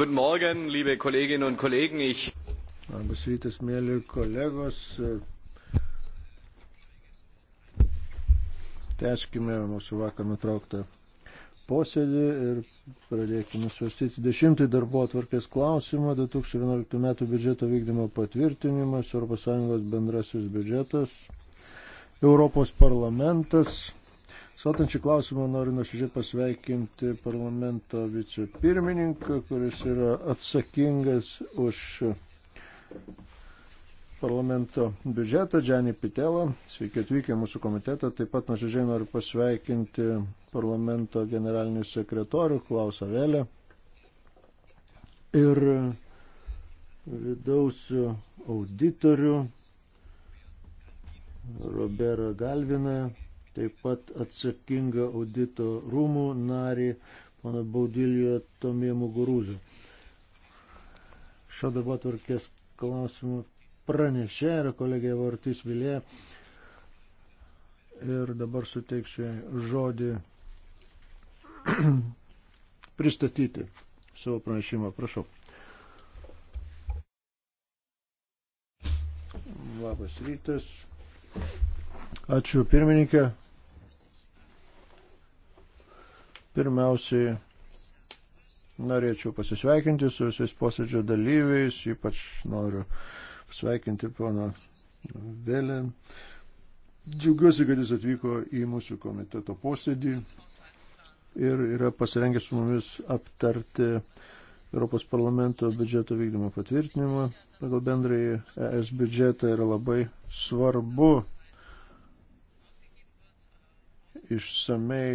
Guten Morgen, liebe Kolleginnen und Kollegen. Ich Labas rytas, mėly kolegos. Teskime mūsų vakar nutrauktą posėdį ir pradėkime svarstyti dešimtąjį darbo atvarkės klausimą 2011 m. biudžeto vykdymo patvirtinimas, ES bendrasis biudžetas, Europos parlamentas. Svartančių klausimą noriu nuoširdžiai pasveikinti parlamento vicepirmininką, kuris yra atsakingas už parlamento biudžetą, Džanį Pitelą. Sveiki atvykę mūsų komitetą. Taip pat nuoširdžiai noriu pasveikinti parlamento generalinį sekretorių Klausą Velę ir vidaus auditorių Roberą Galviną taip pat atsakingą audito rūmų narį, mano Baudilijo Tomė Mugurūzą. Šio darbo tvarkės klausimų pranešė yra kolegė Vartis Vilė. Ir dabar suteiksiu žodį pristatyti savo pranešimą. Prašau. Labas rytas. Ačiū pirmininkė. Pirmiausiai norėčiau pasisveikinti su visais posėdžio dalyviais, ypač noriu pasveikinti pono Vėlę. Džiaugiuosi, kad jis atvyko į mūsų komiteto posėdį ir yra pasirengęs su mumis aptarti Europos parlamento biudžeto vykdymo patvirtinimą. Pagal bendrąjį ES biudžetą yra labai svarbu išsamei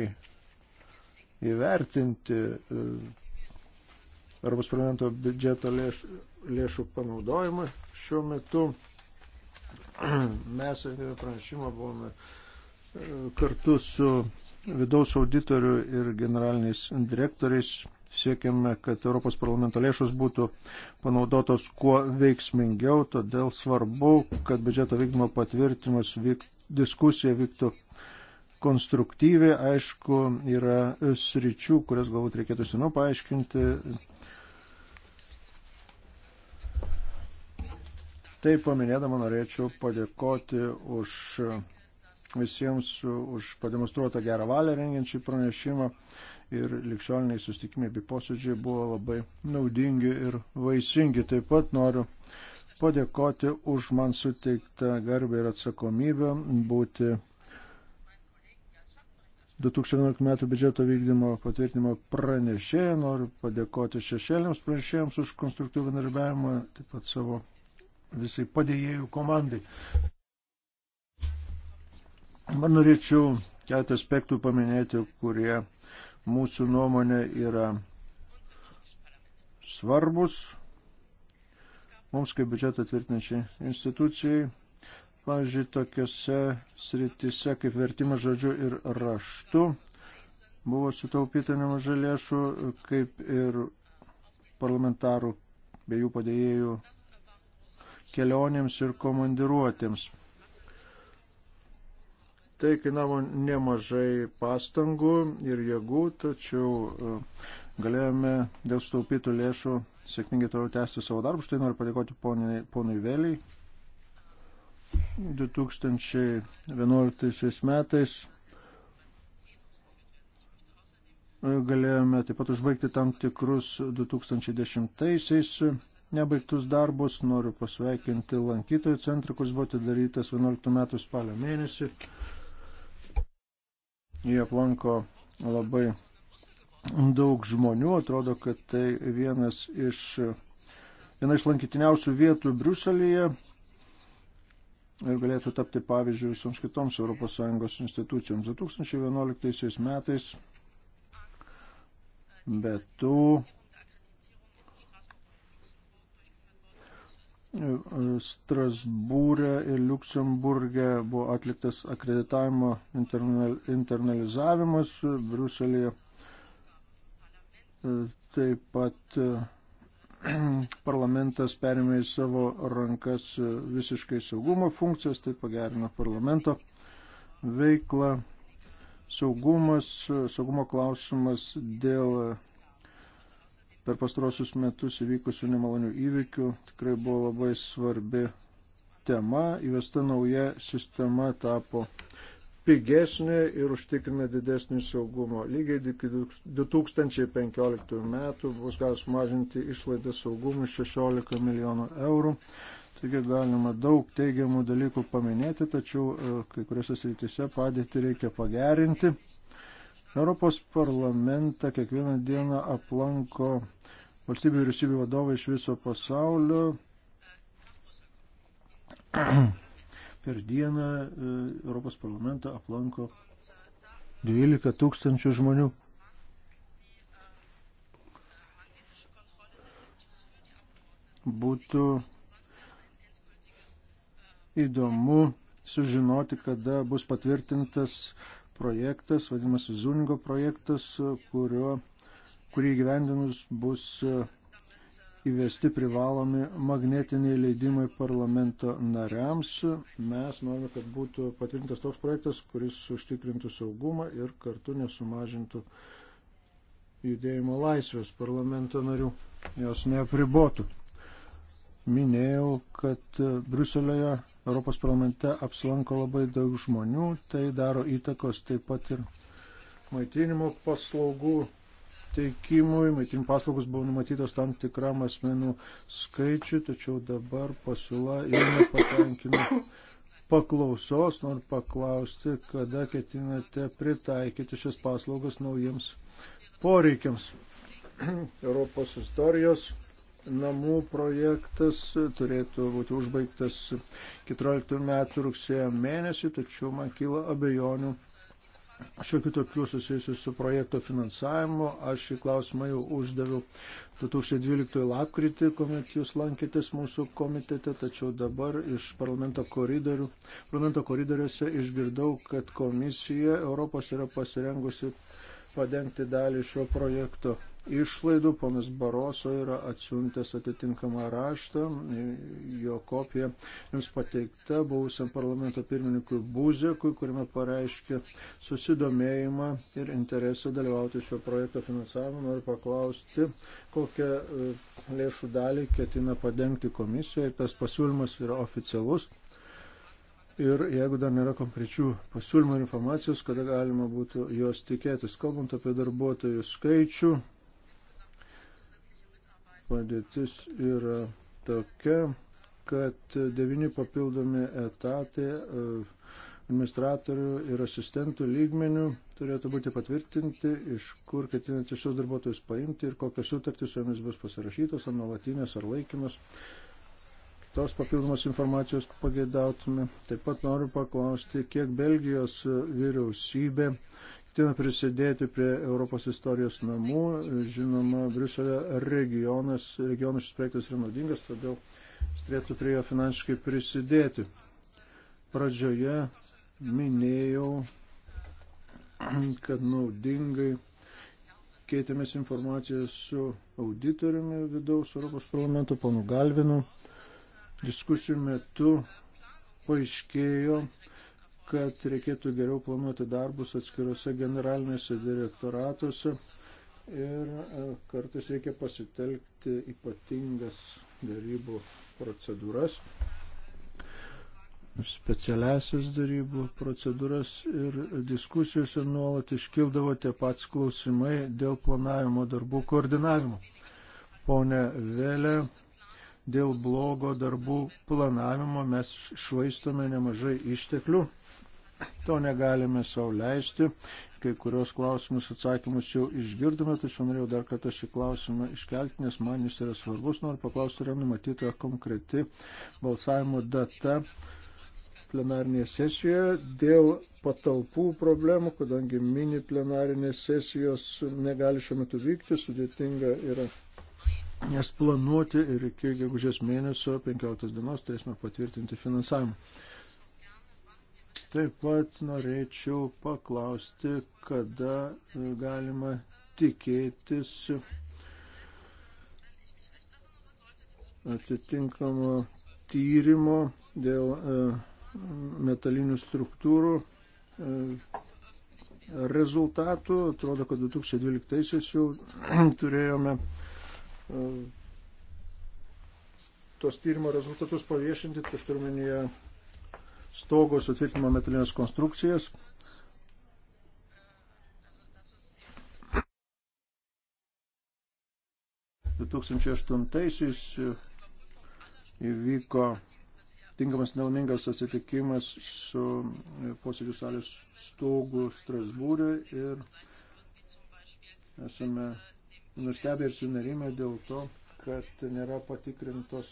įvertinti e, Europos parlamento biudžeto lėš, lėšų panaudojimą. Šiuo metu mes pranešimą buvome e, kartu su vidaus auditoriu ir generaliniais direktoriais siekiame, kad Europos parlamento lėšos būtų panaudotos kuo veiksmingiau, todėl svarbu, kad biudžeto vykdymo patvirtimas vyk, diskusija vyktų konstruktyviai. Aišku, yra sričių, kurias galbūt reikėtų seniau paaiškinti. Tai paminėdama norėčiau padėkoti už visiems už pademonstruotą gerą valią rengiančią pranešimą ir likščioliniai sustikimai bei posėdžiai buvo labai naudingi ir vaisingi. Taip pat noriu padėkoti už man suteiktą garbę ir atsakomybę būti 2011 m. biudžeto vykdymo patvirtinimo pranešėją. Noriu padėkoti šešėliams pranešėjams už konstruktyvų bendarbiavimą, taip pat savo visai padėjėjų komandai. Man norėčiau keletą aspektų paminėti, kurie mūsų nuomonė yra svarbus mums kaip biudžetą tvirtinančiai institucijai Pavyzdžiui, tokiuose sritise kaip vertimas žodžiu ir raštu buvo sutaupyta nemažai lėšų, kaip ir parlamentarų bei jų padėjėjų kelionėms ir komandiruotėms. Tai kainavo nemažai pastangų ir jėgų, tačiau e, galėjome dėl sutaupytų lėšų sėkmingai toliau tęsti savo darbą. Štai noriu padėkoti ponui, ponui Vėliai 2011 metais e, galėjome taip pat užbaigti tam tikrus 2010-aisiais nebaigtus darbus. Noriu pasveikinti lankytojų centrą, kuris buvo atidarytas 11 metų spalio mėnesį. Jie aplanko labai daug žmonių. Atrodo, kad tai vienas iš, viena iš lankytiniausių vietų Briuselėje ir galėtų tapti pavyzdžių visoms kitoms ES institucijoms. 2011 metais be tų Strasbūrė ir Luksemburgė buvo atliktas akreditavimo internalizavimas, Bruselėje taip pat parlamentas perėmė į savo rankas visiškai saugumo funkcijas, tai pagerino parlamento veiklą. Saugumas, saugumo klausimas dėl per pastarosius metus įvykusių nemalonių įvykių tikrai buvo labai svarbi tema. Įvesta nauja sistema tapo pigesnė ir užtikrina didesnį saugumą. Lygiai iki 2015 metų bus galima sumažinti išlaidą saugumui 16 milijonų eurų. Taigi galima daug teigiamų dalykų paminėti, tačiau e, kai kuriuose srityse padėtį reikia pagerinti. Europos parlamentą kiekvieną dieną aplanko valstybių vyriausybių vadovai iš viso pasaulio. per dieną e, Europos parlamentą aplanko 12 tūkstančių žmonių. Būtų įdomu sužinoti, kada bus patvirtintas projektas, vadinamas Zungo projektas, kurio, kurį gyvendinus bus e, įvesti privalomi magnetiniai leidimai parlamento nariams. Mes norime, kad būtų patvirtintas toks projektas, kuris užtikrintų saugumą ir kartu nesumažintų judėjimo laisvės parlamento narių, jos neapribotų. Minėjau, kad Bruselėje Europos parlamente apsilanko labai daug žmonių, tai daro įtakos taip pat ir maitinimo paslaugų teikimui. Maitin paslaugos buvo numatytos tam tikram asmenų skaičiui, tačiau dabar pasiūla jau nepatenkina paklausos. Noriu paklausti, kada ketinate pritaikyti šias paslaugas naujiems poreikiams. Europos istorijos namų projektas turėtų būti užbaigtas 14 metų rugsėjo mėnesį, tačiau man kyla abejonių šiokių tokių susijusių su projekto finansavimu. Aš šį klausimą jau uždaviau 2012 lapkritį, kuomet jūs lankėtės mūsų komitete, tačiau dabar iš parlamento, koridorių, parlamento koridoriuose išgirdau, kad komisija Europos yra pasirengusi padengti dalį šio projekto išlaidų. Ponas Baroso yra atsiuntęs atitinkamą raštą, jo kopija jums pateikta buvusiam parlamento pirmininkui Buzekui, kuriame pareiškė susidomėjimą ir interesą dalyvauti šio projekto finansavimą. Noriu paklausti, kokią e, lėšų dalį ketina padengti komisija ir tas pasiūlymas yra oficialus. Ir jeigu dar nėra konkrečių pasiūlymų ir informacijos, kada galima būtų jos tikėtis. Kalbant apie darbuotojų skaičių, padėtis yra tokia, kad devyni papildomi etatai e, administratorių ir asistentų lygmenių turėtų būti patvirtinti, iš kur ketinate šios darbuotojus paimti ir kokios sutartys su jomis bus pasirašytos, ar nuolatinės, ar laikinos. Tos papildomos informacijos pageidautume. Taip pat noriu paklausti, kiek Belgijos vyriausybė uh, Ketina prisidėti prie Europos istorijos namų. Žinoma, Briuselio regionas, regionas šis projektas yra naudingas, todėl turėtų prie jo finansiškai prisidėti. Pradžioje minėjau, kad naudingai keitėmės informaciją su auditoriumi vidaus Europos parlamento, panu Galvinu. Diskusijų metu paaiškėjo, kad reikėtų geriau planuoti darbus atskiruose generalinėse direktoratuose ir e, kartais reikia pasitelkti ypatingas darybų procedūras, specialiasias darybų procedūras ir diskusijose nuolat iškildavo tie pats klausimai dėl planavimo darbų koordinavimo. Pone Vėlė, dėl blogo darbų planavimo mes švaistome nemažai išteklių to negalime savo leisti. Kai kurios klausimus atsakymus jau išgirdome, tačiau norėjau dar kartą šį klausimą iškelti, nes man jis yra svarbus. Noriu paklausti, yra numatyta konkreti balsavimo data plenarinėje sesijoje dėl patalpų problemų, kadangi mini plenarinės sesijos negali šiuo metu vykti, sudėtinga yra jas planuoti ir iki gegužės mėnesio 15 dienos turėsime patvirtinti finansavimą. Taip pat norėčiau paklausti, kada galima tikėtis atitinkamo tyrimo dėl e, metalinių struktūrų e, rezultatų. Atrodo, kad 2012 jau turėjome e, tos tyrimo rezultatus paviešinti, tai aš turiu menyje stogo sutvirtinimo metalinės konstrukcijas. Du 2008-aisiais e, įvyko tinkamas nelmingas atsitikimas su e, posėdžių salės stogu Strasbūrė ir esame nustebę ir sunerimę dėl to, kad nėra patikrintos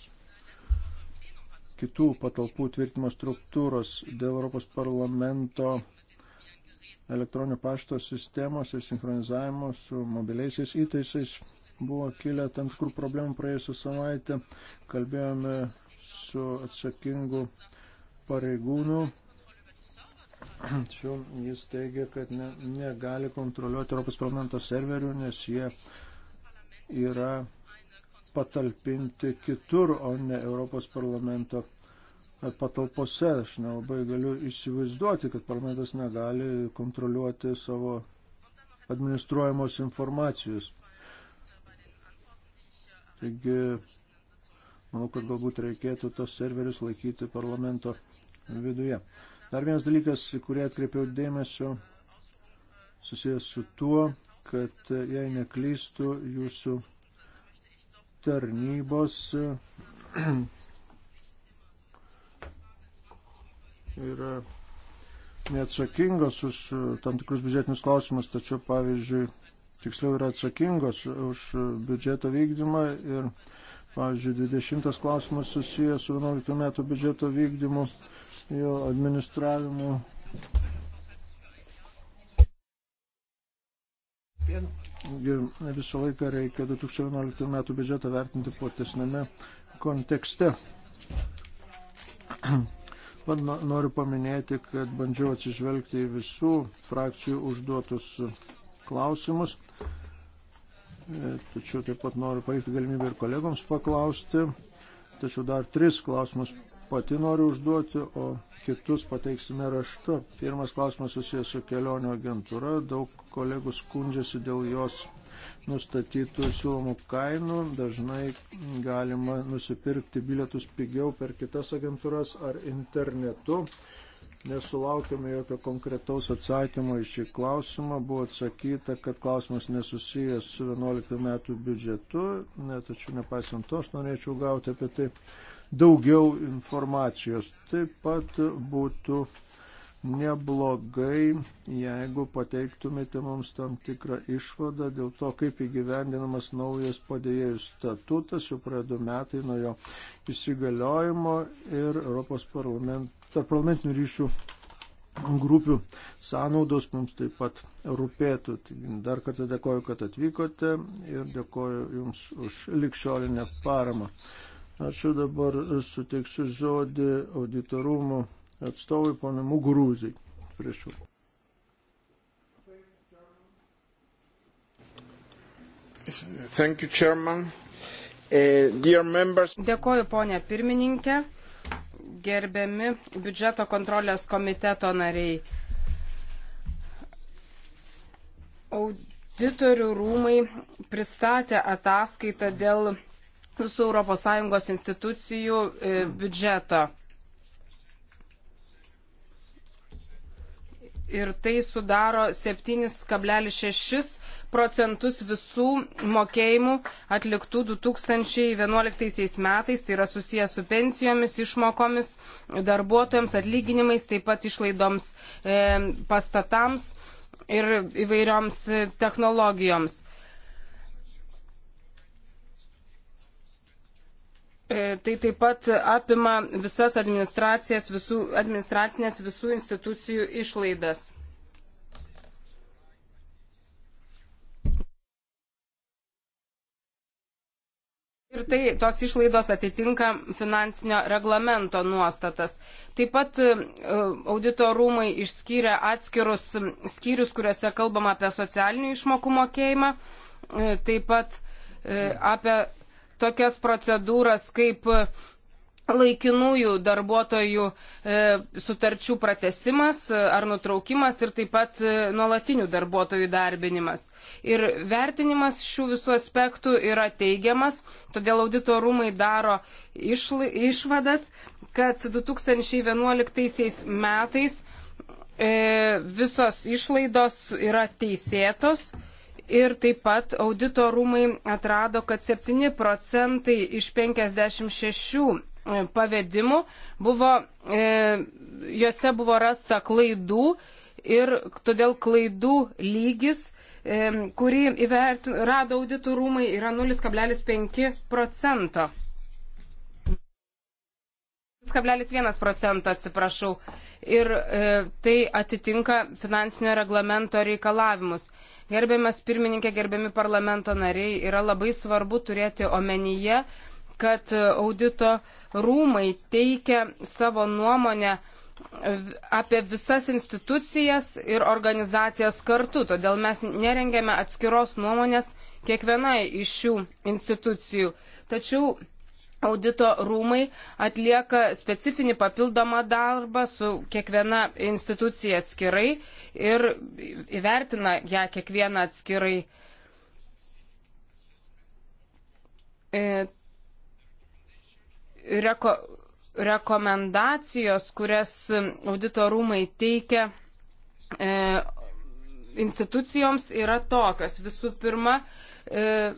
kitų patalpų tvirtimo struktūros dėl Europos parlamento elektroninio pašto sistemos ir sinchronizavimo su mobiliaisiais įtaisais buvo kilę tam tikrų problemų praėjusią savaitę. Kalbėjome su atsakingu pareigūnu. Tačiau jis teigia, kad ne, negali kontroliuoti Europos parlamento serverių, nes jie yra patalpinti kitur, o ne Europos parlamento patalpose. Aš nelabai galiu įsivaizduoti, kad parlamentas negali kontroliuoti savo administruojamos informacijos. Taigi, manau, kad galbūt reikėtų tos serverius laikyti parlamento viduje. Dar vienas dalykas, į kurį atkreipiau dėmesio, susijęs su tuo, kad jei neklystų jūsų tarnybos yra neatsakingos už uh, tam tikrus biudžetinius klausimus, tačiau, pavyzdžiui, tiksliau yra atsakingos už uh, biudžeto vykdymą ir, pavyzdžiui, 20 klausimas susijęs su 11 metų biudžeto vykdymu, jo administravimu. Visą laiką reikia 2011 metų biudžetą vertinti platesnėme kontekste. Man noriu paminėti, kad bandžiau atsižvelgti į visų frakcijų užduotus klausimus. E, tačiau taip pat noriu palikti galimybę ir kolegoms paklausti. Tačiau dar tris klausimus pati noriu užduoti, o kitus pateiksime raštu. Pirmas klausimas susijęs su kelionio agentūra. Daug kolegų skundžiasi dėl jos nustatytų siūlomų kainų. Dažnai galima nusipirkti bilietus pigiau per kitas agentūras ar internetu. Nesulaukėme jokio konkretaus atsakymo į šį klausimą. Buvo atsakyta, kad klausimas nesusijęs su 11 metų biudžetu, ne, tačiau nepaisant to, aš norėčiau gauti apie tai daugiau informacijos. Taip pat būtų uh, neblogai, jeigu pateiktumėte mums tam tikrą išvadą dėl to, kaip įgyvendinamas naujas padėjėjų statutas, jau praėjo metai nuo jo įsigaliojimo ir Europos parlament, tarp parlamentinių ryšių grupių sąnaudos mums taip pat rūpėtų. Dar kartą dėkoju, kad atvykote ir dėkoju Jums už likščiolinę paramą. Ačiū dabar suteiksiu žodį auditorumų atstovui, ponai Mugurūzai. Prašau. Thank you, Chairman. Uh, Dėkoju, ponė pirmininkė, gerbiami biudžeto kontrolės komiteto nariai. Auditorių rūmai pristatė ataskaitą dėl visų ES institucijų e, biudžeto. ir tai sudaro 7,6 procentus visų mokėjimų atliktų 2011 metais, tai yra susijęs su pensijomis, išmokomis, darbuotojams, atlyginimais, taip pat išlaidoms e, pastatams ir įvairioms technologijoms. E, tai taip pat apima visas administracijas, visų, administracinės visų institucijų išlaidas. Ir tai tos išlaidos atitinka finansinio reglamento nuostatas. Taip pat e, audito rūmai išskyrė atskirus skyrius, kuriuose kalbama apie socialinių išmokų mokėjimą, e, taip pat apie tokias procedūras kaip laikinųjų darbuotojų e, sutarčių pratesimas e, ar nutraukimas ir taip pat e, nuolatinių darbuotojų darbinimas. Ir vertinimas šių visų aspektų yra teigiamas, todėl audito rūmai daro išla, išvadas, kad 2011 metais e, visos išlaidos yra teisėtos Ir taip pat audito rūmai atrado, kad 7 procentai iš 56 e, pavedimų buvo, e, juose buvo rasta klaidų ir todėl klaidų lygis, e, kurį įvert, rado auditų rūmai, yra 0,5 procento. 0,1 procento, atsiprašau ir e, tai atitinka finansinio reglamento reikalavimus. Gerbiamas pirmininkė, gerbiami parlamento nariai, yra labai svarbu turėti omenyje, kad audito rūmai teikia savo nuomonę apie visas institucijas ir organizacijas kartu. Todėl mes nerengėme atskiros nuomonės kiekvienai iš šių institucijų. Tačiau audito rūmai atlieka specifinį papildomą darbą su kiekviena institucija atskirai ir įvertina ją kiekvieną atskirai. E, reko, rekomendacijos, kurias audito rūmai teikia e, institucijoms, yra tokios. Visų pirma, e,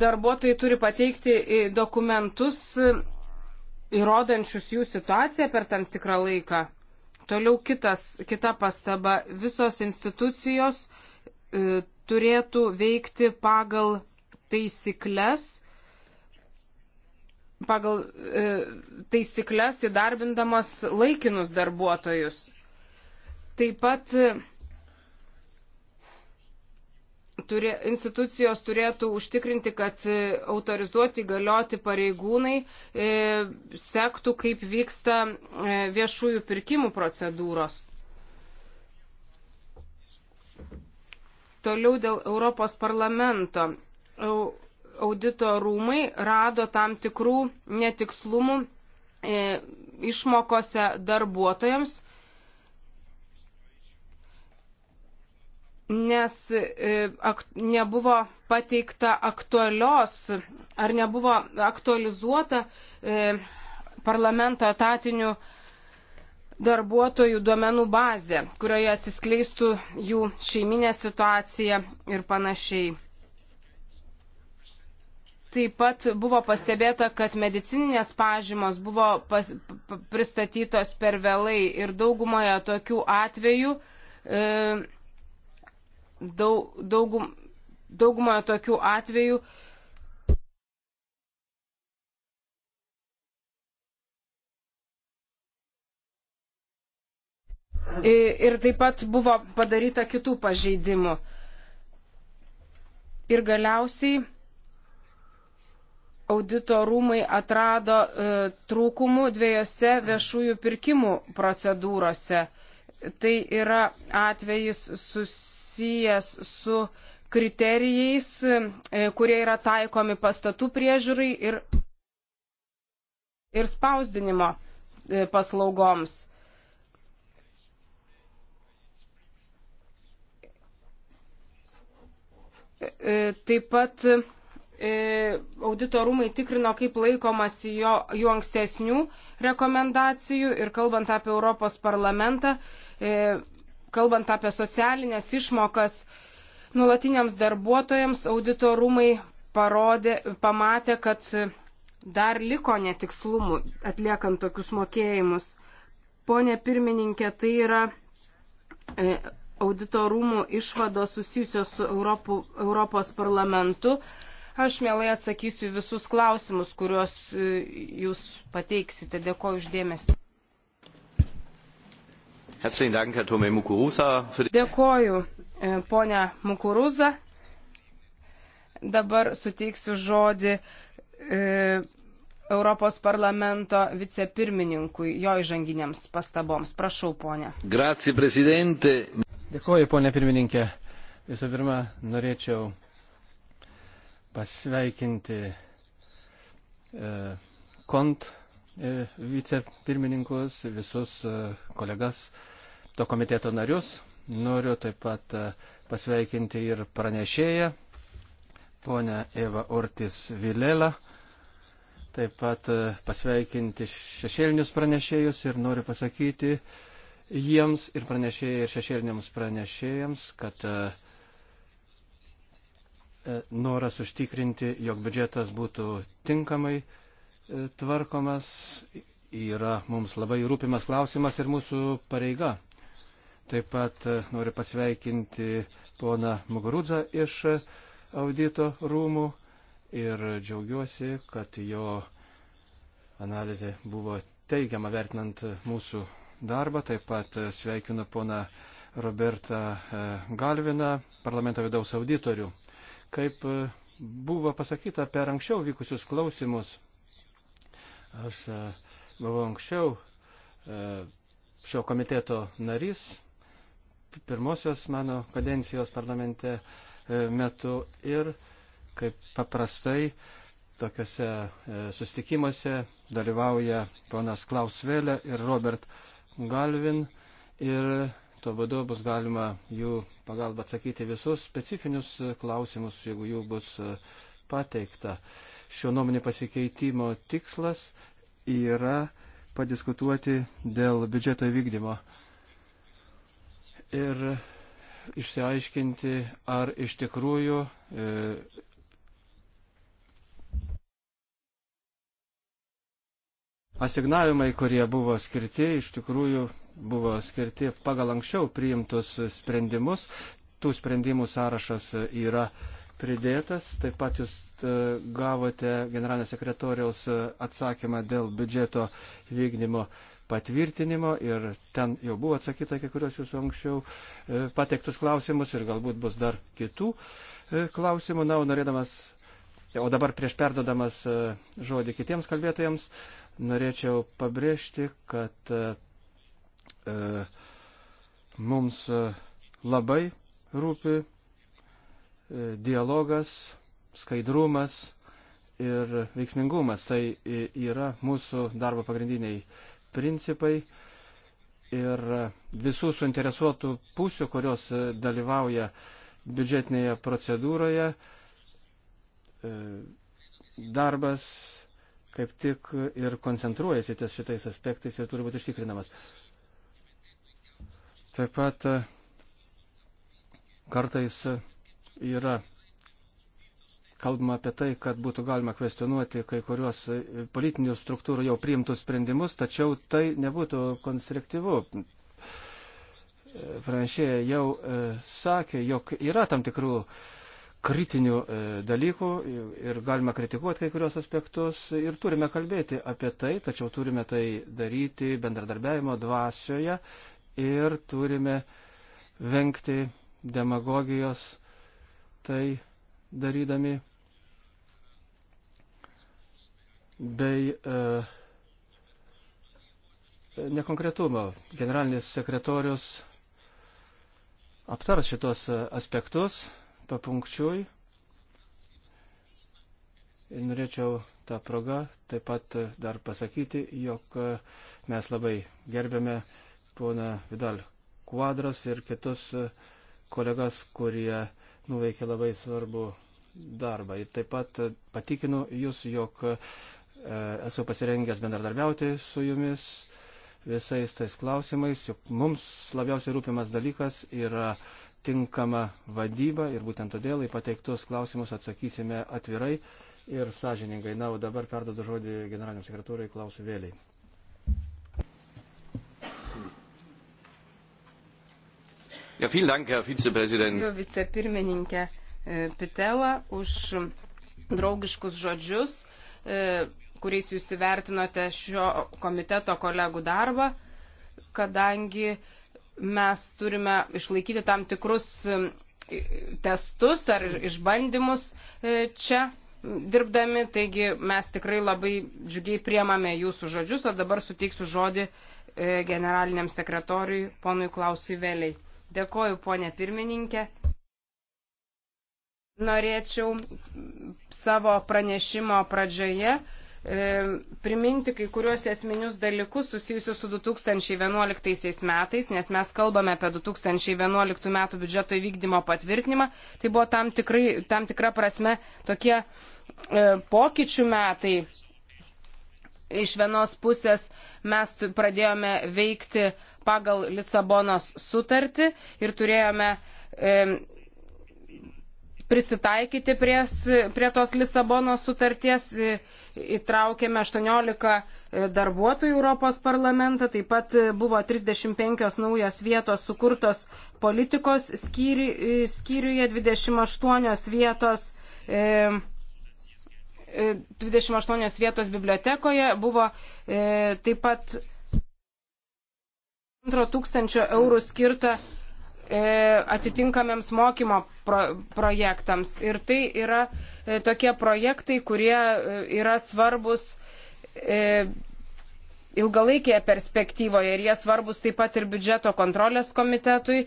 darbuotojai turi pateikti dokumentus e, įrodančius jų situaciją per tam tikrą laiką. Toliau kitas, kita pastaba. Visos institucijos e, turėtų veikti pagal taisyklės, pagal e, taisyklės įdarbindamas laikinus darbuotojus. Taip pat e, turė, institucijos turėtų užtikrinti, kad e, autorizuoti galioti pareigūnai e, sektų, kaip vyksta e, viešųjų pirkimų procedūros. Toliau dėl Europos parlamento. Audito rūmai rado tam tikrų netikslumų e, išmokose darbuotojams nes e, ak, nebuvo pateikta aktualios ar nebuvo aktualizuota e, parlamento etatinių darbuotojų duomenų bazė, kurioje atsiskleistų jų šeiminė situacija ir panašiai. Taip pat buvo pastebėta, kad medicininės pažymos buvo pas, pristatytos per vėlai ir daugumoje tokių atvejų e, daug, daugum, daugumoje tokių atvejų Ir taip pat buvo padaryta kitų pažeidimų. Ir galiausiai audito rūmai atrado e, trūkumų dviejose viešųjų pirkimų procedūrose. Tai yra atvejis susijęs susijęs su kriterijais, e, kurie yra taikomi pastatų priežiūrai ir, ir spausdinimo e, paslaugoms. E, taip pat auditorumai tikrino, kaip laikomasi jo, jų ankstesnių rekomendacijų ir kalbant apie Europos parlamentą, kalbant apie socialinės išmokas nuolatiniams darbuotojams, auditorumai parodė, pamatė, kad dar liko netikslumų atliekant tokius mokėjimus. Pone pirmininkė, tai yra e, auditorumų išvados susijusios su Europų, Europos parlamentu. Aš mielai atsakysiu visus klausimus, kuriuos e, jūs pateiksite. Dėkoju uždėmesi. Dėkoju, e, ponia Mukuruza. Dabar suteiksiu žodį e, Europos parlamento vicepirmininkui, jo įžanginiams pastaboms. Prašau, ponė. Grazie, prezidente. Dėkoju, ponė pirmininkė. Visų pirma, norėčiau pasveikinti e, kont e, vicepirmininkus, visus e, kolegas. E, to komiteto narius. Noriu taip pat e, pasveikinti ir pranešėją, ponę Eva Ortis Vilela. Taip pat e, pasveikinti šešėlinius pranešėjus ir noriu pasakyti jiems ir pranešėjai ir šešėliniams pranešėjams, kad e, noras užtikrinti, jog biudžetas būtų tinkamai tvarkomas, yra mums labai rūpimas klausimas ir mūsų pareiga. Taip pat e, noriu pasveikinti poną Mugurudzą iš audito rūmų ir džiaugiuosi, kad jo analizė buvo teigiama vertinant mūsų darbą. Taip pat e, sveikinu poną Robertą e, Galviną, parlamento vidaus auditorių. Kaip buvo pasakyta per anksčiau vykusius klausimus, aš buvau anksčiau šio komiteto narys pirmosios mano kadencijos parlamente e, metu ir kaip paprastai tokiuose e, sustikimuose dalyvauja ponas Klaus Vėlė ir Robert Galvin ir tuo būdu bus galima jų pagalba atsakyti visus specifinius klausimus, jeigu jų bus e, pateikta. Šio nuomonė pasikeitimo tikslas yra padiskutuoti dėl biudžeto įvykdymo ir išsiaiškinti, ar iš tikrųjų e, asignavimai, kurie buvo skirti, iš tikrųjų buvo skirti pagal anksčiau priimtus sprendimus. Tų sprendimų sąrašas yra pridėtas. Taip pat jūs e, gavote generalinio sekretoriaus atsakymą dėl biudžeto vykdymo patvirtinimo ir ten jau buvo atsakyta kai kurios jūsų anksčiau e, pateiktus klausimus ir galbūt bus dar kitų e, klausimų. Na, o norėdamas, o dabar prieš perdodamas e, žodį kitiems kalbėtojams, norėčiau pabrėžti, kad mums labai rūpi dialogas, skaidrumas ir veiksmingumas. Tai yra mūsų darbo pagrindiniai uh, principai ir visų suinteresuotų pusių, kurios dalyvauja biudžetinėje procedūroje, e, darbas kaip tik ir koncentruojasi ties šitais aspektais ir turi būti užtikrinamas. Taip pat e, kartais yra kalbama apie tai, kad būtų galima kvestionuoti kai kuriuos e, politinių struktūrų jau priimtus sprendimus, tačiau tai nebūtų konstruktyvu. E, pranešėja jau e, sakė, jog yra tam tikrų kritinių e, dalykų ir galima kritikuoti kai kurios aspektus ir turime kalbėti apie tai, tačiau turime tai daryti bendradarbiavimo dvasioje ir turime vengti demagogijos tai darydami bei e, nekonkretumo. Generalinis sekretorius aptars šitos e, aspektus papunkčiui ir norėčiau tą progą taip pat e, dar pasakyti, jog e, mes labai gerbėme poną Vidal Kvadras ir kitus kolegas, kurie nuveikė labai svarbu darbą. Ir taip pat patikinu jūs, jog E, esu pasirengęs bendradarbiauti su jumis visais tais klausimais, juk mums labiausiai rūpimas dalykas yra tinkama vadyba ir būtent todėl į pateiktus klausimus atsakysime atvirai ir sąžiningai. Na, o dabar perdodu žodį generaliniam sekretoriui Klausu Vėliai. Ja, dank, Herr vicepirmininkė e, Pitela už draugiškus žodžius. E, kuriais jūs įvertinote šio komiteto kolegų darbą, kadangi mes turime išlaikyti tam tikrus testus ar išbandymus e, čia dirbdami, taigi mes tikrai labai džiugiai priemame jūsų žodžius, o dabar suteiksiu žodį e, generaliniam sekretoriui, ponui Klausui Vėliai. Dėkoju, ponė pirmininkė. Norėčiau savo pranešimo pradžioje E, priminti kai kuriuos esminius dalykus susijusius su 2011 metais, nes mes kalbame apie 2011 metų biudžeto įvykdymo patvirtinimą. Tai buvo tam, tikrai, tam tikra prasme tokie e, pokyčių metai. Iš vienos pusės mes pradėjome veikti pagal Lisabonos sutartį ir turėjome e, prisitaikyti prie, prie tos Lisabonos sutarties. E, įtraukėme 18 e, darbuotojų Europos parlamentą, taip pat e, buvo 35 naujos vietos sukurtos politikos skyri, e, skyriuje, 28 vietos. E, 28 vietos bibliotekoje buvo e, taip pat 100 tūkstančio eurų skirta E, atitinkamiems mokymo pro, projektams. Ir tai yra e, tokie projektai, kurie e, yra svarbus ilgalaikėje perspektyvoje ir jie svarbus taip pat ir biudžeto kontrolės komitetui.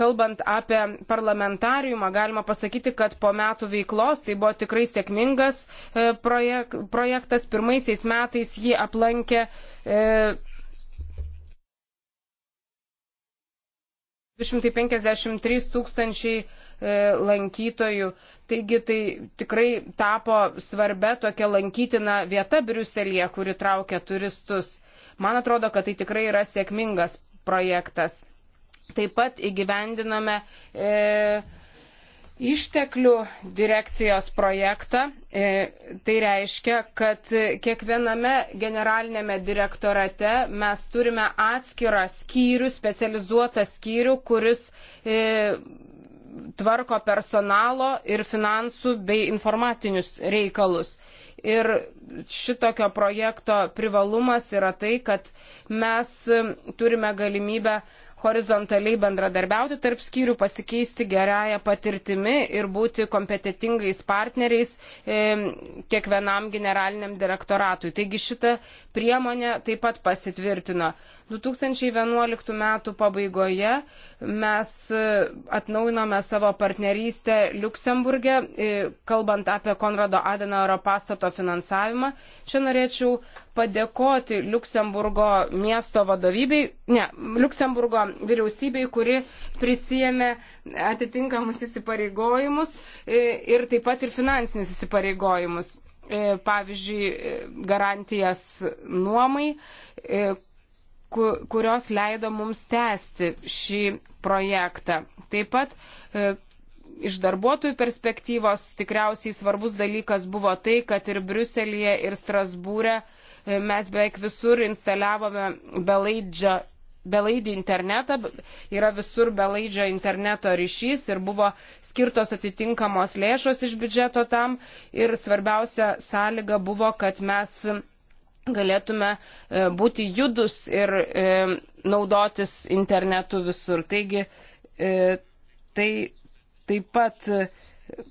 Kalbant apie parlamentariumą, galima pasakyti, kad po metų veiklos tai buvo tikrai sėkmingas projek projektas. Pirmaisiais metais jį aplankė 253 tūkstančiai e, lankytojų. Taigi tai tikrai tapo svarbia tokia lankytina vieta Briuselėje, kuri traukia turistus. Man atrodo, kad tai tikrai yra sėkmingas projektas. Taip pat įgyvendiname e, išteklių direkcijos projektą. E, tai reiškia, kad kiekviename generalinėme direktorate mes turime atskirą skyrių, specializuotą skyrių, kuris e, tvarko personalo ir finansų bei informatinius reikalus. Ir šitokio projekto privalumas yra tai, kad mes turime galimybę horizontaliai bendradarbiauti tarp skyrių, pasikeisti gerąją patirtimi ir būti kompetitingais partneriais e, kiekvienam generaliniam direktoratui. Taigi šita priemonė taip pat pasitvirtino. 2011 metų pabaigoje mes e, atnaujinome savo partnerystę Luksemburgė, e, kalbant apie Konrado Adenauero pastato finansavimą. Čia norėčiau padėkoti Luksemburgo miesto vadovybei, ne, Luksemburgo vyriausybei, kuri prisijėmė atitinkamus įsipareigojimus e, ir taip pat ir finansinius įsipareigojimus pavyzdžiui, garantijas nuomai, kurios leido mums tęsti šį projektą. Taip pat e, iš darbuotojų perspektyvos tikriausiai svarbus dalykas buvo tai, kad ir Briuselėje, ir Strasbūre e, mes beveik visur instaliavome belaidžio. Belaidį internetą, yra visur belaidžio interneto ryšys ir buvo skirtos atitinkamos lėšos iš biudžeto tam ir svarbiausia sąlyga buvo, kad mes galėtume e, būti judus ir e, naudotis internetu visur. Taigi e, tai taip pat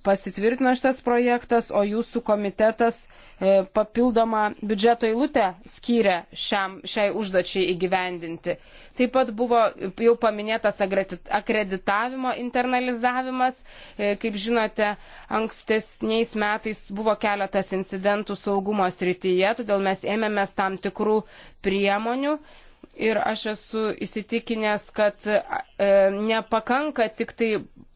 pasitvirtino šitas projektas, o jūsų komitetas e, papildomą biudžeto eilutę skyrė šiam, šiai užduočiai įgyvendinti. Taip pat buvo jau paminėtas akreditavimo internalizavimas. E, kaip žinote, ankstesniais metais buvo keletas incidentų saugumo srityje, todėl mes ėmėmės tam tikrų priemonių ir aš esu įsitikinęs, kad e, nepakanka tik tai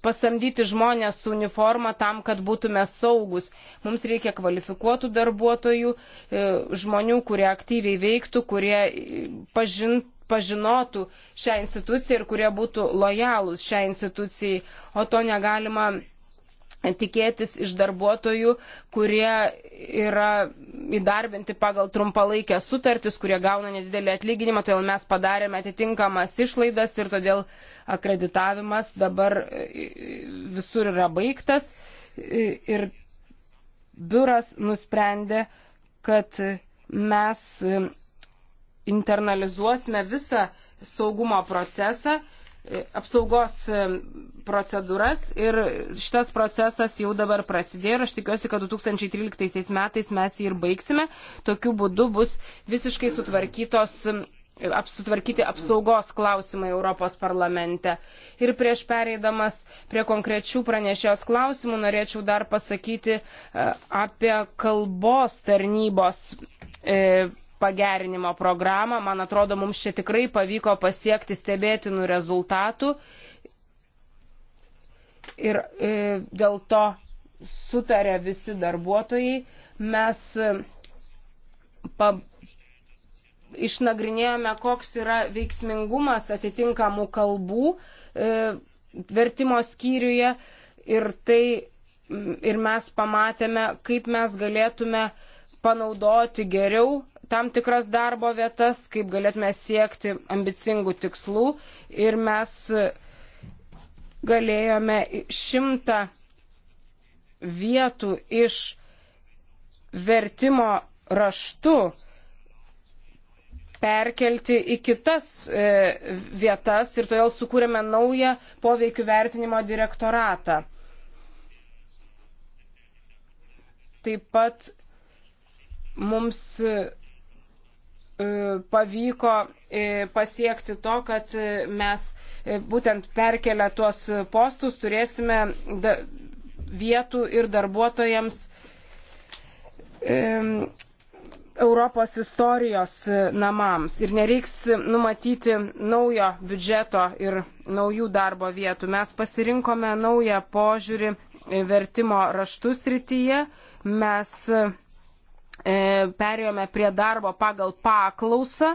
pasamdyti žmonės su uniforma tam, kad būtume saugus. Mums reikia kvalifikuotų darbuotojų, e, žmonių, kurie aktyviai veiktų, kurie e, pažint, pažinotų šią instituciją ir kurie būtų lojalūs šią institucijai, o to negalima tikėtis iš darbuotojų, kurie yra įdarbinti pagal trumpalaikę sutartis, kurie gauna nedidelį atlyginimą, todėl mes padarėme atitinkamas išlaidas ir todėl akreditavimas dabar e, visur yra baigtas. E, ir biuras nusprendė, kad mes e, internalizuosime visą saugumo procesą E, apsaugos e, procedūras ir šitas procesas jau dabar prasidėjo ir aš tikiuosi, kad 2013 metais mes jį ir baigsime. Tokiu būdu bus visiškai sutvarkytos apsutvarkyti apsaugos klausimai Europos parlamente. Ir prieš pereidamas prie konkrečių pranešėjos klausimų norėčiau dar pasakyti e, apie kalbos tarnybos pagerinimo programą. Man atrodo, mums čia tikrai pavyko pasiekti stebėtinų rezultatų. Ir e, dėl to sutarė visi darbuotojai. Mes e, pa, išnagrinėjome, koks yra veiksmingumas atitinkamų kalbų e, vertimo skyriuje ir, tai, ir mes pamatėme, kaip mes galėtume panaudoti geriau tam tikras darbo vietas, kaip galėtume siekti ambicingų tikslų ir mes galėjome šimtą vietų iš vertimo raštu perkelti į kitas e, vietas ir todėl sukūrėme naują poveikių vertinimo direktoratą. Taip pat mums E, pavyko e, pasiekti to, kad e, mes būtent perkelę tuos postus turėsime vietų ir darbuotojams Europos istorijos namams ir nereiks numatyti naujo biudžeto ir naujų darbo vietų. Mes pasirinkome naują požiūrį vertimo raštų srityje. Mes E, perėjome prie darbo pagal paklausą.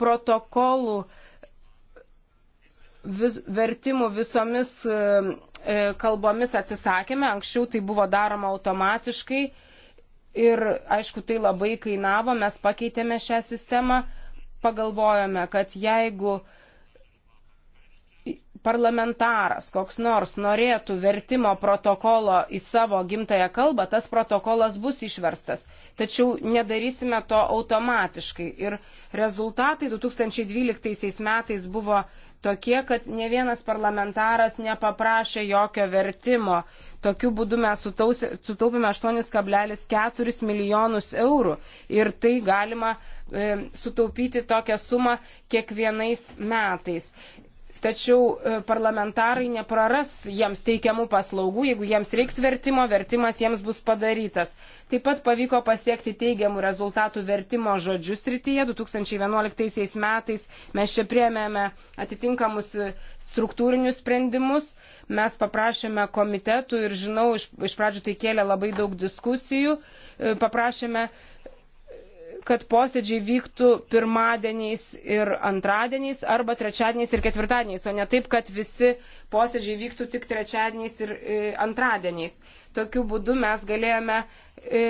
Protokolų vis, vertimų visomis e, e, kalbomis atsisakėme, anksčiau tai buvo daroma automatiškai ir aišku tai labai kainavo, mes pakeitėme šią sistemą, pagalvojome, kad jeigu uh, parlamentaras koks nors norėtų vertimo protokolo į savo gimtają kalbą, tas protokolas bus išverstas. Tačiau nedarysime to automatiškai. Ir rezultatai 2012 metais buvo tokie, kad ne vienas parlamentaras nepaprašė jokio vertimo. Tokiu būdu mes sutaupime 8,4 milijonus eurų. Ir tai galima e, sutaupyti tokią sumą kiekvienais metais tačiau e, parlamentarai nepraras jiems teikiamų paslaugų, jeigu jiems reiks vertimo, vertimas jiems bus padarytas. Taip pat pavyko pasiekti teigiamų rezultatų vertimo žodžių srityje. 2011 metais mes čia priemėme atitinkamus e, struktūrinius sprendimus. Mes paprašėme komitetų ir žinau, iš, iš pradžių tai kėlė labai daug diskusijų. E, paprašėme kad posėdžiai vyktų pirmadieniais ir antradieniais arba trečiadieniais ir ketvirtadieniais, o ne taip, kad visi posėdžiai vyktų tik trečiadieniais ir e, antradieniais. Tokiu būdu mes galėjome e, e,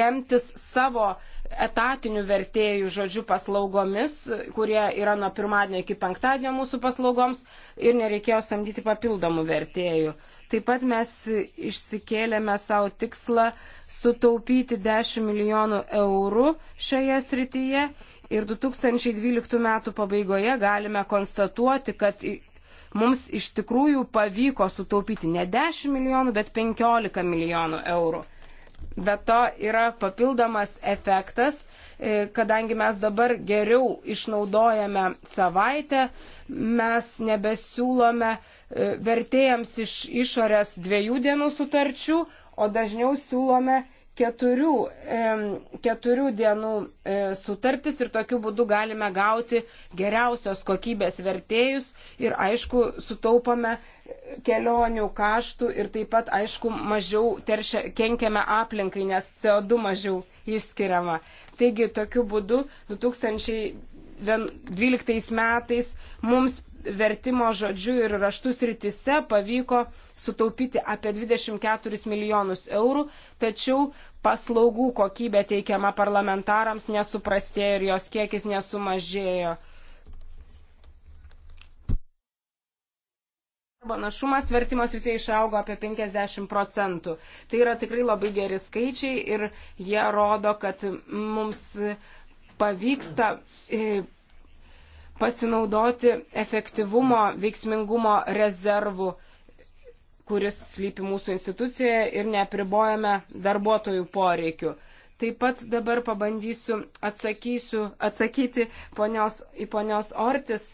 remtis savo e, etatinių vertėjų žodžių paslaugomis, kurie yra nuo pirmadienio iki penktadienio mūsų paslaugoms ir nereikėjo samdyti papildomų vertėjų. Taip pat mes išsikėlėme savo tikslą sutaupyti 10 milijonų eurų šioje srityje ir 2012 metų pabaigoje galime konstatuoti, kad mums iš tikrųjų pavyko sutaupyti ne 10 milijonų, bet 15 milijonų eurų. Bet to yra papildomas efektas, e, kadangi mes dabar geriau išnaudojame savaitę, mes nebesiūlome e, vertėjams iš išorės dviejų dienų sutarčių, o dažniau siūlome keturių, keturių dienų e, sutartis ir tokiu būdu galime gauti geriausios kokybės vertėjus ir aišku sutaupame kelionių kaštų ir taip pat aišku mažiau teršia, kenkiame aplinkai, nes CO2 mažiau išskiriama. Taigi tokiu būdu 2012 metais mums vertimo žodžiu ir raštų sritise pavyko sutaupyti apie 24 milijonus eurų, tačiau paslaugų kokybė teikiama parlamentarams nesuprastėjo ir jos kiekis nesumažėjo. Panašumas vertimo srityje išaugo apie 50 procentų. Tai yra tikrai labai geri skaičiai ir jie rodo, kad mums pavyksta e, pasinaudoti efektyvumo, veiksmingumo rezervų, kuris slypi mūsų institucijoje ir nepribojame darbuotojų poreikių. Taip pat dabar pabandysiu atsakysiu, atsakyti ponios, į ponios Ortis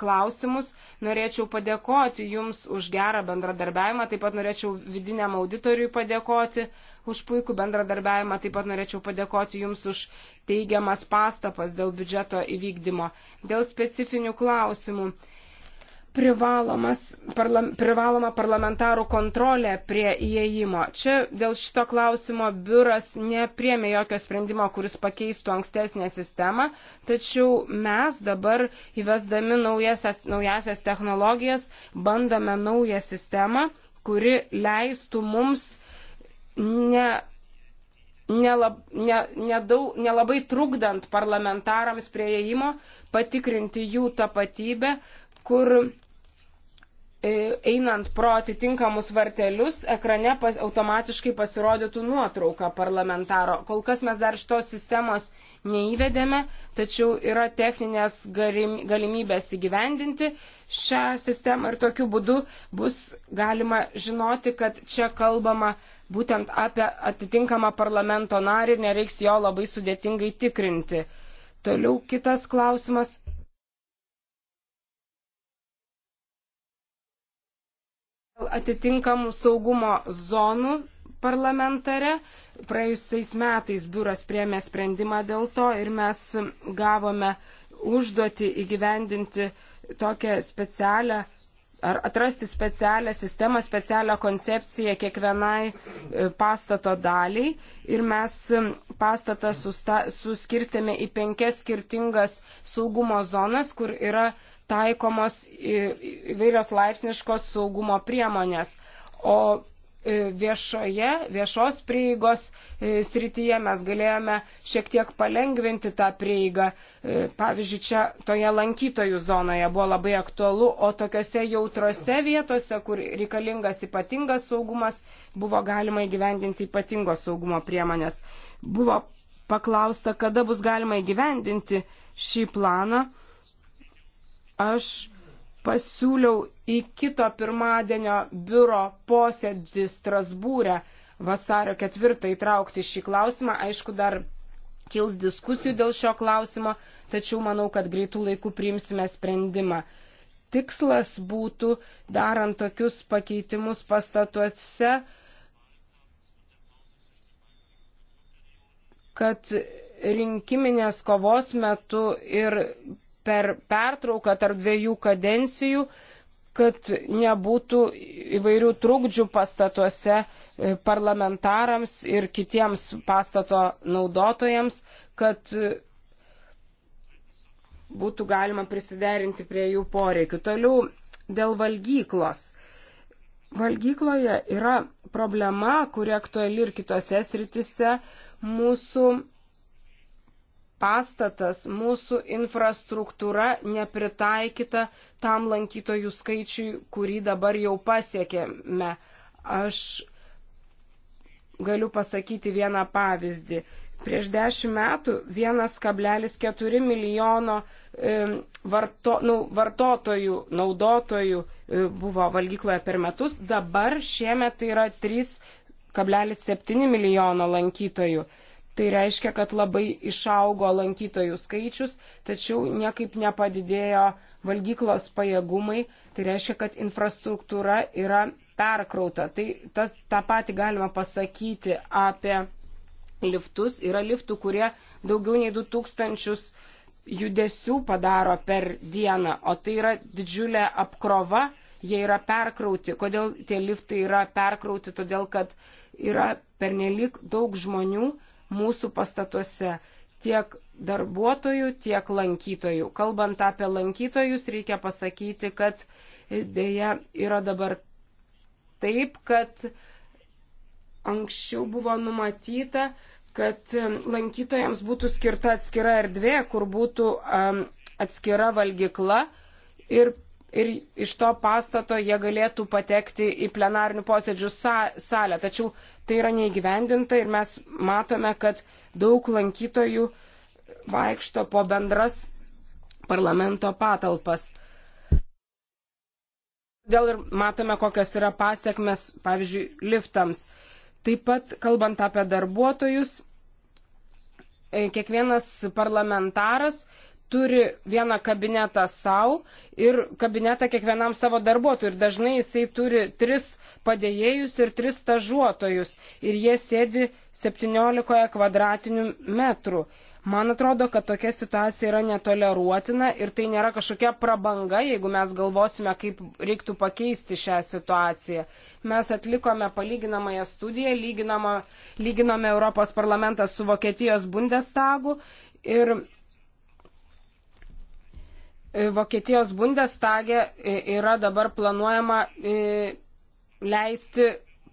klausimus. Norėčiau padėkoti Jums už gerą bendradarbiavimą, taip pat norėčiau vidiniam auditoriui padėkoti. Uh, už puikų bendradarbiavimą. Taip pat norėčiau padėkoti Jums už teigiamas pastabas dėl biudžeto įvykdymo. Dėl specifinių klausimų. Parla, privaloma parlamentarų kontrolė prie įėjimo. Čia dėl šito klausimo biuras nepriemė jokio sprendimo, kuris pakeistų ankstesnę sistemą, tačiau mes dabar įvesdami naujasias, naujasias technologijas bandome naują sistemą, kuri leistų mums ne, nelab, ne, nedaug, nelabai trukdant parlamentarams prieėjimo patikrinti jų tapatybę, kur e, einant pro atitinkamus vartelius, ekrane pas, automatiškai pasirodytų nuotrauka parlamentaro. Kol kas mes dar šitos sistemos neįvedėme, tačiau yra techninės galimybės įgyvendinti šią sistemą ir tokiu būdu bus galima žinoti, kad čia kalbama būtent apie atitinkamą parlamento narį ir nereiks jo labai sudėtingai tikrinti. Toliau kitas klausimas. Atitinkamų saugumo zonų parlamentare. Praėjusiais metais biuras priemė sprendimą dėl to ir mes gavome užduoti įgyvendinti tokią specialią ar atrasti specialią sistemą, specialią koncepciją kiekvienai e, pastato daliai. Ir mes e, pastatą susta, suskirstėme į penkias skirtingas saugumo zonas, kur yra taikomos įvairios laipsniškos saugumo priemonės. O E, viešoje, viešos prieigos e, srityje mes galėjome šiek tiek palengvinti tą prieigą. E, pavyzdžiui, čia toje lankytojų zonoje buvo labai aktualu, o tokiose jautrose vietose, kur reikalingas ypatingas saugumas, buvo galima įgyvendinti ypatingo saugumo priemonės. Buvo paklausta, kada bus galima įgyvendinti šį planą. Aš pasiūliau į kito pirmadienio biuro posėdį Strasbūrę vasario ketvirtą įtraukti šį klausimą. Aišku, dar kils diskusijų dėl šio klausimo, tačiau manau, kad greitų laikų priimsime sprendimą. Tikslas būtų, darant tokius pakeitimus pastatuose, kad rinkiminės kovos metu ir per pertrauką tarp dviejų kadencijų, kad nebūtų įvairių trukdžių pastatuose e, parlamentarams ir kitiems pastato naudotojams, kad e, būtų galima prisiderinti prie jų poreikių. Toliau dėl valgyklos. Valgykloje yra problema, kuri aktuali ir kitose sritise. Mūsų pastatas, mūsų infrastruktūra nepritaikyta tam lankytojų skaičiui, kurį dabar jau pasiekėme. Aš galiu pasakyti vieną pavyzdį. Prieš dešimt metų 1,4 milijono e, varto, nu, vartotojų, naudotojų e, buvo valgykloje per metus, dabar šiemet tai yra 3,7 milijono lankytojų. Tai reiškia, kad labai išaugo lankytojų skaičius, tačiau niekaip nepadidėjo valgyklos pajėgumai. Tai reiškia, kad infrastruktūra yra perkrauta. Tai tas, tą patį galima pasakyti apie liftus. Yra liftų, kurie daugiau nei 2000 judesių padaro per dieną, o tai yra didžiulė apkrova, jie yra perkrauti. Kodėl tie liftai yra perkrauti? Todėl, kad yra pernelik daug žmonių mūsų pastatuose tiek darbuotojų, tiek lankytojų. Kalbant apie lankytojus, reikia pasakyti, kad dėja yra dabar taip, kad anksčiau buvo numatyta, kad lankytojams būtų skirta atskira erdvė, kur būtų um, atskira valgykla ir ir iš to pastato jie galėtų patekti į plenarnių posėdžių salę. Tačiau tai yra neįgyvendinta ir mes matome, kad daug lankytojų vaikšto po bendras parlamento patalpas. Dėl ir matome, kokios yra pasiekmes, pavyzdžiui, liftams. Taip pat, kalbant apie darbuotojus, e, kiekvienas parlamentaras turi vieną kabinetą savo ir kabinetą kiekvienam savo darbuotojui. Ir dažnai jisai turi tris padėjėjus ir tris stažuotojus. Ir jie sėdi 17 kvadratinių metrų. Man atrodo, kad tokia situacija yra netoleruotina ir tai nėra kažkokia prabanga, jeigu mes galvosime, kaip reiktų pakeisti šią situaciją. Mes atlikome palyginamąją studiją, lyginama, lyginome Europos parlamentą su Vokietijos Bundestagu ir E, Vokietijos Bundestage e, yra dabar planuojama e, leisti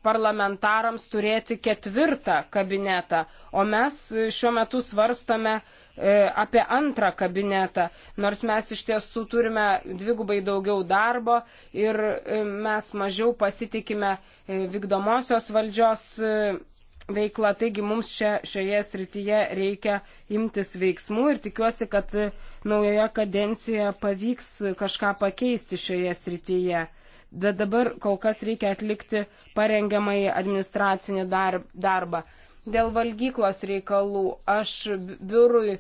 parlamentarams turėti ketvirtą kabinetą, o mes šiuo metu svarstome apie antrą kabinetą, nors mes iš tiesų turime dvigubai daugiau darbo ir mes mažiau pasitikime vykdomosios valdžios veiklą. Taigi mums šia, šioje srityje reikia imtis veiksmų ir tikiuosi, kad naujoje kadencijoje pavyks kažką pakeisti šioje srityje. Bet dabar kol kas reikia atlikti parengiamai administracinį darbą. Dėl valgyklos reikalų aš biurui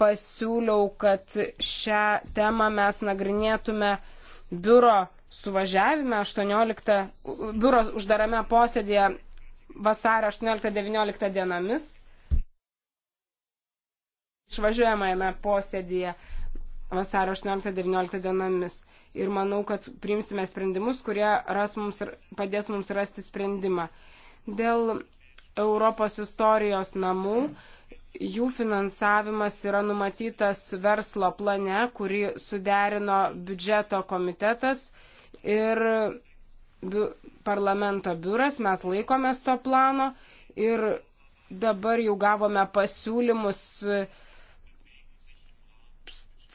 pasiūliau, kad šią temą mes nagrinėtume biuro suvažiavime 18, biuro uždarame posėdėje vasario 18-19 dienomis išvažiuojamame posėdėje vasario 18-19 dienomis. Ir manau, kad priimsime sprendimus, kurie mums, padės mums rasti sprendimą. Dėl Europos istorijos namų jų finansavimas yra numatytas verslo plane, kurį suderino biudžeto komitetas. Ir bi parlamento biuras, mes laikomės to plano ir dabar jau gavome pasiūlymus e,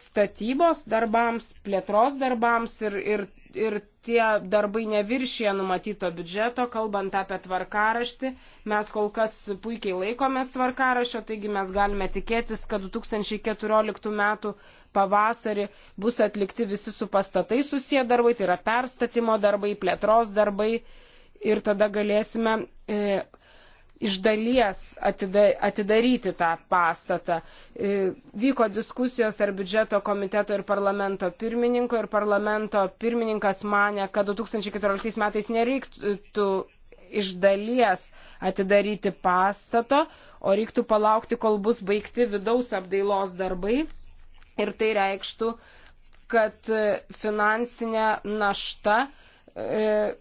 statybos darbams, plėtros darbams ir, ir, ir tie darbai neviršė numatyto biudžeto, kalbant apie tvarkaraštį. Mes kol kas puikiai laikomės tvarkarašio, taigi mes galime tikėtis, kad 2014 metų pavasarį bus atlikti visi su pastatai susiję darbai, tai yra perstatymo darbai, plėtros darbai ir tada galėsime e, iš dalies atida, atidaryti tą pastatą. E, vyko diskusijos tarp biudžeto komiteto ir parlamento pirmininko ir parlamento pirmininkas mane, kad 2014 metais nereiktų iš dalies atidaryti pastato, o reiktų palaukti, kol bus baigti vidaus apdailos darbai. Ir tai reikštų, kad finansinė našta e,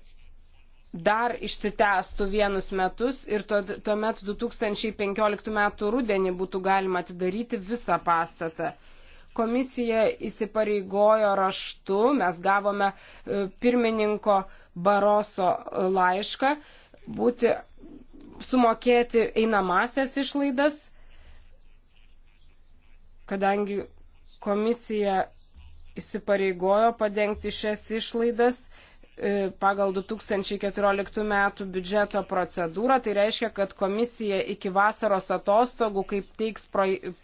dar išsitęstų vienus metus ir tuomet 2015 metų rudenį būtų galima atidaryti visą pastatą. Komisija įsipareigojo raštu, mes gavome e, pirmininko Baroso laišką, būti sumokėti einamasias išlaidas, kadangi Komisija įsipareigojo padengti šias išlaidas e, pagal 2014 metų biudžeto procedūrą. Tai reiškia, kad komisija iki vasaros atostogų, kaip teiks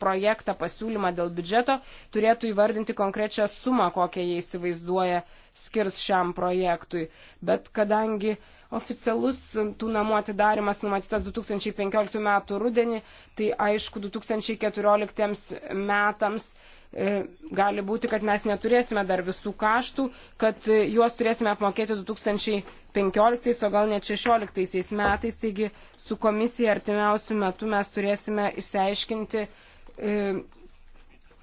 projektą pasiūlymą dėl biudžeto, turėtų įvardinti konkrečią sumą, kokią jie įsivaizduoja skirs šiam projektui. Bet kadangi oficialus tų namų atidarimas numatytas 2015 metų rudenį, tai aišku 2014 metams E, gali būti, kad mes neturėsime dar visų kaštų, kad juos turėsime apmokėti 2015, o gal net 2016 metais. Taigi su komisija artimiausių metų mes turėsime išsiaiškinti, e,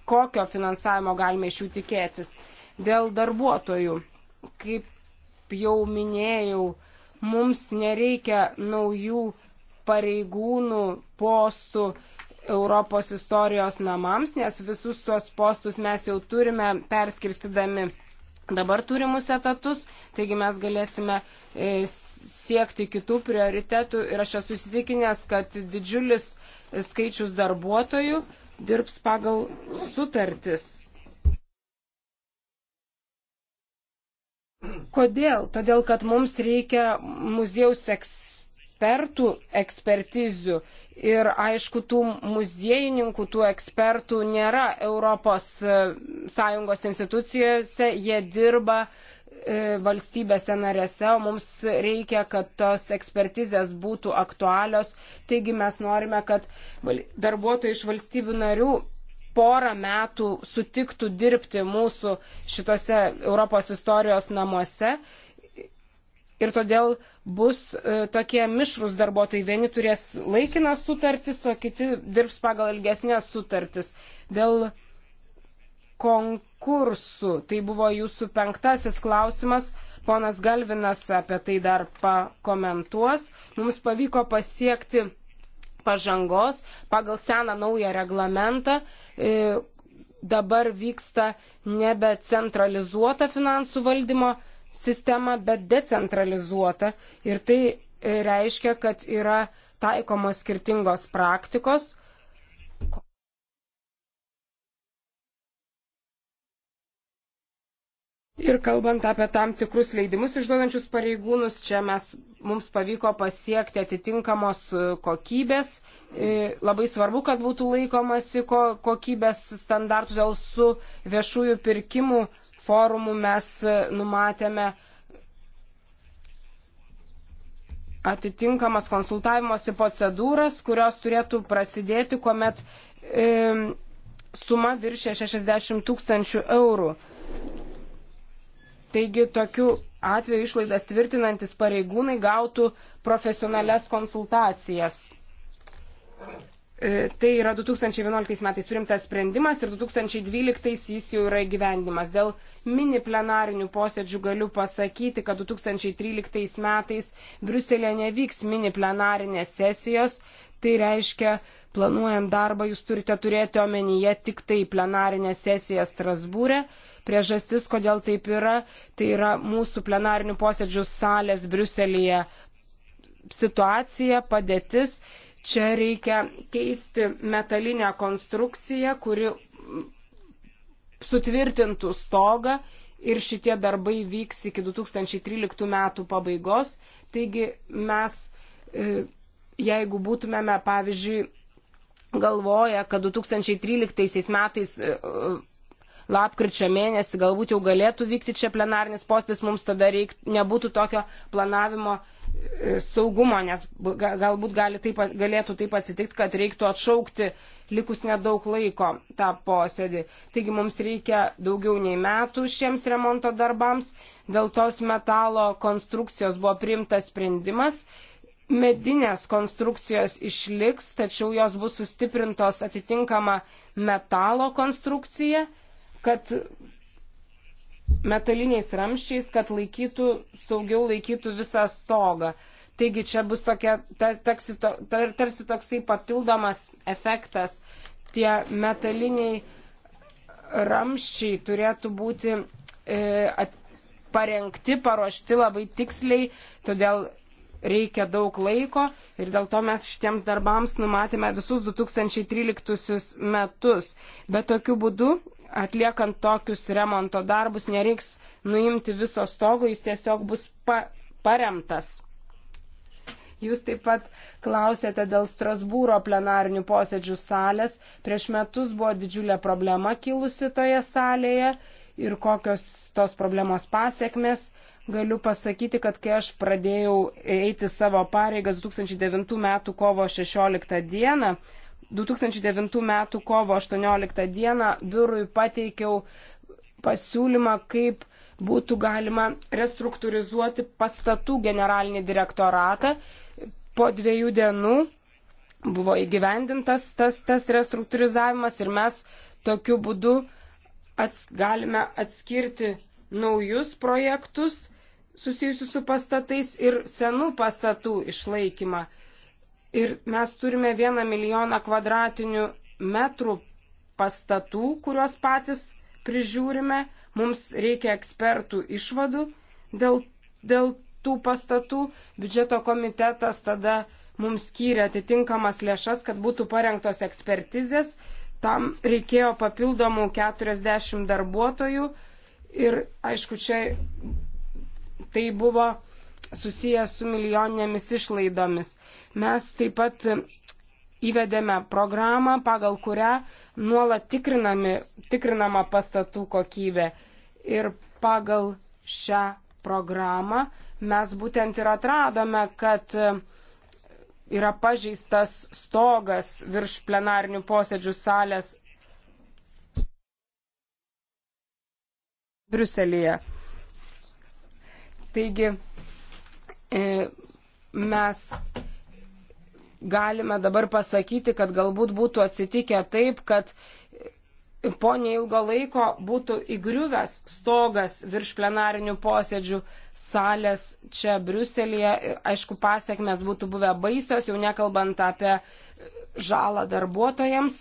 kokio finansavimo galime iš jų tikėtis. Dėl darbuotojų, kaip jau minėjau, mums nereikia naujų pareigūnų postų Europos istorijos namams, nes visus tuos postus mes jau turime perskirstydami dabar turimus etatus, taigi mes galėsime e, siekti kitų prioritetų ir aš esu įsitikinęs, kad didžiulis skaičius darbuotojų dirbs pagal sutartis. Kodėl? Todėl, kad mums reikia muziejaus ekspertų ekspertizių Ir aišku, tų muziejininkų, tų ekspertų nėra ES e, institucijose, jie dirba e, valstybėse narėse, o mums reikia, kad tos ekspertizės būtų aktualios. Taigi mes norime, kad darbuotojai iš valstybių narių porą metų sutiktų dirbti mūsų šitose Europos istorijos namuose ir todėl bus e, tokie mišrus darbuotojai. Vieni turės laikinas sutartis, o kiti dirbs pagal ilgesnės sutartis. Dėl konkursų, tai buvo jūsų penktasis klausimas, ponas Galvinas apie tai dar pakomentuos. Mums pavyko pasiekti pažangos pagal seną naują reglamentą. E, dabar vyksta nebe centralizuota finansų valdymo sistemą, bet decentralizuotą. Ir tai e, reiškia, kad yra taikomos skirtingos praktikos. Ir kalbant apie tam tikrus leidimus išduodančius pareigūnus, čia mes, mums pavyko pasiekti atitinkamos e, kokybės. E, labai svarbu, kad būtų laikomasi kokybės standartų, dėl su viešųjų pirkimų forumu mes e, numatėme atitinkamas konsultavimosi procedūras, kurios turėtų prasidėti, kuomet e, suma viršė 60 tūkstančių eurų Taigi tokiu atveju išlaidas tvirtinantis pareigūnai gautų profesionales konsultacijas. E, tai yra 2011 metais priimtas sprendimas ir 2012 jis jau yra įgyvendimas. Dėl mini plenarinių posėdžių galiu pasakyti, kad 2013 metais Bruselė nevyks mini plenarinės sesijos. Tai reiškia, planuojant darbą, jūs turite turėti omenyje tik tai plenarinę sesiją Strasbūrė. E Priežastis, kodėl taip yra, tai yra mūsų plenarinių posėdžių salės Briuselėje situacija, padėtis. Čia reikia keisti metalinę konstrukciją, kuri sutvirtintų stogą ir šitie darbai vyks iki 2013 metų pabaigos. Taigi mes, e, jeigu būtumėme, pavyzdžiui, galvoja, kad 2013 metais e, lapkričio mėnesį galbūt jau galėtų vykti čia plenarnis postis, mums tada reik, nebūtų tokio planavimo e, saugumo, nes galbūt gali taip, galėtų taip atsitikti, kad reiktų atšaukti likus nedaug laiko tą posėdį. Taigi mums reikia daugiau nei metų šiems remonto darbams. Dėl tos metalo konstrukcijos buvo priimtas sprendimas. Medinės konstrukcijos išliks, tačiau jos bus sustiprintos atitinkama metalo konstrukcija kad metaliniais ramščiais, kad laikytų, saugiau laikytų visą stogą. Taigi čia bus tokia, tarsi, to, tarsi toksai papildomas efektas. Tie metaliniai ramščiai turėtų būti e, at, parengti, paruošti labai tiksliai, todėl reikia daug laiko ir dėl to mes šitiems darbams numatėme visus 2013 metus. Bet tokiu būdu atliekant tokius remonto darbus nereiks nuimti viso stogo, jis tiesiog bus pa, paremtas. Jūs taip pat klausėte dėl Strasbūro plenarinių posėdžių salės. Prieš metus buvo didžiulė problema kilusi toje salėje ir kokios tos problemos pasiekmes. Galiu pasakyti, kad kai aš pradėjau eiti savo pareigas 2009 m. kovo 16 d. 2009 m. kovo 18 d. biurui pateikiau pasiūlymą, kaip būtų galima restruktūrizuoti pastatų generalinį direktoratą. Po dviejų dienų buvo įgyvendintas tas, tas restruktūrizavimas ir mes tokiu būdu ats, galime atskirti naujus projektus susijusius su pastatais ir senų pastatų išlaikymą. Ir mes turime vieną milijoną kvadratinių metrų pastatų, kuriuos patys prižiūrime. Mums reikia ekspertų išvadų dėl, dėl tų pastatų. Biudžeto komitetas tada mums skyrė atitinkamas lėšas, kad būtų parengtos ekspertizės. Tam reikėjo papildomų 40 darbuotojų. Ir aišku, čia tai buvo susijęs su milijoninėmis išlaidomis. Mes taip pat įvedėme programą, pagal kurią nuolat tikrinama pastatų kokybė. Ir pagal šią programą mes būtent ir atradome, kad yra pažeistas stogas virš plenarnių posėdžių salės Briuselėje. Taigi, E, mes galime dabar pasakyti, kad galbūt būtų atsitikę taip, kad po neilgo laiko būtų įgriuvęs stogas virš plenarinių posėdžių salės čia Briuselėje. Aišku, pasiekmes būtų buvę baisios, jau nekalbant apie žalą darbuotojams.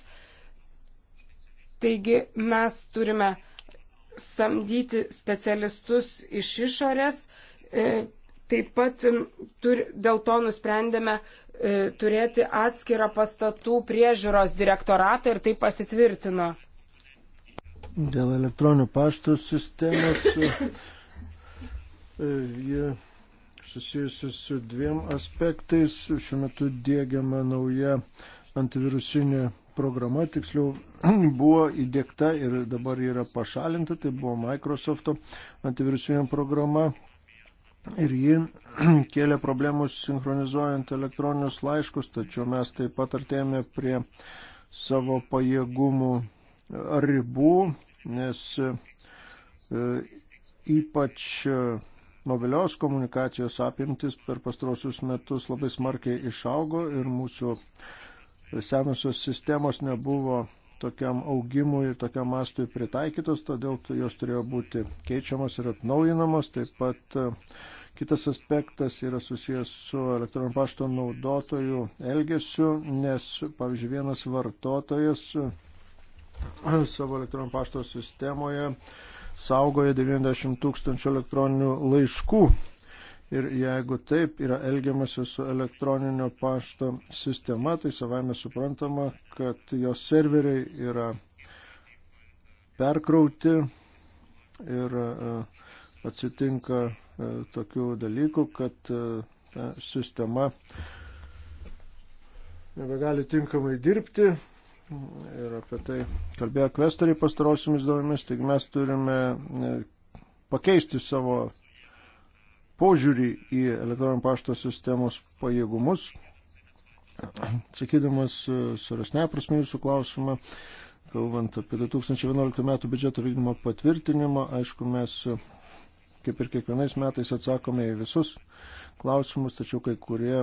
Taigi mes turime samdyti specialistus iš išorės. E, Taip pat tur, dėl to nusprendėme e, turėti atskirą pastatų priežiūros direktoratą ir tai pasitvirtino. Dėl elektroninių paštų sistemos e, e, jie susijusi su dviem aspektais. Šiuo metu dėgiama nauja antivirusinė programa, tiksliau buvo įdėkta ir dabar yra pašalinta, tai buvo Microsofto antivirusinė programa, ir ji kėlė problemus sinchronizuojant elektroninius laiškus, tačiau mes taip pat artėjame prie savo pajėgumų ribų, nes e, ypač e, mobilios komunikacijos apimtis per pastrosius metus labai smarkiai išaugo ir mūsų senosios sistemos nebuvo tokiam augimui ir tokiam mastui pritaikytos, todėl jos turėjo būti keičiamos ir atnaujinamos. Taip pat uh, Kitas aspektas yra susijęs su elektroninio pašto naudotojų elgesiu, nes, pavyzdžiui, vienas vartotojas savo elektroninio pašto sistemoje saugoja 90 tūkstančių elektroninių laiškų. Ir jeigu taip yra elgiamasi su elektroninio pašto sistema, tai savame suprantama, kad jos serveriai yra perkrauti ir e, atsitinka E, tokių dalykų, kad e, ta sistema nebegali tinkamai dirbti. Ir apie tai kalbėjo kvestoriai pastarosiamis duomenimis, taigi mes turime e, pakeisti savo požiūrį į elektroninio pašto sistemos pajėgumus. Sakydamas surasne prasme jūsų klausimą, kalbant apie 2011 metų biudžeto vykdymo patvirtinimą, aišku, mes kaip ir kiekvienais metais atsakome į visus klausimus, tačiau kai kurie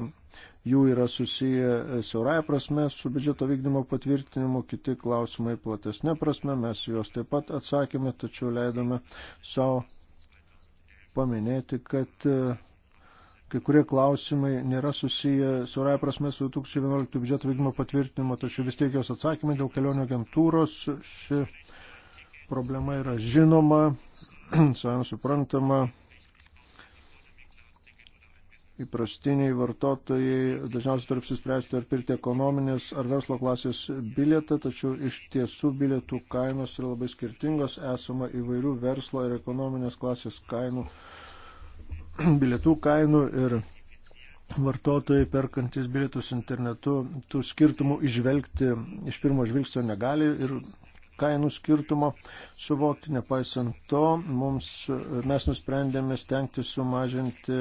jų yra susiję siaurai prasme su biudžeto vykdymo patvirtinimu, kiti klausimai platesnė prasme, mes juos taip pat atsakėme, tačiau leidome savo paminėti, kad e, kai kurie klausimai nėra susiję siaurai prasme su 2011 biudžeto vykdymo patvirtinimu, tačiau vis tiek jos atsakymai dėl kelionių agentūros. Ši problema yra žinoma savame suprantama, įprastiniai vartotojai dažniausiai turi apsispręsti ar pirkti ekonominės ar verslo klasės bilietą, tačiau iš tiesų bilietų kainos yra labai skirtingos, esama įvairių verslo ir ekonominės klasės kainų, bilietų kainų ir vartotojai perkantis bilietus internetu tų skirtumų išvelgti iš pirmo žvilgsnio negali ir kainų skirtumo suvokti. Nepaisant to, mums, mes nusprendėme stengti sumažinti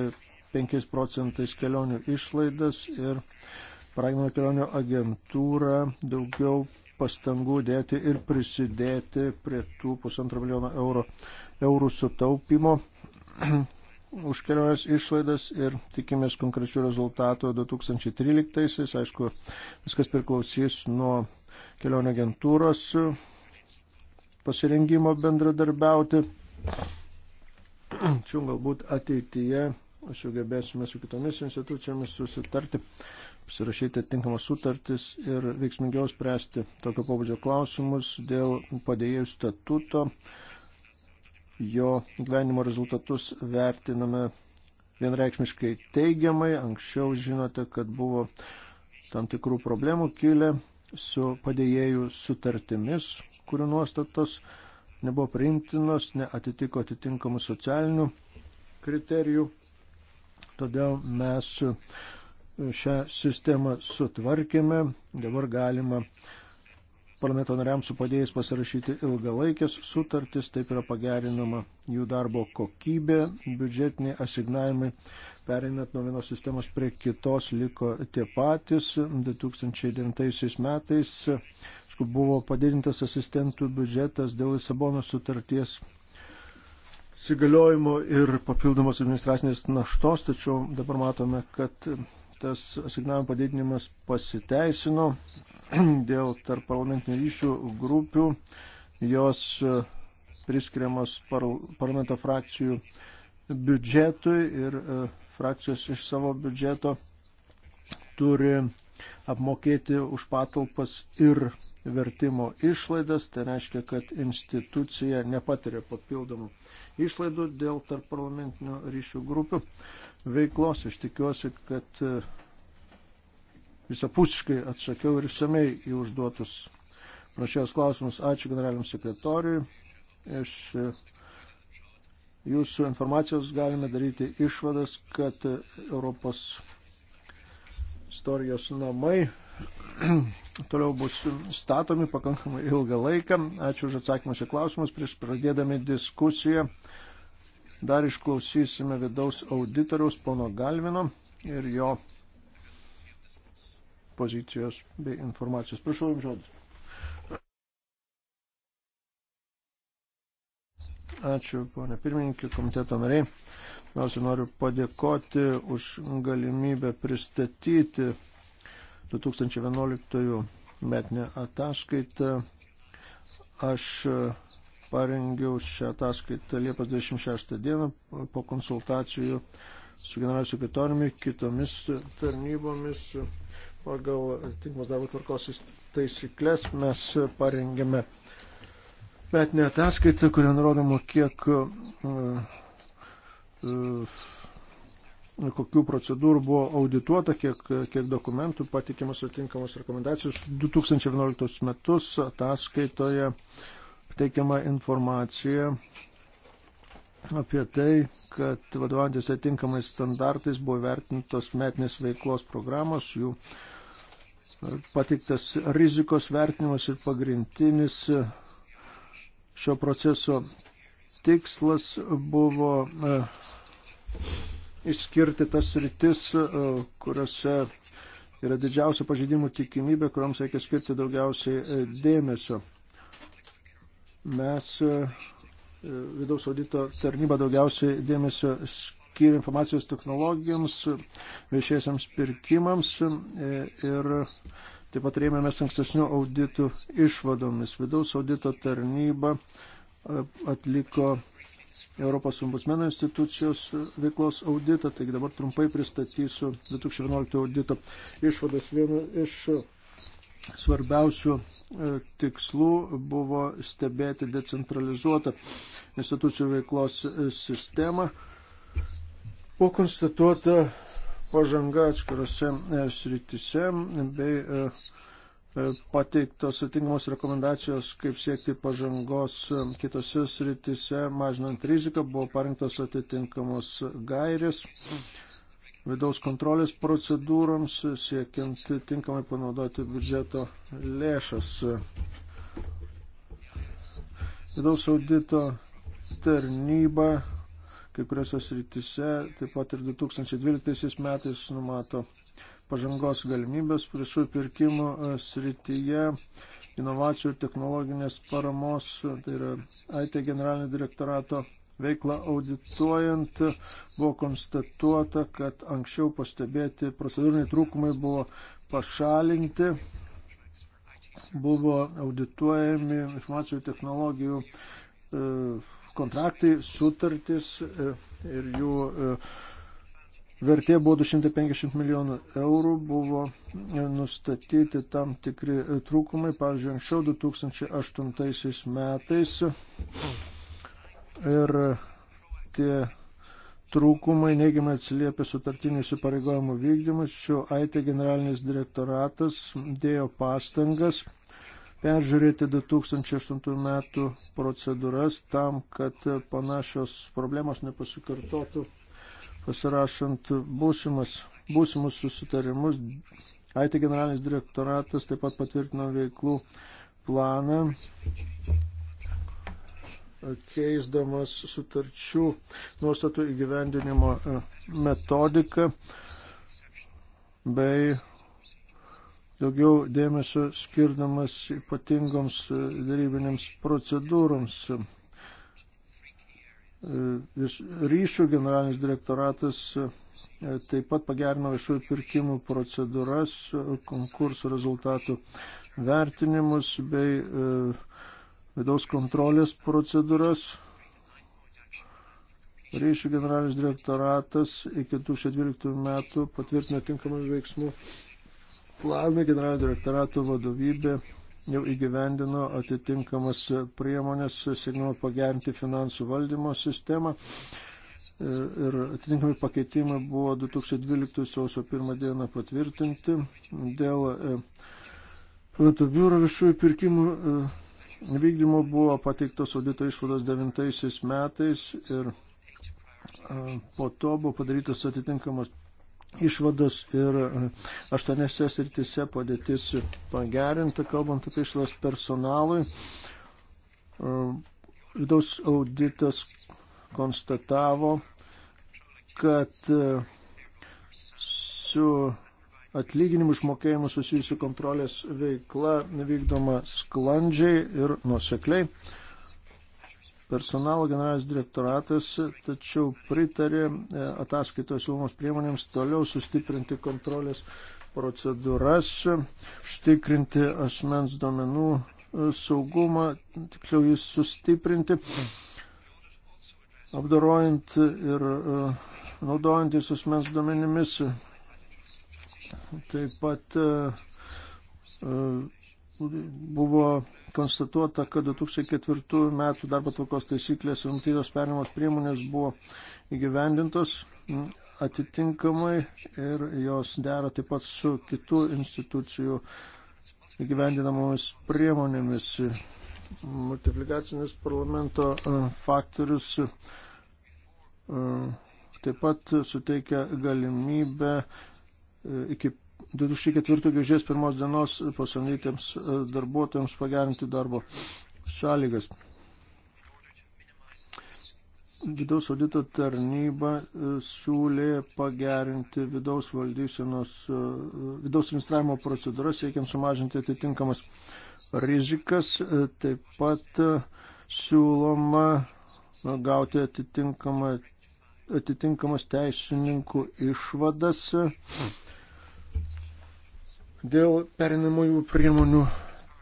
5 procentais kelionių išlaidas ir paraginome kelionių agentūrą daugiau pastangų dėti ir prisidėti prie tų pusantro milijono euro, eurų sutaupimo už kelionės išlaidas ir tikimės konkrečių rezultatų 2013-aisiais. Aišku, viskas priklausys nuo kelionio agentūros pasirengimo bendradarbiauti. Čia galbūt ateityje sugebėsime su kitomis institucijomis susitarti, pasirašyti atitinkamas sutartis ir veiksmingiau spręsti tokio pobūdžio klausimus dėl padėjėjų statuto. Jo gyvenimo rezultatus vertiname vienreikšmiškai teigiamai. Anksčiau žinote, kad buvo tam tikrų problemų kilę su padėjėjų sutartimis, kurių nuostatos nebuvo priimtinos, neatitiko atitinkamų socialinių kriterijų. Todėl mes e, šią sistemą sutvarkėme, dabar galima parlamento nariams su padėjais pasirašyti ilgalaikės sutartis, taip yra pagerinama jų darbo kokybė, biudžetiniai asignavimai, pereinant nuo vienos sistemos prie kitos, liko tie patys 2009 metais aišku, buvo padidintas asistentų biudžetas dėl Lisabono sutarties įsigaliojimo ir papildomos administracinės naštos, tačiau dabar matome, kad tas asignavimo padidinimas pasiteisino dėl tarp parlamentinių ryšių grupių, jos e, priskiriamas par, parlamento frakcijų biudžetui ir e, frakcijos iš savo biudžeto turi apmokėti už patalpas ir vertimo išlaidas, tai reiškia, kad institucija nepatiria papildomų išlaidų dėl tarp parlamentinio ryšių grupių veiklos. Aš tikiuosi, kad e, visapusiškai atsakiau ir išsamei į užduotus prašėjos klausimus. Ačiū generaliniam sekretoriui. Iš e, jūsų informacijos galime daryti išvadas, kad Europos istorijos namai toliau bus statomi pakankamai ilgą laiką. Ačiū už atsakymus į klausimus. Prieš pradėdami diskusiją dar išklausysime vidaus auditoriaus pono Galvino ir jo pozicijos bei informacijos. Prašau jums žodis. Ačiū, ponė pirmininkė, komiteto nariai. Pirmiausia, noriu padėkoti už galimybę pristatyti 2011 metinę ataskaitą. Aš e, parengiau šią ataskaitą Liepos 26 dieną po konsultacijų su generaliniu sekretoriumi kitomis tarnybomis. Pagal tinkamos darbo tvarkos taisyklės mes parengėme metinę ataskaitą, kurioje nurodoma, kiek uh, uh, kokių procedūrų buvo audituota, kiek, kiek dokumentų patikimas atinkamos rekomendacijos. 2011 metus ataskaitoje teikiama informacija apie tai, kad vadovantis atitinkamais standartais buvo vertintos metinės veiklos programos, jų pateiktas rizikos vertinimas ir pagrindinis šio proceso tikslas buvo e, išskirti tas rytis, e, kuriuose yra didžiausia pažeidimų tikimybė, kuriuoms reikia skirti daugiausiai e, dėmesio. Mes e, vidaus audito tarnyba daugiausiai dėmesio skiria informacijos technologijoms, viešiesiams pirkimams ir taip pat rėmėmės ankstesnių auditų išvadomis. Vidaus audito tarnyba atliko Europos ombudsmeno institucijos veiklos auditą, taigi dabar trumpai pristatysiu 2011 audito išvadas. Viena iš svarbiausių e, tikslų buvo stebėti decentralizuotą institucijų veiklos e, sistemą. Buvo konstatuota pažanga atskirose e, sritise bei uh, E, pateiktos atitinkamos rekomendacijos, kaip siekti pažangos e, kitose sritise, mažinant riziką, buvo parinktos atitinkamos gairės vidaus kontrolės procedūroms, siekiant tinkamai panaudoti biudžeto lėšas. Vidaus audito tarnyba kai kuriuose sritise, taip pat ir 2012 metais numato pažangos galimybės priešų pirkimų e, srityje, inovacijų ir technologinės paramos, tai yra IT generalinio direktorato veiklą audituojant, buvo konstatuota, kad anksčiau pastebėti procedūriniai trūkumai buvo pašalinti, buvo audituojami informacijų technologijų e, kontraktai, sutartis e, ir jų vertė buvo 250 milijonų eurų, buvo e, nustatyti tam tikri e, trūkumai. Pavyzdžiui, anksčiau 2008 metais ir tie trūkumai neigiamai atsiliepė sutartinių įsipareigojimų vykdymus. Šiuo IT generalinis direktoratas dėjo pastangas peržiūrėti 2008 metų procedūras tam, kad panašios problemos nepasikartotų pasirašant būsimas, būsimus susitarimus. IT generalinis direktoratas taip pat patvirtino veiklų planą, keisdamas sutarčių nuostatų įgyvendinimo e, metodiką bei daugiau dėmesio skirdamas ypatingoms e, darybinėms procedūroms. E, ryšių generalinis direktoratas e, taip pat pagerino viešųjų pirkimų procedūras, e, konkursų rezultatų vertinimus bei vidaus kontrolės procedūras. Ryšių generalinis direktoratas iki 2012 metų patvirtino tinkamą veiksmų planą generalinio direktorato vadovybė jau įgyvendino atitinkamas priemonės, siekdama pagerinti finansų valdymo sistemą. Ir atitinkami pakeitimai buvo 2012 sausio 1 dieną patvirtinti dėl e, Plato biuro viešųjų pirkimų e, vykdymo buvo pateiktos audito išvados 9 metais ir e, po to buvo padarytas atitinkamas išvados ir e, aštuonėse sritise padėtis pagerinta, kalbant apie išlas personalui. E, vidaus auditas konstatavo, kad e, su atlyginimų išmokėjimu susijusi kontrolės veikla vykdoma sklandžiai ir nusekliai personalo generalinis direktoratas, tačiau pritarė e, ataskaitos siūlomos priemonėms toliau sustiprinti kontrolės procedūras, užtikrinti asmens duomenų e, saugumą, tiksliau jis sustiprinti, apdarojant ir e, naudojantis asmens duomenimis. Taip pat buvo konstatuota, kad 2004 metų darbo tvarkos taisyklės rungtynės perimos priemonės buvo įgyvendintos atitinkamai ir jos dera taip pat su kitų institucijų įgyvendinamomis priemonėmis. Multiplikacinis parlamento e, faktorius e, taip pat suteikia galimybę e, iki 2004 gegužės pirmos dienos pasamdytiems e, darbuotojams pagerinti darbo sąlygas. Vidaus audito tarnyba e, siūlė pagerinti vidaus valdysenos, e, vidaus administravimo procedūras, siekiant sumažinti atitinkamas rizikas. Taip pat siūloma gauti atitinkamą, atitinkamas teisininkų išvadas. Hmm Dėl perinamųjų priemonių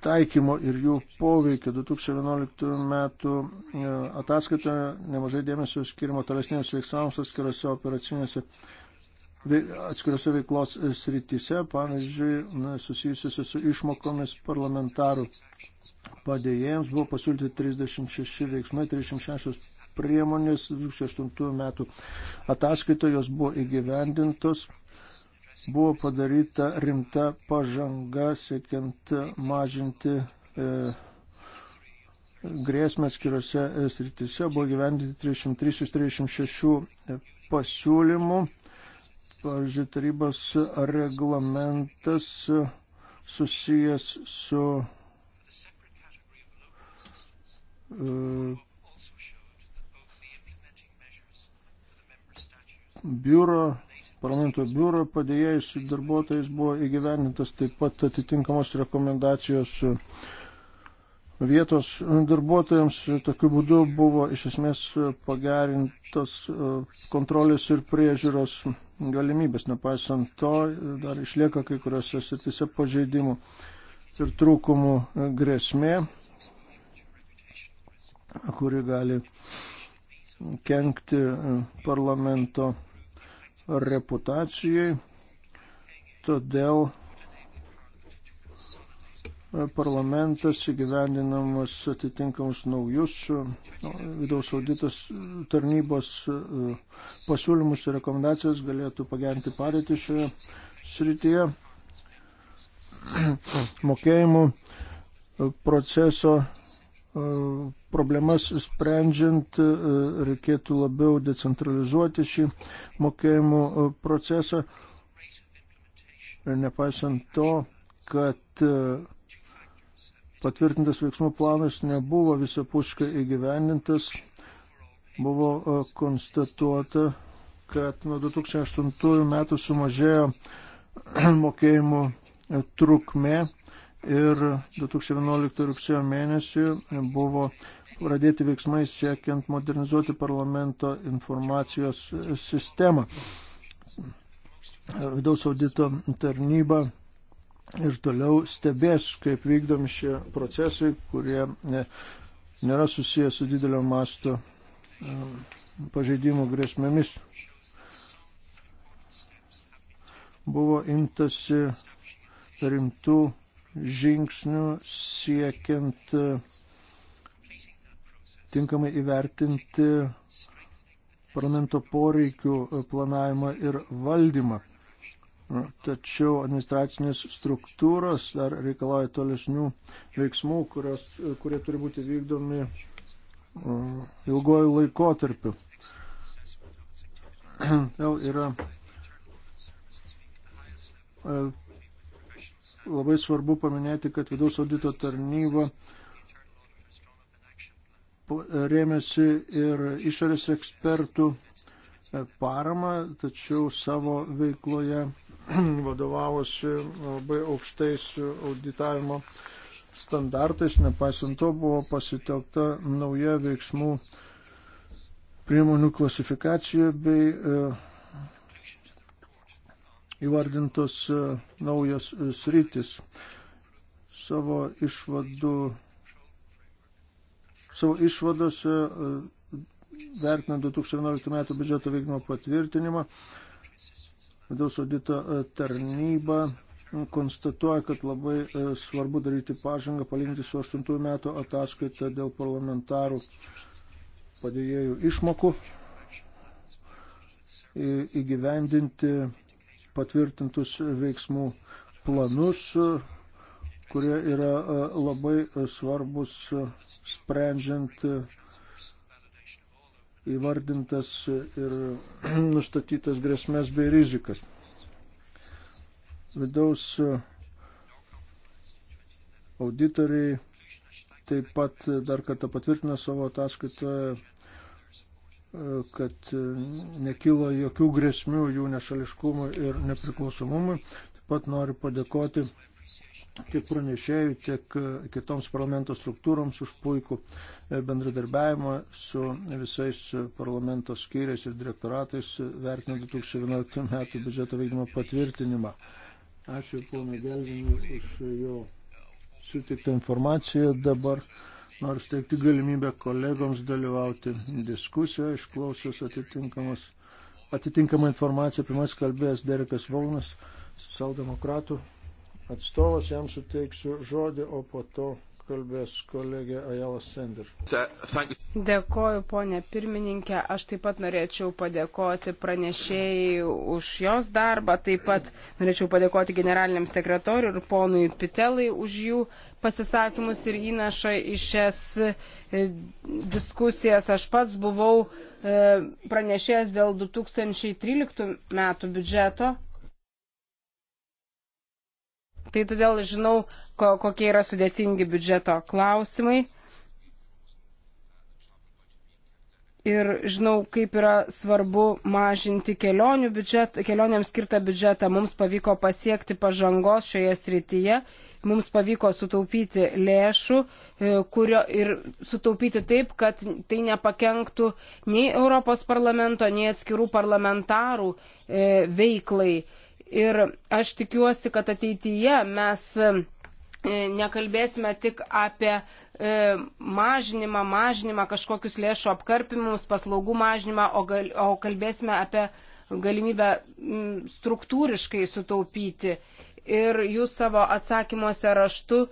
taikymo ir jų poveikio 2011 metų e, ataskaitoje nemažai dėmesio skirimo tolesniems veiksmams atskirose operacinėse atskirose veiklos e, srityse, pavyzdžiui, susijusiuose su išmokomis parlamentarų padėjėjams buvo pasiūlyti 36 veiksmai, 36 priemonės 2008 metų ataskaitoje jos buvo įgyvendintos buvo padaryta rimta pažanga siekiant mažinti e, grėsmę skiriose e, srityse. Buvo gyvendyti 303 iš 306 e, pasiūlymų. Pavyzdžiui, tarybos reglamentas e, susijęs su biuro parlamento biuro padėjėjais darbuotojais buvo įgyvenintas taip pat atitinkamos rekomendacijos e, vietos darbuotojams. Tokiu būdu buvo iš esmės pagerintos e, kontrolės ir priežiūros galimybės. Nepaisant to, e, dar išlieka kai kuriuose sritise pažeidimų ir trūkumų grėsmė, kuri gali kenkti parlamento reputacijai. Todėl e, parlamentas įgyvendinamas atitinkamus naujus e, nu, vidaus auditas tarnybos e, pasiūlymus ir rekomendacijas galėtų pagerinti padėtį šioje srityje mokėjimų proceso problemas sprendžiant reikėtų labiau decentralizuoti šį mokėjimų procesą. Nepaisant to, kad patvirtintas veiksmų planas nebuvo visapuškai įgyvendintas, buvo konstatuota, kad nuo 2008 metų sumažėjo mokėjimų trukmė ir 2011 rugsėjo mėnesį buvo pradėti veiksmai siekiant modernizuoti parlamento informacijos sistemą. Vidaus audito tarnyba ir toliau stebės, kaip vykdomi šie procesai, kurie nėra susijęs su didelio masto um, pažeidimų grėsmėmis. Buvo imtasi rimtų žingsnių siekiant e, tinkamai įvertinti parlamento poreikių e, planavimą ir valdymą. E, tačiau administracinės struktūros dar reikalauja tolesnių veiksmų, kurios, kurie turi būti vykdomi ilgojų laikotarpių. Vėl yra Labai svarbu paminėti, kad vidaus audito tarnyba rėmėsi ir išorės ekspertų e, paramą, tačiau savo veikloje vadovavosi labai aukštais auditavimo standartais, nepaisant to buvo pasitelkta nauja veiksmų priemonių klasifikacija bei e, įvardintos e, naujos e, sritis. Savo išvadų, savo išvadose e, vertinant 2011 metų biudžeto vykdymo patvirtinimą, vidaus audito tarnyba konstatuoja, kad labai svarbu daryti pažangą palyginti su 8 metų ataskaita dėl parlamentarų padėjėjų išmokų įgyvendinti patvirtintus veiksmų planus, kurie yra e, labai e, svarbus e, sprendžiant įvardintas ir nustatytas grėsmės bei rizikas. Vidaus auditoriai taip pat dar kartą patvirtina savo ataskaitoje kad e, nekilo jokių grėsmių jų nešališkumui ir nepriklausomumui. Taip pat noriu padėkoti tiek pranešėjų, tiek e, kitoms parlamento struktūroms už puikų e, bendradarbiavimą su visais parlamento skyriais ir direktoratais, vertinant 2011 metų biudžeto veikimo patvirtinimą. Ačiū ponui Gelvinui už jo sutiktą informaciją dabar. Noriu steigti galimybę kolegoms dalyvauti diskusijoje, išklausius atitinkamą informaciją. Pirmas kalbėjęs Derekas Volnas, socialdemokratų atstovas, jam suteiksiu žodį, o po to kalbės kolegė Ajala Sender. Dėkoju, ponė pirmininkė. Aš taip pat norėčiau padėkoti pranešėjai už jos darbą. Taip pat norėčiau padėkoti generaliniam sekretoriui ir ponui Pitelai už jų pasisakymus ir įnašą į šias e, diskusijas. Aš pats buvau e, pranešėjęs dėl 2013 metų biudžeto Tai todėl žinau, ko, kokie yra sudėtingi biudžeto klausimai. ir žinau, kaip yra svarbu mažinti kelionių biudžetą, kelionėms skirtą biudžetą. Mums pavyko pasiekti pažangos šioje srityje, mums pavyko sutaupyti lėšų e, kurio, ir sutaupyti taip, kad tai nepakenktų nei Europos parlamento, nei atskirų parlamentarų e, veiklai. Ir aš tikiuosi, kad ateityje mes e, nekalbėsime tik apie e, mažinimą, mažinimą, kažkokius lėšų apkarpimus, paslaugų mažinimą, o, gal, o kalbėsime apie galimybę struktūriškai sutaupyti. Ir jūs savo atsakymuose raštu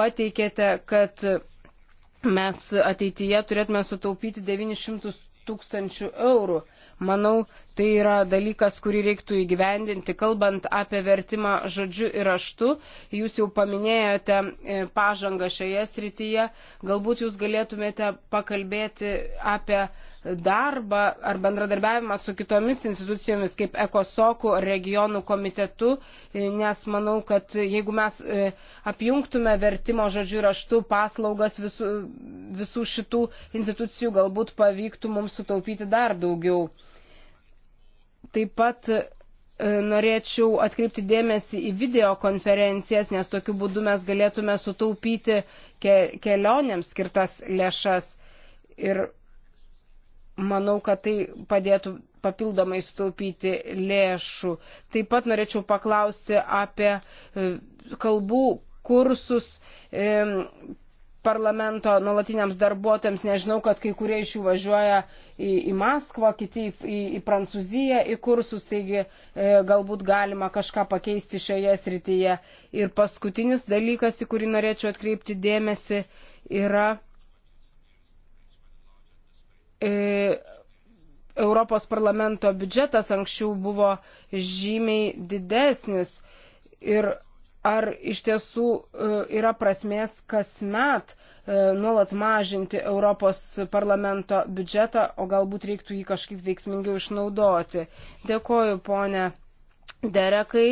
pateikėte, kad mes ateityje turėtume sutaupyti 900 tūkstančių eurų. Manau, tai yra dalykas, kurį reiktų įgyvendinti. Kalbant apie vertimą žodžiu ir raštu, jūs jau paminėjote e, pažangą šioje srityje. Galbūt jūs galėtumėte pakalbėti apie darbą ar bendradarbiavimą su kitomis institucijomis kaip ECOSOKU ar regionų komitetu, nes manau, kad jeigu mes e, apjungtume vertimo žodžių raštų paslaugas visų, visų šitų institucijų, galbūt pavyktų mums sutaupyti dar daugiau. Taip pat e, norėčiau atkreipti dėmesį į videokonferencijas, nes tokiu būdu mes galėtume sutaupyti ke kelionėms skirtas lėšas. Ir manau, kad tai padėtų papildomai sutaupyti lėšų. Taip pat norėčiau paklausti apie e, kalbų kursus e, parlamento nuolatiniams darbuotojams. Nežinau, kad kai kurie iš jų važiuoja į, į Maskvą, kiti į, į, į Prancūziją į kursus, taigi e, galbūt galima kažką pakeisti šioje srityje. Ir paskutinis dalykas, į kurį norėčiau atkreipti dėmesį, yra E, Europos parlamento biudžetas anksčiau buvo žymiai didesnis ir ar iš tiesų e, yra prasmės kasmet e, nuolat mažinti Europos parlamento biudžetą, o galbūt reiktų jį kažkaip veiksmingiau išnaudoti. Dėkoju, ponė Derekai,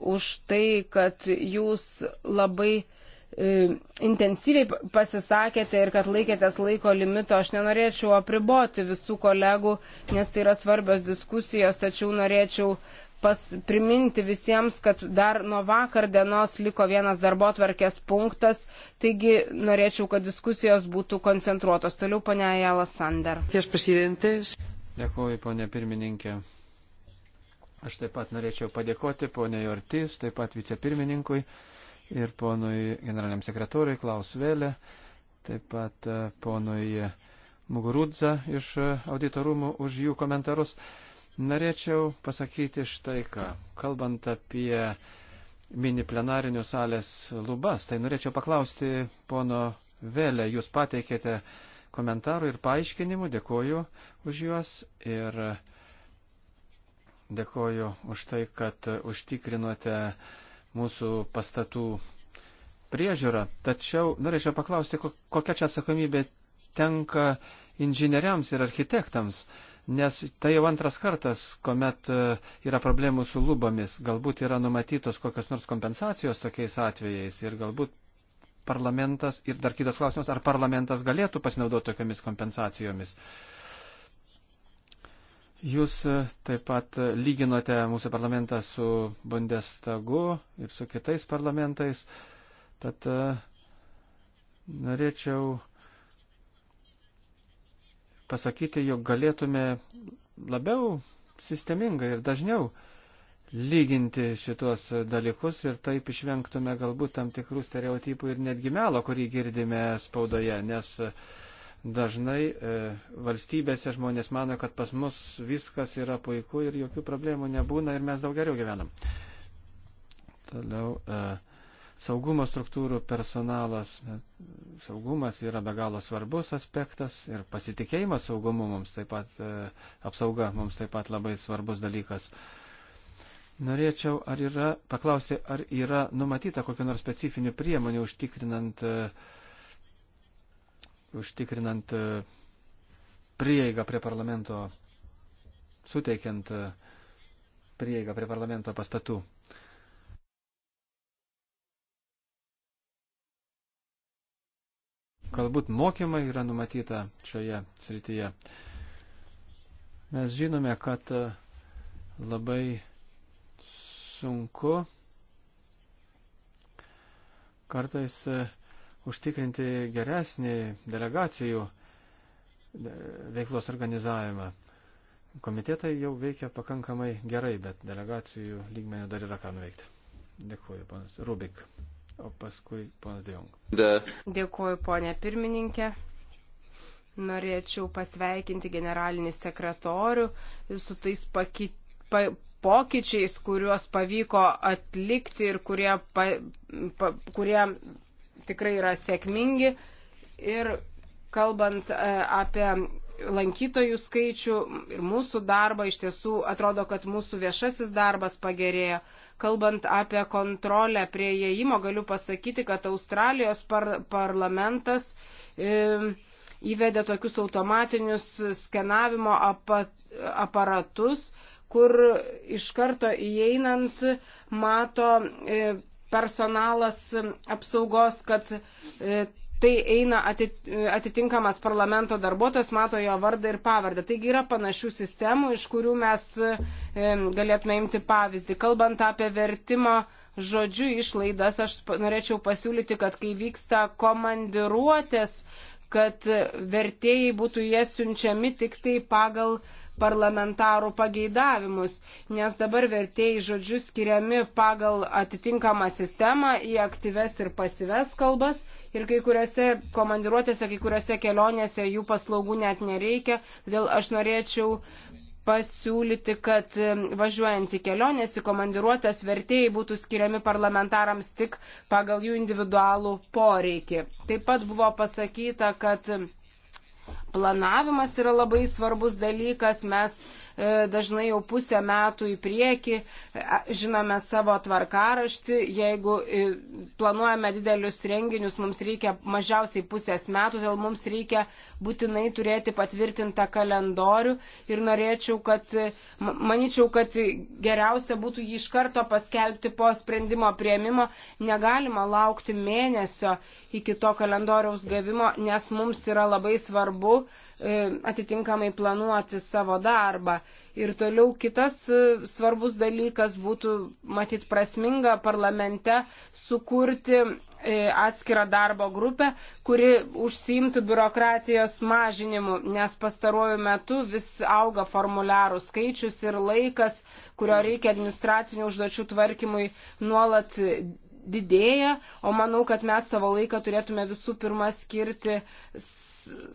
už tai, kad jūs labai E, intensyviai pasisakėte ir kad laikėtės laiko limito. Aš nenorėčiau apriboti visų kolegų, nes tai yra svarbios diskusijos, tačiau norėčiau pas, priminti visiems, kad dar nuo vakar dienos liko vienas darbo tvarkės punktas, taigi norėčiau, kad diskusijos būtų koncentruotos. Toliau, ponia Jela Sander. Dėkuoju, ponia pirmininkė. Aš taip pat norėčiau padėkoti ponia Jortis, taip pat vicepirmininkui ir ponui generaliniam sekretoriui Klaus Vėlė, taip pat e, ponui Mugurudza iš auditorumų už jų komentarus. Norėčiau pasakyti štai ką. Kalbant apie mini plenarinių salės lubas, tai norėčiau paklausti pono Vėlė, jūs pateikėte komentarų ir paaiškinimų, dėkoju už juos ir dėkoju už tai, kad užtikrinote uh, mūsų pastatų priežiūrą. Tačiau norėčiau paklausti, kokia čia atsakomybė tenka inžinieriams ir architektams, nes tai jau antras kartas, kuomet e, yra problemų su lubomis, galbūt yra numatytos kokios nors kompensacijos tokiais atvejais ir galbūt parlamentas, ir dar kitas klausimas, ar parlamentas galėtų pasinaudoti tokiamis kompensacijomis. Uh, Jūs e, taip pat e, lyginote mūsų parlamentą su Bundestagu ir su kitais parlamentais. Tad e, norėčiau pasakyti, jog galėtume labiau sistemingai ir dažniau lyginti šitos dalykus ir taip išvengtume galbūt tam tikrų stereotipų ir netgi melo, kurį girdime spaudoje, nes uh, Dažnai e, valstybėse žmonės mano, kad pas mus viskas yra puiku ir jokių problemų nebūna ir mes daug geriau gyvenam. Toliau e, saugumo struktūrų personalas. Saugumas yra be galo svarbus aspektas ir pasitikėjimas saugumu mums taip pat, e, apsauga mums taip pat labai svarbus dalykas. Norėčiau ar yra, paklausti, ar yra numatyta kokiu nors specifiniu priemoniu užtikrinant e, užtikrinant e, prieigą prie parlamento, suteikiant e, prieigą prie parlamento pastatų. Galbūt mokymai yra numatyta šioje srityje. Mes žinome, kad e, labai sunku kartais užtikrinti geresnį delegacijų e, veiklos organizavimą. Komitetai jau veikia pakankamai gerai, bet delegacijų lygmenį dar yra ką nuveikti. Dėkuoju, ponas Rubik. O paskui ponas Dejong. Dėkuoju, ponė pirmininkė. Norėčiau pasveikinti generalinį sekretorių su tais pakit, pa, pokyčiais, kuriuos pavyko atlikti ir kurie, pa, pa, kurie tikrai yra sėkmingi. Ir kalbant e, apie lankytojų skaičių ir mūsų darbą, iš tiesų atrodo, kad mūsų viešasis darbas pagerėjo. Kalbant apie kontrolę prie įėjimo, galiu pasakyti, kad Australijos par parlamentas e, įvedė tokius automatinius skenavimo apa aparatus, kur iš karto įeinant mato e, personalas apsaugos, kad e, tai eina atitinkamas parlamento darbuotojas, mato jo vardą ir pavardę. Taigi yra panašių sistemų, iš kurių mes e, galėtume imti pavyzdį. Kalbant apie vertimą žodžiu išlaidas, aš norėčiau pasiūlyti, kad kai vyksta komandiruotės, kad vertėjai būtų jie siunčiami tik tai pagal parlamentarų pageidavimus, nes dabar vertėjai žodžius skiriami pagal atitinkamą sistemą į aktyves ir pasives kalbas ir kai kuriuose komandiruotėse, kai kuriuose kelionėse jų paslaugų net nereikia. Todėl aš norėčiau pasiūlyti, kad važiuojant į kelionės, į komandiruotės vertėjai būtų skiriami parlamentarams tik pagal jų individualų poreikį. Taip pat buvo pasakyta, kad Planavimas yra labai svarbus dalykas. Mes E, dažnai jau pusę metų į priekį, e, žinome savo tvarkaraštį, jeigu e, planuojame didelius renginius, mums reikia mažiausiai pusės metų, todėl mums reikia būtinai turėti patvirtintą kalendorių ir norėčiau, kad, manyčiau, kad geriausia būtų jį iš karto paskelbti po sprendimo prieimimo, negalima laukti mėnesio iki to kalendoriaus gavimo, nes mums yra labai svarbu, E, atitinkamai planuoti savo darbą. Ir toliau kitas e, svarbus dalykas būtų, matyt, prasminga parlamente sukurti e, atskirą darbo grupę, kuri užsiimtų biurokratijos mažinimu, nes pastaruoju metu vis auga formuliarų skaičius ir laikas, kurio reikia administracinių užduočių tvarkymui nuolat didėja, o manau, kad mes savo laiką turėtume visų pirma skirti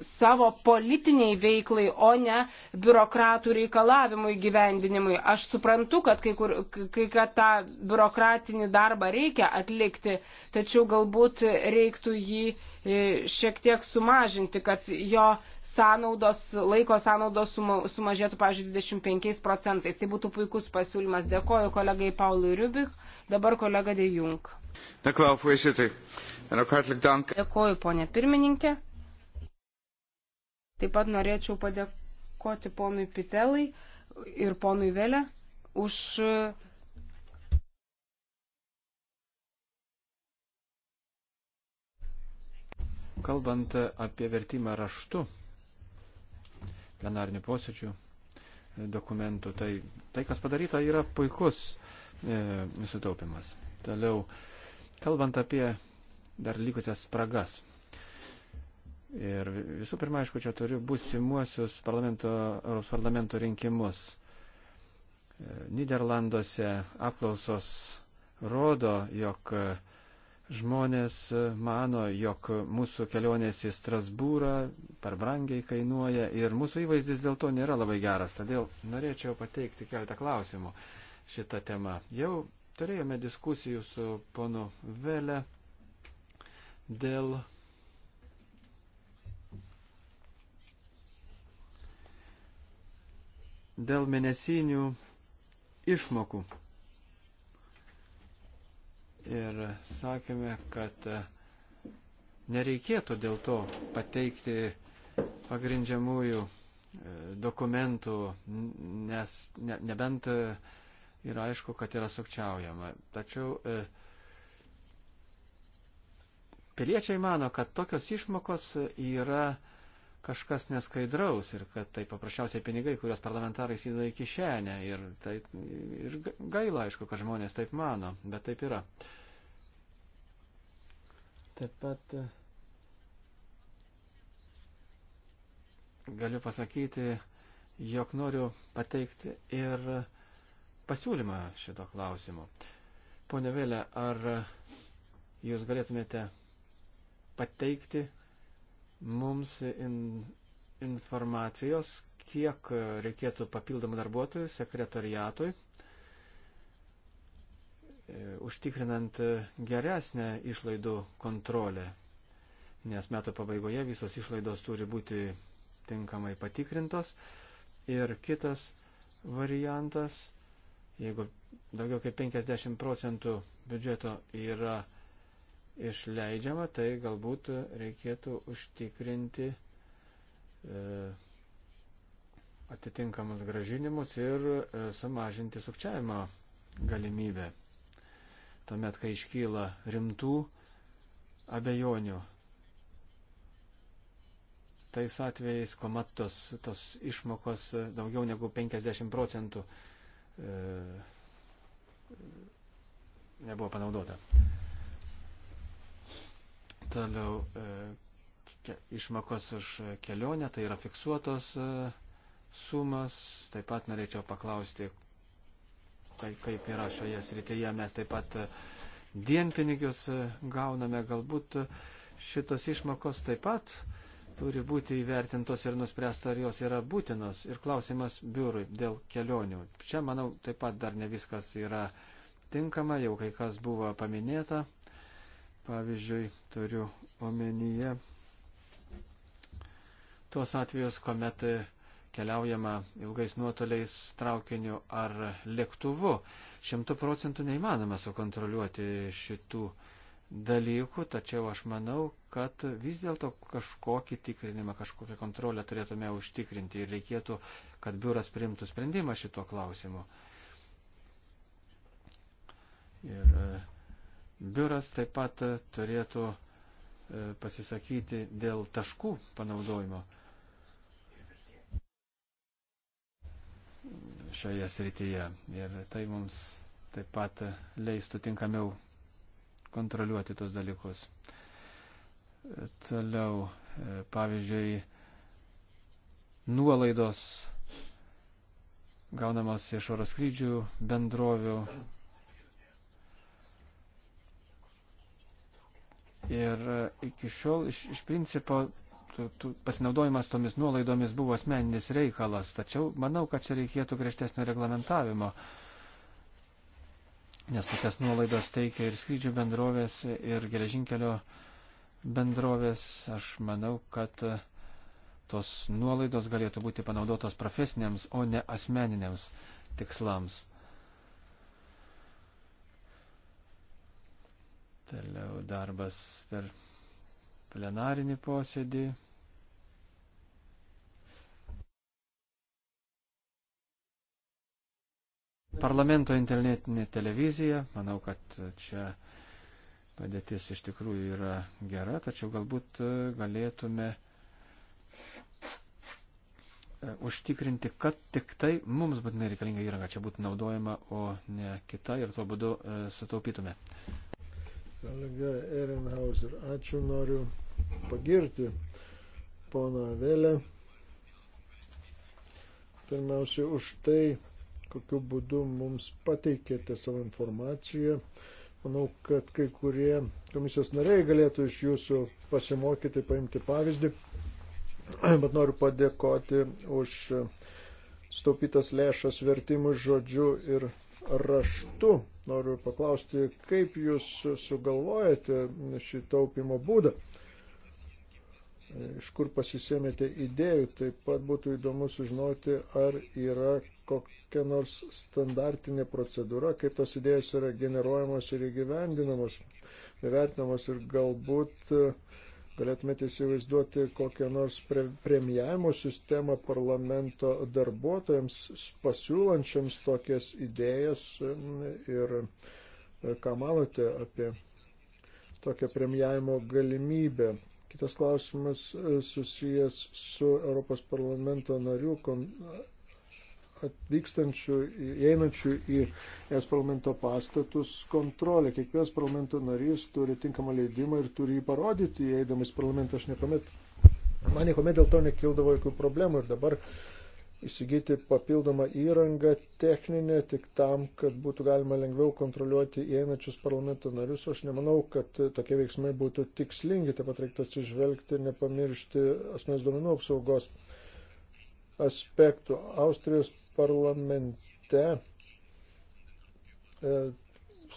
savo politiniai veiklai, o ne biurokratų reikalavimų įgyvendinimui. Aš suprantu, kad kai, kur, kai kad tą biurokratinį darbą reikia atlikti, tačiau galbūt reiktų jį e, šiek tiek sumažinti, kad jo sąnaudos, laiko sąnaudos suma, sumažėtų, pavyzdžiui, 25 procentais. Tai būtų puikus pasiūlymas. Dėkoju kolegai Paului Rubik, dabar kolega Dejung. Dėkoju, ponė pirmininkė. Taip pat norėčiau padėkoti ponui Pitelai ir ponui Velė už Kalbant apie vertimą raštu, plenarnių posėdžių e, dokumentų, tai tai, kas padaryta, yra puikus e, nusitaupimas. Toliau, kalbant apie dar likusias spragas Ir visų pirma, aišku, čia turiu būsimuosius parlamento, Europos parlamento rinkimus. E, Niderlanduose apklausos rodo, jog žmonės mano, jog mūsų kelionės į Strasbūrą per brangiai kainuoja ir mūsų įvaizdis dėl to nėra labai geras. Todėl norėčiau pateikti keletą klausimų šitą temą. Jau turėjome diskusijų su ponu Vele dėl dėl mėnesinių išmokų. Ir sakėme, kad e, nereikėtų dėl to pateikti pagrindžiamųjų e, dokumentų, nes ne, nebent e, yra aišku, kad yra sukčiaujama. Tačiau e, piliečiai mano, kad tokios išmokos yra e, kažkas neskaidraus ir kad tai paprasčiausiai pinigai, kuriuos parlamentarai įsideda į kišenę. Ir, tai, ir gaila, aišku, kad žmonės taip mano, bet taip yra. Taip pat e, galiu pasakyti, jog noriu pateikti ir pasiūlymą šito klausimu. Pone Vėlė, ar jūs galėtumėte pateikti mums in, informacijos, kiek reikėtų papildomų darbuotojų sekretariatui, e, užtikrinant geresnę išlaidų kontrolę, nes metų pabaigoje visos išlaidos turi būti tinkamai patikrintos. Ir kitas variantas, jeigu daugiau kaip 50 procentų biudžeto yra išleidžiama, tai galbūt reikėtų užtikrinti e, atitinkamus gražinimus ir e, sumažinti sukčiavimo galimybę. Tuomet, kai iškyla rimtų abejonių. Tais atvejais, kuomet tos, tos išmokos daugiau negu 50 procentų e, nebuvo panaudota. Toliau e, išmokos už kelionę, tai yra fiksuotos e, sumas. Taip pat norėčiau paklausti, tai kaip yra šioje srityje. Mes taip pat e, dienpinigius gauname, galbūt šitos išmokos taip pat turi būti įvertintos ir nuspręsta, ar jos yra būtinos. Ir klausimas biurui dėl kelionių. Čia, manau, taip pat dar ne viskas yra tinkama, jau kai kas buvo paminėta. Pavyzdžiui, turiu omenyje tuos atvejus, kuomet keliaujama ilgais nuotoliais traukiniu ar lėktuvu. Šimtų procentų neįmanoma sukontroliuoti šitų dalykų, tačiau aš manau, kad vis dėlto kažkokį tikrinimą, kažkokią kontrolę turėtume užtikrinti ir reikėtų, kad biuras priimtų sprendimą šituo klausimu. Ir Biuras taip pat e, turėtų e, pasisakyti dėl taškų panaudojimo šioje srityje. Ir tai mums taip pat e, leistų tinkamiau kontroliuoti tos dalykus. Toliau, pavyzdžiui, nuolaidos gaunamos iš oro skrydžių bendrovių Ir e, iki šiol iš, iš principo tu, tu, pasinaudojimas tomis nuolaidomis buvo asmeninis reikalas, tačiau manau, kad čia reikėtų griežtesnio reglamentavimo, nes tokias nuolaidas teikia ir skrydžių bendrovės, ir geležinkelio bendrovės. Aš manau, kad e, tos nuolaidos galėtų būti panaudotos profesiniams, o ne asmeniniams tikslams. Toliau darbas per plenarinį posėdį. Parlamento internetinė televizija, manau, kad čia padėtis iš tikrųjų yra gera, tačiau galbūt e, galėtume e, užtikrinti, kad tik tai mums būtinai reikalinga įranga čia būtų naudojama, o ne kita ir tuo būdu e, sutaupytume. Kolega Ehrenhauser, ačiū, noriu pagirti poną Vėlę. Pirmiausia, už tai, kokiu būdu mums pateikėte savo informaciją. Manau, kad kai kurie komisijos nariai galėtų iš jūsų pasimokyti, paimti pavyzdį. Bet noriu padėkoti už staupytas lėšas vertimų žodžių ir raštu. Noriu paklausti, kaip jūs sugalvojate šį taupimo būdą? Iš kur pasisėmėte idėjų? Taip pat būtų įdomu sužinoti, ar yra kokia nors standartinė procedūra, kaip tos idėjos yra generuojamos ir įgyvendinamos, vertinamos ir galbūt uh, Galėtumėte įsivaizduoti kokią nors pre premijavimo sistemą parlamento darbuotojams, pasiūlančiams tokias idėjas mm, ir e, ką manote apie tokią premijavimo galimybę. Kitas klausimas e, susijęs su Europos parlamento narių atvykstančių, einančių į es parlamento pastatus kontrolė. Kiekvienas parlamento narys turi tinkamą leidimą ir turi jį parodyti, eidamas į parlamentą. Aš niekuomet, man niekuomet dėl to nekildavo jokių problemų ir dabar įsigyti papildomą įrangą techninę tik tam, kad būtų galima lengviau kontroliuoti įeinančius parlamento narius. Aš nemanau, kad tokie veiksmai būtų tikslingi, taip pat reiktų atsižvelgti ir nepamiršti asmens duomenų apsaugos aspektų. Austrijos parlamente e,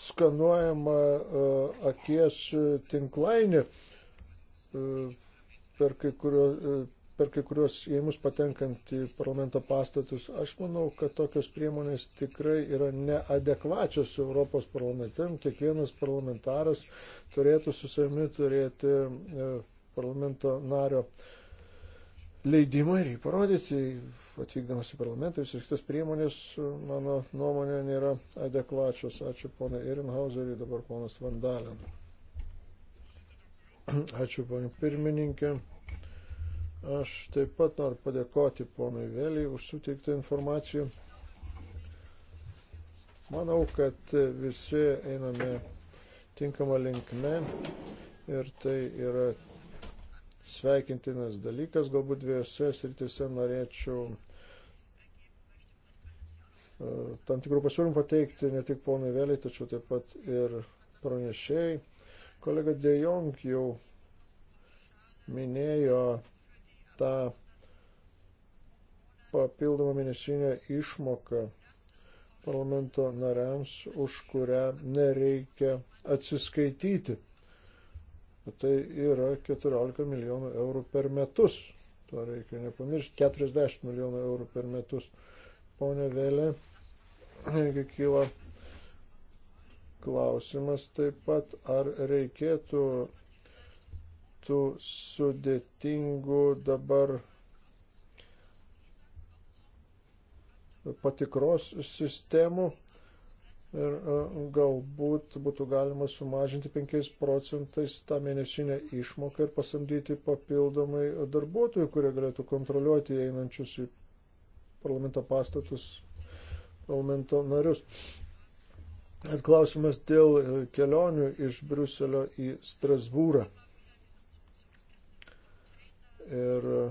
skanuojama e, akies tinklainė e, per kai, kurio, per kai kurios įėjimus patenkant į parlamento pastatus. Aš manau, kad tokios priemonės tikrai yra neadekvačios Europos parlamente. Kiekvienas parlamentaras turėtų su savimi turėti parlamento nario uh, leidimą ir jį parodyti, atvykdamas į parlamentą, visos kitos priemonės, mano nuomonė, nėra adekvačios. Ačiū ponai Erinhauseriui, dabar ponas Vandalin. Ačiū ponai pirmininkė. Aš taip pat noriu padėkoti ponui Vėliai už suteiktą informaciją. Manau, kad visi einame tinkamą linkme ir tai yra sveikintinas dalykas. Galbūt dviejose sritise norėčiau e, tam tikrų pasiūlymų pateikti ne tik ponui vėliai, tačiau taip pat ir pranešėjai. Kolega Dejong jau minėjo tą papildomą mėnesinę išmoką parlamento nariams, už kurią nereikia atsiskaityti. Tai yra 14 milijonų eurų per metus. To reikia nepamiršti. 40 milijonų eurų per metus. Pone Vėlė, jeigu kyla klausimas taip pat, ar reikėtų tų sudėtingų dabar patikros sistemų ir e, galbūt būtų galima sumažinti 5 procentais tą mėnesinę išmoką ir pasamdyti papildomai darbuotojų, kurie galėtų kontroliuoti einančius į parlamento pastatus, parlamento narius. Atklausimas dėl e, kelionių iš Bruselio į Strasbūrą. Ir e,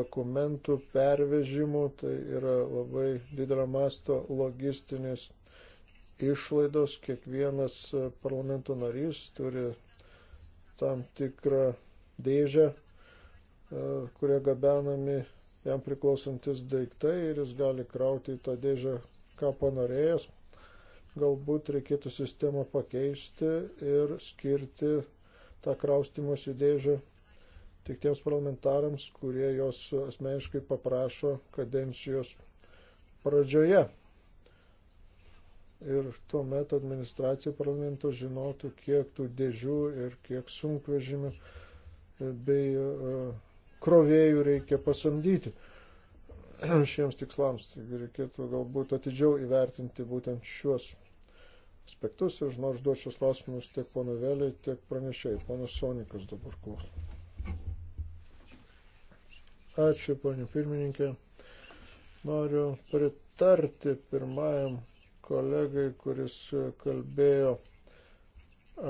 dokumentų pervežimų, tai yra labai didelio masto logistinės išlaidos, kiekvienas e, parlamento narys turi tam tikrą dėžę, e, kurie gabenami jam priklausantis daiktai ir jis gali krauti į tą dėžę, ką panorėjęs. Galbūt reikėtų sistemą pakeisti ir skirti tą kraustimus į dėžę tik tiems parlamentarams, kurie jos asmeniškai paprašo kadencijos pradžioje ir tuomet administracija parlamento žinotų, kiek tų dėžių ir kiek sunkvežimių e, bei e, krovėjų reikia pasamdyti šiems tikslams. Taigi reikėtų galbūt atidžiau įvertinti būtent šiuos aspektus ir žinau, užduos šios klausimus tiek pono Vėliai, tiek pranešėjai. Ponas Sonikas dabar klausia. Ačiū, ponė pirmininkė. Noriu pritarti pirmajam kolegai, kuris kalbėjo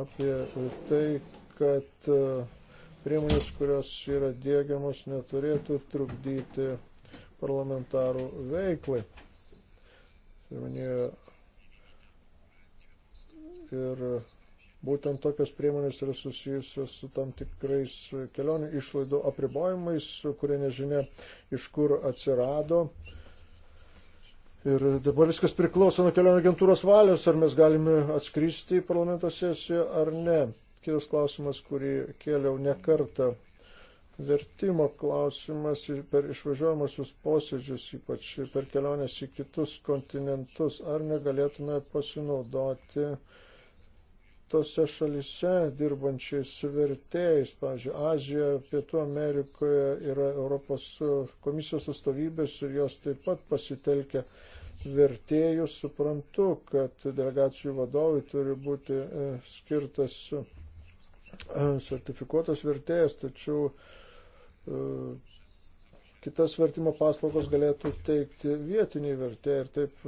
apie tai, kad e, priemonės, kurios yra dėgiamos, neturėtų trukdyti parlamentarų veiklai. Ir būtent tokios priemonės yra susijusios su tam tikrais kelionių išlaidų apribojimais, kurie nežinia iš kur atsirado. Uh, Ir dabar viskas priklauso nuo kelionių agentūros valios, ar mes galime atskristi į parlamento sesiją ar ne. Kitas klausimas, kurį kėliau ne kartą. Vertimo klausimas per išvažiuojamosius posėdžius, ypač per keliones į kitus kontinentus, ar negalėtume pasinaudoti uh, tose šalise dirbančiais vertėjais, pavyzdžiui, Azijoje, Pietų Amerikoje yra Europos komisijos atstovybės ir jos taip pat pasitelkia vertėjus. Suprantu, kad delegacijų vadovai turi būti e, skirtas e, sertifikuotas vertėjas, tačiau e, kitas vertimo paslaugos galėtų teikti vietiniai vertėjai ir taip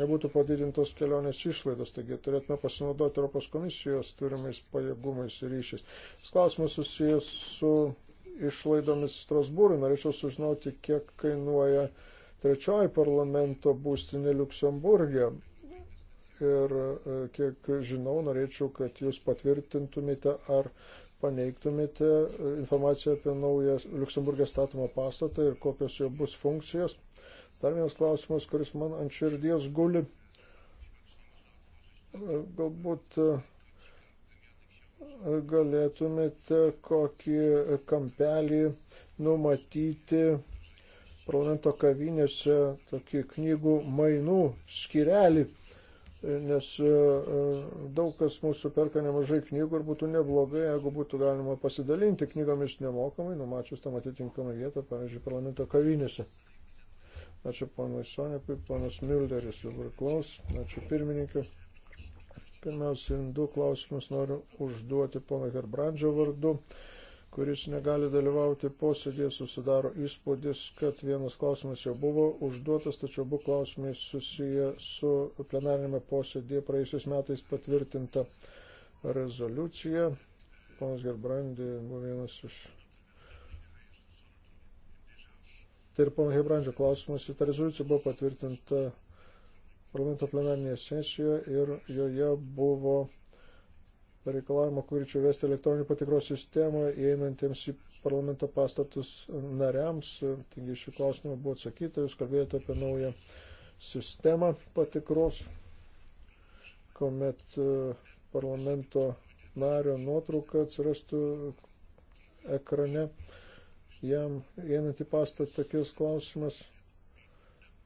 nebūtų padidintos kelionės išlaidos, taigi turėtume pasinaudoti Europos komisijos turimais pajėgumais ir ryšiais. Šis klausimas susijęs su išlaidomis Strasbūrui. Norėčiau sužinoti, kiek kainuoja trečioji parlamento būstinė Luksemburgė. Ir e, kiek žinau, norėčiau, kad jūs patvirtintumėte ar paneigtumėte e, informaciją apie naują Luksemburgę statomą pastatą ir kokios jo bus funkcijos. Dar vienas klausimas, kuris man ant širdies guli. Galbūt e, galėtumėte kokį kampelį numatyti parlamento kavinėse tokį knygų mainų skirelį, nes e, daug kas mūsų perka nemažai knygų ir būtų neblogai, jeigu būtų galima pasidalinti knygomis nemokamai, numačius tam atitinkamą vietą, pavyzdžiui, parlamento kavinėse. Ačiū ponui Sonikui, ponas Milderis dabar klaus. Ačiū pirmininkai. Pirmiausia, du klausimus noriu užduoti pono Herbrandžio vardu, kuris negali dalyvauti posėdėje, susidaro įspūdis, kad vienas klausimas jau buvo užduotas, tačiau abu klausimai susiję su plenarinėme posėdėje praėjusiais metais patvirtinta rezoliucija. Ponas Gerbrandi buvo vienas iš Tai ir pono Hebrandžio klausimas, ta rezoliucija buvo patvirtinta parlamento plenarinėje sesijoje ir joje buvo reikalavimo kurčių vesti elektroninį patikros sistemą įeinantiems į parlamento pastatus nariams. Taigi šį klausimą buvo atsakyta, jūs kalbėjote apie naują sistemą patikros, kuomet e, parlamento nario nuotrauka atsirastų ekrane jam einant į pastatą kils klausimas,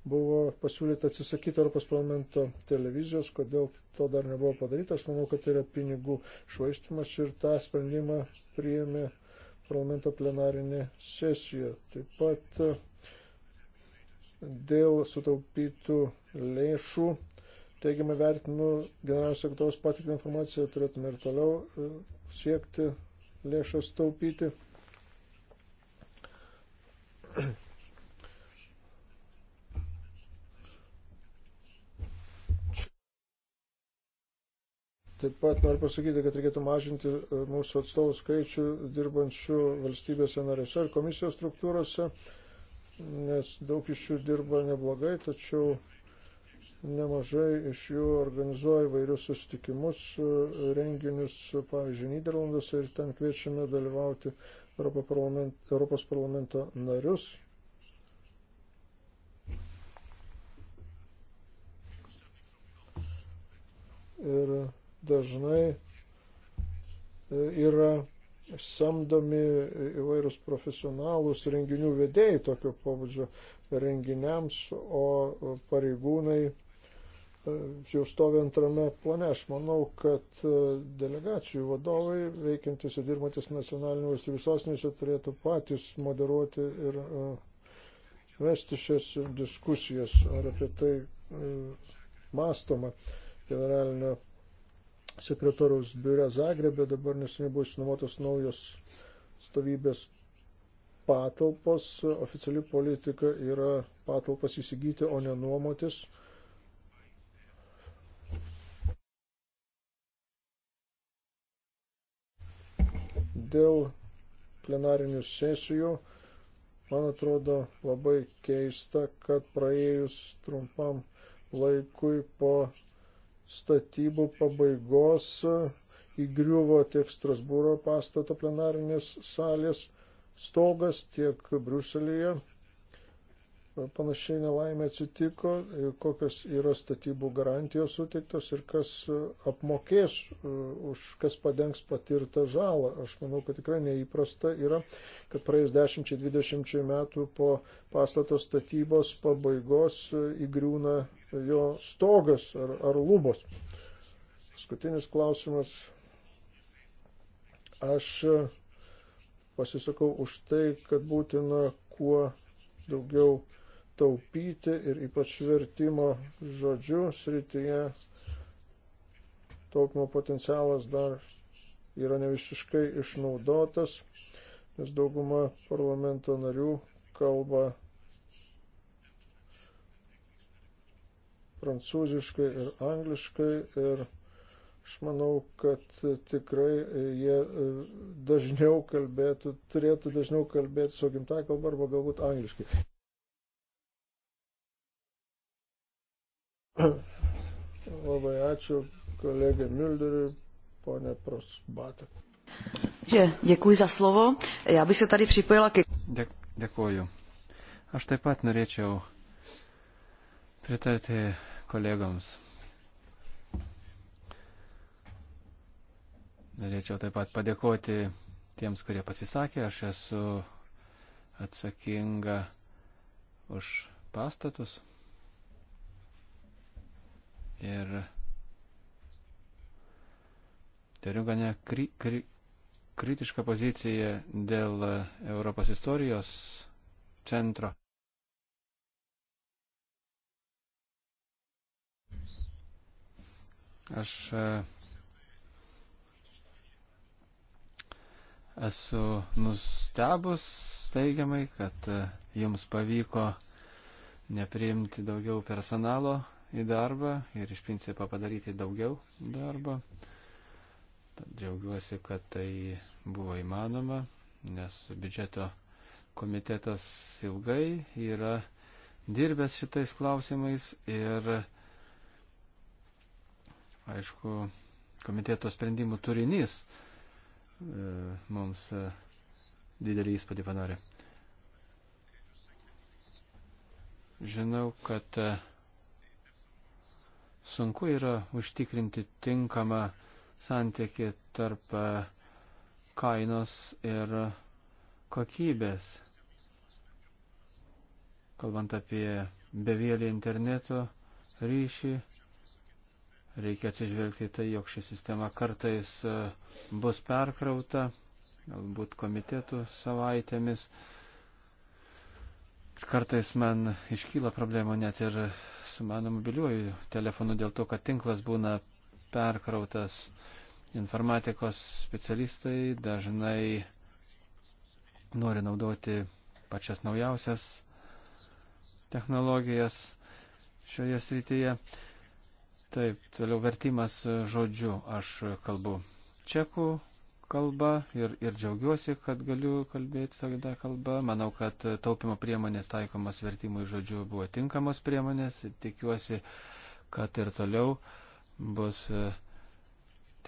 buvo pasiūlyta atsisakyti Europos parlamento televizijos, kodėl to dar nebuvo padaryta. Aš manau, kad tai yra pinigų švaistimas ir tą sprendimą priėmė parlamento plenarinė sesija. Taip pat e, dėl sutaupytų lėšų teigiamai vertinu generalinio sekretoriaus patikrą informaciją, turėtume ir toliau e, siekti lėšas taupyti. Taip pat noriu pasakyti, kad reikėtų mažinti e, mūsų atstovų skaičių dirbančių valstybėse narėse ir komisijos struktūrose, nes daug iš jų dirba neblogai, tačiau nemažai iš jų organizuoja vairius susitikimus, e, renginius, pavyzdžiui, Niderlanduose ir ten kviečiame dalyvauti Europos parlamento narius. Ir dažnai e, yra samdomi įvairūs profesionalūs renginių vedėjai tokio pobūdžio renginiams, o pareigūnai jau stovi antrame plane. Aš manau, kad e, delegacijų vadovai, veikiantis ir dirbantis nacionalinių valstybių sostinėse, turėtų patys moderuoti ir e, vesti šias diskusijas, ar apie tai e, mastoma generalinio sekretoriaus biure Zagrebė, dabar neseniai buvo išnuomotos naujos stovybės patalpos, oficiali politika yra patalpas įsigyti, o ne nuomotis. dėl plenarinių sesijų. Man atrodo labai keista, kad praėjus trumpam laikui po statybų pabaigos įgriuvo tiek Strasbūro pastato plenarinės salės stogas, tiek Bruselėje panašiai nelaimė atsitiko, kokios yra statybų garantijos suteiktos ir kas e, apmokės, e, už kas padengs patirtą žalą. Aš manau, kad tikrai neįprasta yra, kad praėjus 10-20 metų po pastato statybos pabaigos e, įgriūna jo stogas ar, ar lubos. Paskutinis klausimas. Aš pasisakau už tai, kad būtina kuo daugiau taupyti ir ypač vertimo žodžių srityje taupimo potencialas dar yra nevisiškai išnaudotas, nes dauguma parlamento narių kalba prancūziškai ir angliškai ir aš manau, kad tikrai jie e, dažniau kalbėtų, turėtų dažniau kalbėti su gimta kalba arba galbūt angliškai. Labai ačiū kolegė Milderiui, ponė Prosbata. Že, děkuji za slovo. Já bych se tady připojila ke... Dėk, dėkuoju. Aš taip pat norėčiau pritarti kolegoms. Norėčiau taip pat padėkoti tiems, kurie pasisakė. Aš esu atsakinga už pastatus ir turiu gana kri, kri, kritišką poziciją dėl Europos istorijos centro. Aš e, esu nustebus teigiamai, kad e, jums pavyko nepriimti daugiau personalo į darbą ir iš principo padaryti daugiau darbo. Tad džiaugiuosi, kad tai buvo įmanoma, nes biudžeto komitetas ilgai yra dirbęs šitais klausimais ir, aišku, komiteto sprendimų turinys e, mums e, didelį įspūdį padarė. Žinau, kad e, sunku yra užtikrinti tinkamą santyki tarp e, kainos ir kokybės. Kalbant apie bevėlį interneto ryšį, reikia atsižvelgti tai, jog ši sistema kartais e, bus perkrauta, galbūt komitetų savaitėmis. Kartais man iškyla problemų net ir su mano mobiliuoju telefonu dėl to, kad tinklas būna perkrautas. Informatikos specialistai dažnai nori naudoti pačias naujausias technologijas šioje srityje. Taip, toliau vertimas žodžiu aš kalbu čekų kalba ir, ir džiaugiuosi, kad galiu kalbėti tokia kalba. Manau, kad taupimo priemonės taikomos vertimui žodžiu buvo tinkamos priemonės. Tikiuosi, kad ir toliau bus e,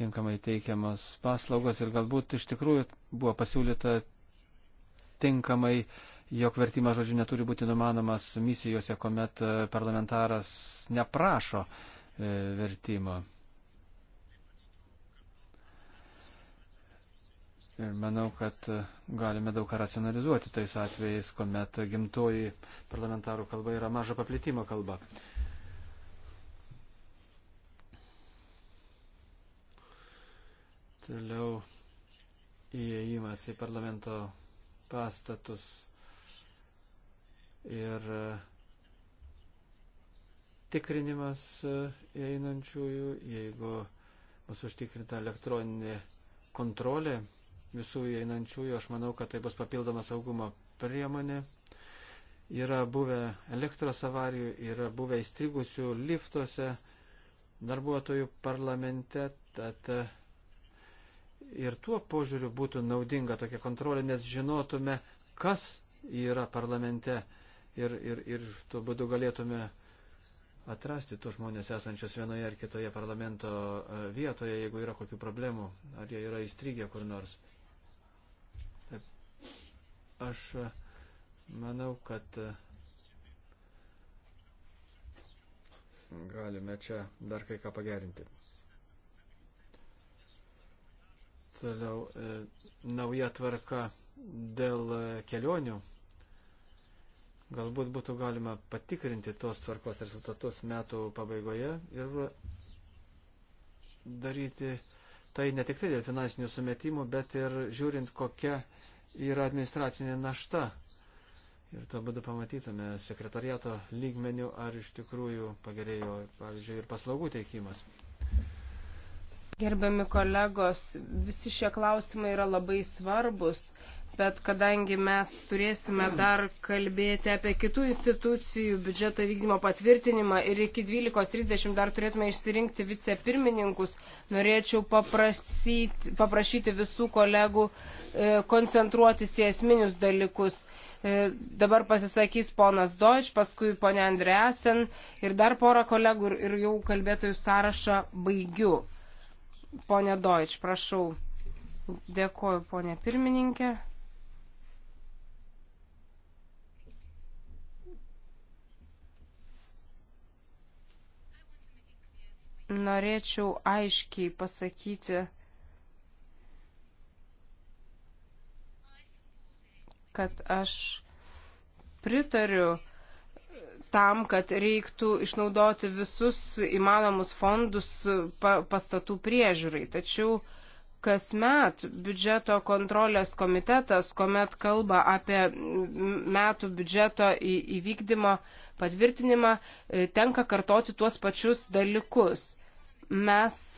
tinkamai teikiamos paslaugos ir galbūt iš tikrųjų buvo pasiūlyta tinkamai, jog vertimas žodžiu neturi būti numanomas misijose, kuomet e, parlamentaras neprašo e, vertimo. Ir manau, kad e, galime daug ką racionalizuoti tais atvejais, kuomet gimtoji parlamentarų kalba yra maža paplitimo kalba. Toliau įėjimas į parlamento pastatus ir e, tikrinimas e, įeinančiųjų, jeigu bus užtikrinta elektroninė kontrolė visų įeinančiųjų. Aš manau, kad tai bus papildoma saugumo priemonė. Yra buvę elektros avarijų, yra buvę įstrigusių liftuose darbuotojų parlamente. Tad e, ir tuo požiūriu būtų naudinga tokia kontrolė, nes žinotume, kas yra parlamente ir, ir, ir tuo būdu galėtume atrasti tuos žmonės esančius vienoje ar kitoje parlamento e, vietoje, jeigu yra kokių problemų, ar jie yra įstrigę kur nors. Aš e, manau, kad e, galime čia dar kai ką pagerinti. Toliau e, nauja tvarka dėl e, kelionių. Galbūt būtų galima patikrinti tos tvarkos rezultatus metų pabaigoje ir daryti tai ne tik tai dėl finansinių sumetimų, bet ir žiūrint, kokia yra administracinė našta. Ir to būdu pamatytume sekretariato lygmenių, ar iš tikrųjų pagerėjo, pavyzdžiui, ir paslaugų teikimas. Gerbiami kolegos, visi šie klausimai yra labai svarbus bet kadangi mes turėsime dar kalbėti apie kitų institucijų biudžeto vykdymo patvirtinimą ir iki 12.30 dar turėtume išsirinkti vicepirmininkus, norėčiau paprasyti, paprašyti visų kolegų e, koncentruotis į esminius dalykus. E, dabar pasisakys ponas Deutsch, paskui ponė Andreasen ir dar porą kolegų ir, ir jau kalbėtojų sąrašą baigiu. Pone Deutsch, prašau. Dėkoju, ponė pirmininkė. norėčiau aiškiai pasakyti, kad aš pritariu tam, kad reiktų išnaudoti visus įmanomus fondus pastatų priežiūrai. Tačiau kasmet biudžeto kontrolės komitetas, kuomet kalba apie metų biudžeto įvykdymo patvirtinimą, e, tenka kartoti tuos pačius dalykus mes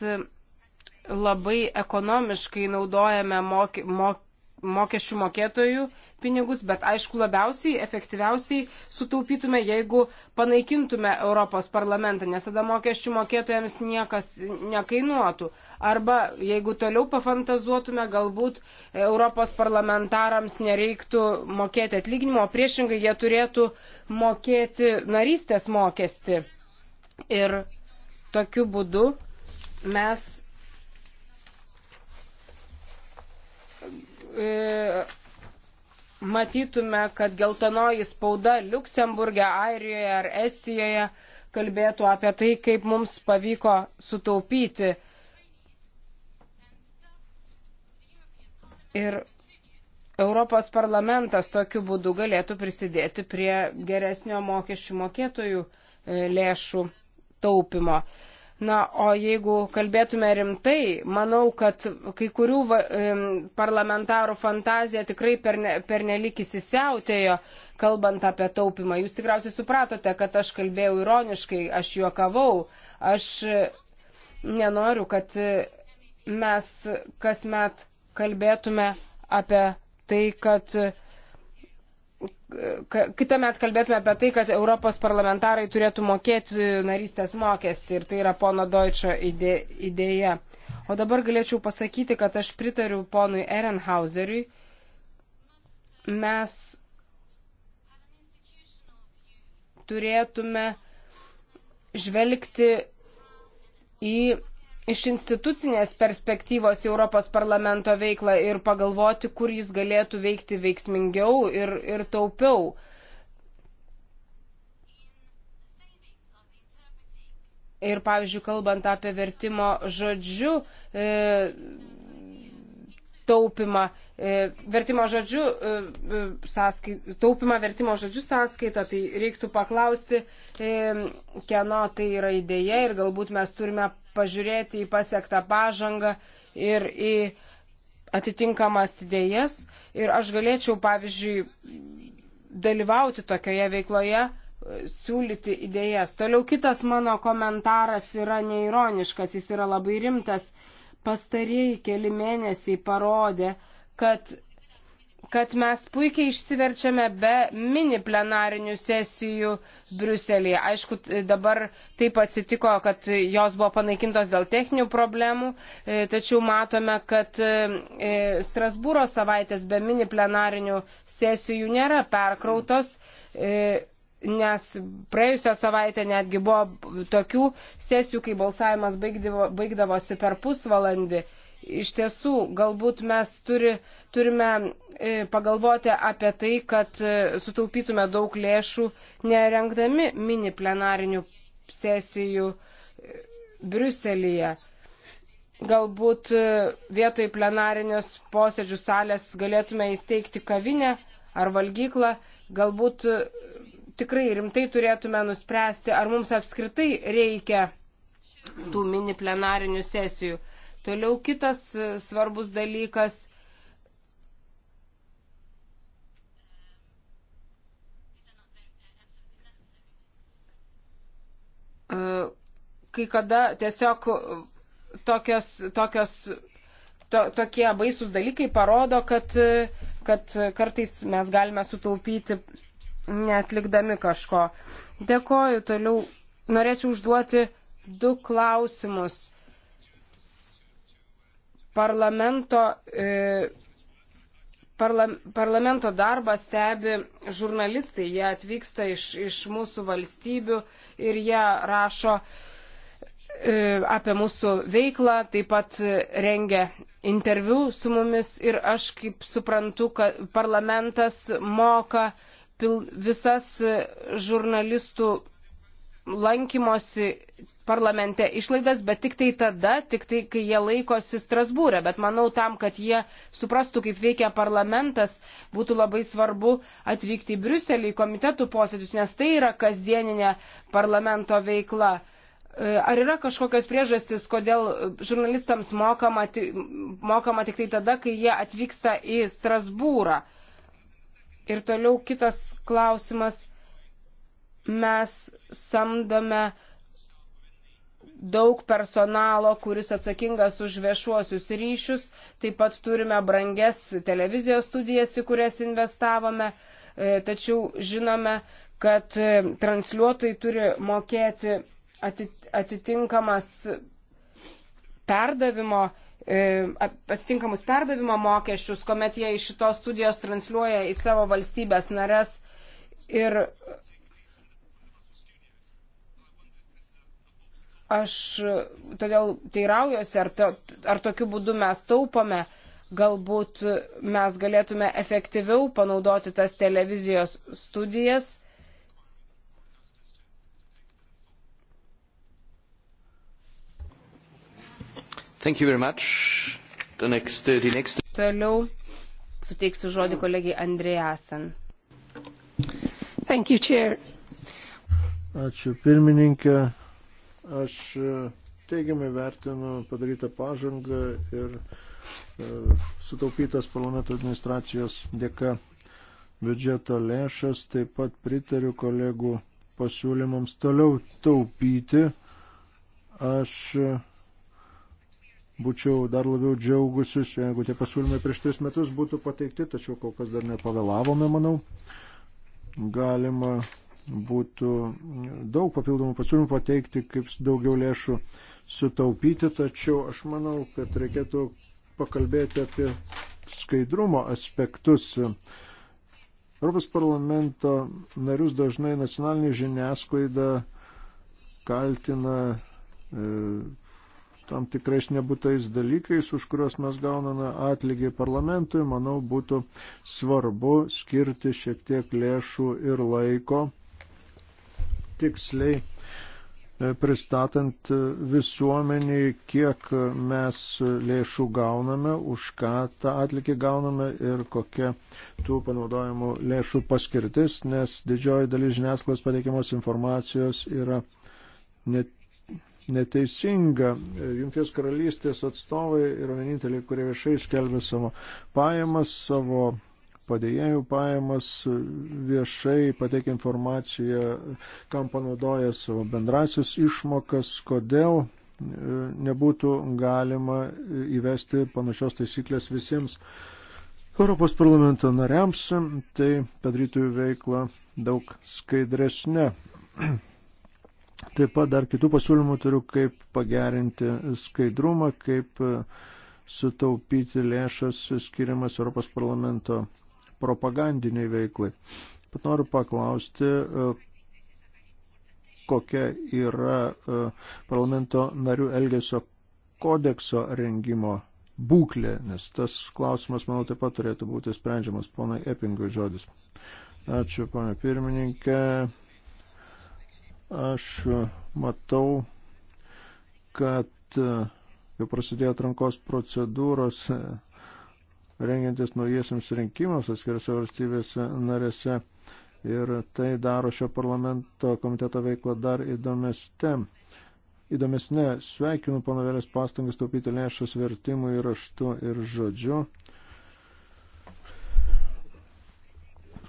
labai ekonomiškai naudojame moki, mok, mokesčių mokėtojų pinigus, bet aišku labiausiai, efektyviausiai sutaupytume, jeigu panaikintume Europos parlamentą, nes tada mokesčių mokėtojams niekas nekainuotų. Arba jeigu toliau pafantazuotume, galbūt Europos parlamentarams nereiktų mokėti atlyginimo, priešingai jie turėtų mokėti narystės mokestį. Ir Tokiu būdu mes e, matytume, kad geltonoji spauda Luksemburgė, Airijoje ar Estijoje kalbėtų apie tai, kaip mums pavyko sutaupyti. Ir Europos parlamentas tokiu būdu galėtų prisidėti prie geresnio mokesčių mokėtojų e, lėšų taupimo. Na, o jeigu kalbėtume rimtai, manau, kad kai kurių va, parlamentarų fantazija tikrai pernelik per, ne, per įsisiautėjo, kalbant apie taupimą. Jūs tikriausiai supratote, kad aš kalbėjau ironiškai, aš juokavau, aš e, nenoriu, kad e, mes kasmet kalbėtume apie tai, kad e, kitą metą kalbėtume apie tai, kad Europos parlamentarai turėtų mokėti narystės mokestį ir tai yra pono Deutscho idė, idėja. O dabar galėčiau pasakyti, kad aš pritariu ponui Ehrenhauseriui. Mes turėtume žvelgti į iš institucinės perspektyvos Europos parlamento veiklą ir pagalvoti, kur jis galėtų veikti veiksmingiau ir, ir taupiau. Ir, pavyzdžiui, kalbant apie vertimo žodžių e, taupimą, e, vertimo žodžių, e, e sąskai, taupimą vertimo žodžių sąskaitą, tai reiktų paklausti, e, kieno tai yra idėja ir galbūt mes turime pažiūrėti į pasiektą pažangą ir į atitinkamas idėjas. Ir aš galėčiau, pavyzdžiui, dalyvauti tokioje veikloje, siūlyti idėjas. Toliau kitas mano komentaras yra neironiškas, jis yra labai rimtas. Pastarieji keli mėnesiai parodė, kad kad mes puikiai išsiverčiame be mini plenarinių sesijų Briuselėje. Aišku, dabar taip atsitiko, kad jos buvo panaikintos dėl techninių problemų, e, tačiau matome, kad e, e, Strasbūro savaitės be mini plenarinių sesijų nėra perkrautos nes praėjusią savaitę netgi buvo tokių sesijų, kai balsavimas baigdavo, baigdavosi per pusvalandį iš tiesų galbūt mes turi, turime e, pagalvoti apie tai, kad e, sutaupytume daug lėšų nerengdami mini plenarinių sesijų e, Briuselyje. Galbūt vietoj plenarinės posėdžių salės galėtume įsteigti kavinę ar valgyklą. Galbūt tikrai rimtai turėtume nuspręsti, ar mums apskritai reikia tų mini plenarinių sesijų Toliau kitas e, svarbus dalykas. E, kai kada tiesiog tokios, tokios, to, tokie baisus dalykai parodo, kad, e, kad kartais mes galime sutaupyti netlikdami kažko. Dėkoju, toliau norėčiau užduoti du klausimus. Parlamento, e, parla, parlamento darbą stebi žurnalistai, jie atvyksta iš, iš mūsų valstybių ir jie rašo e, apie mūsų veiklą, taip pat rengia interviu su mumis ir aš kaip suprantu, kad parlamentas moka pil, visas žurnalistų lankymosi parlamente išlaidas, bet tik tai tada, tik tai, kai jie laikosi Strasbūrė. Bet manau, tam, kad jie suprastų, kaip veikia parlamentas, būtų labai svarbu atvykti į Briuselį, į komitetų posėdžius, nes tai yra kasdieninė parlamento veikla. E, ar yra kažkokios priežastys, kodėl žurnalistams mokama, mokama tik tai tada, kai jie atvyksta į Strasbūrą? Ir toliau kitas klausimas. Mes samdome uh, daug personalo, kuris atsakingas už viešuosius ryšius, taip pat turime brangias televizijos studijas, į kurias investavome, e, tačiau žinome, kad e, transliuotojai turi mokėti atitinkamas perdavimo e, atitinkamus perdavimo mokesčius, kuomet jie iš šitos studijos transliuoja į savo valstybės nares. Ir Aš todėl teiraujuosi, ar, to, ar tokiu būdu mes taupome, galbūt mes galėtume efektyviau panaudoti tas televizijos studijas. Thank you very much. The next, uh, the next... Toliau suteiksiu žodį kolegijai Andrejasen. Thank you, Chair. Ačiū pirmininkė. Aš e, teigiamai vertinu padarytą pažangą ir e, sutaupytas parlamento administracijos dėka biudžeto lėšas, taip pat pritariu kolegų pasiūlymams toliau taupyti. Aš e, būčiau dar labiau džiaugusius, jeigu tie pasiūlymai prieš tris metus būtų pateikti, tačiau kol kas dar nepavėlavome, manau. Galima būtų daug papildomų pasiūlymų pateikti, kaip daugiau lėšų sutaupyti, tačiau aš manau, kad reikėtų pakalbėti apie skaidrumo aspektus. Europos parlamento narius dažnai nacionalinė žiniasklaida kaltina e, tam tikrais nebūtais dalykais, už kuriuos mes gauname atlygį parlamentui, manau, būtų svarbu skirti šiek tiek lėšų ir laiko tiksliai e, pristatant e, visuomeniai, kiek mes lėšų gauname, už ką tą atlikį gauname ir kokia tų panaudojimų lėšų paskirtis, nes didžioji dalis žiniasklaidos pateikiamos informacijos yra net, neteisinga. E, Junkties karalystės atstovai yra vieninteliai, kurie viešai skelbia savo pajamas, savo padėjėjų pajamas, viešai pateikia informaciją, kam panaudoja savo bendrasis išmokas, kodėl e, nebūtų galima įvesti panašios taisyklės visiems Europos parlamento nariams, tai padarytų veiklą daug skaidresnė. Taip pat dar kitų pasiūlymų turiu, kaip pagerinti skaidrumą, kaip sutaupyti lėšas skiriamas Europos parlamento propagandiniai veiklai. Bet noriu paklausti, e, kokia yra e, parlamento narių elgesio kodekso rengimo būklė, nes tas klausimas, manau, taip pat turėtų būti sprendžiamas. Ponai Epingui žodis. Ačiū, ponė pirmininkė. Aš matau, kad e, jau prasidėjo atrankos procedūros rengiantis naujiesiams rinkimams atskirose valstybėse narėse. Ir tai daro šio parlamento komiteto veiklą dar įdomesnė. Įdomesnė, sveikinu panavelės pastangas taupyti lėšas vertimui raštu ir žodžiu.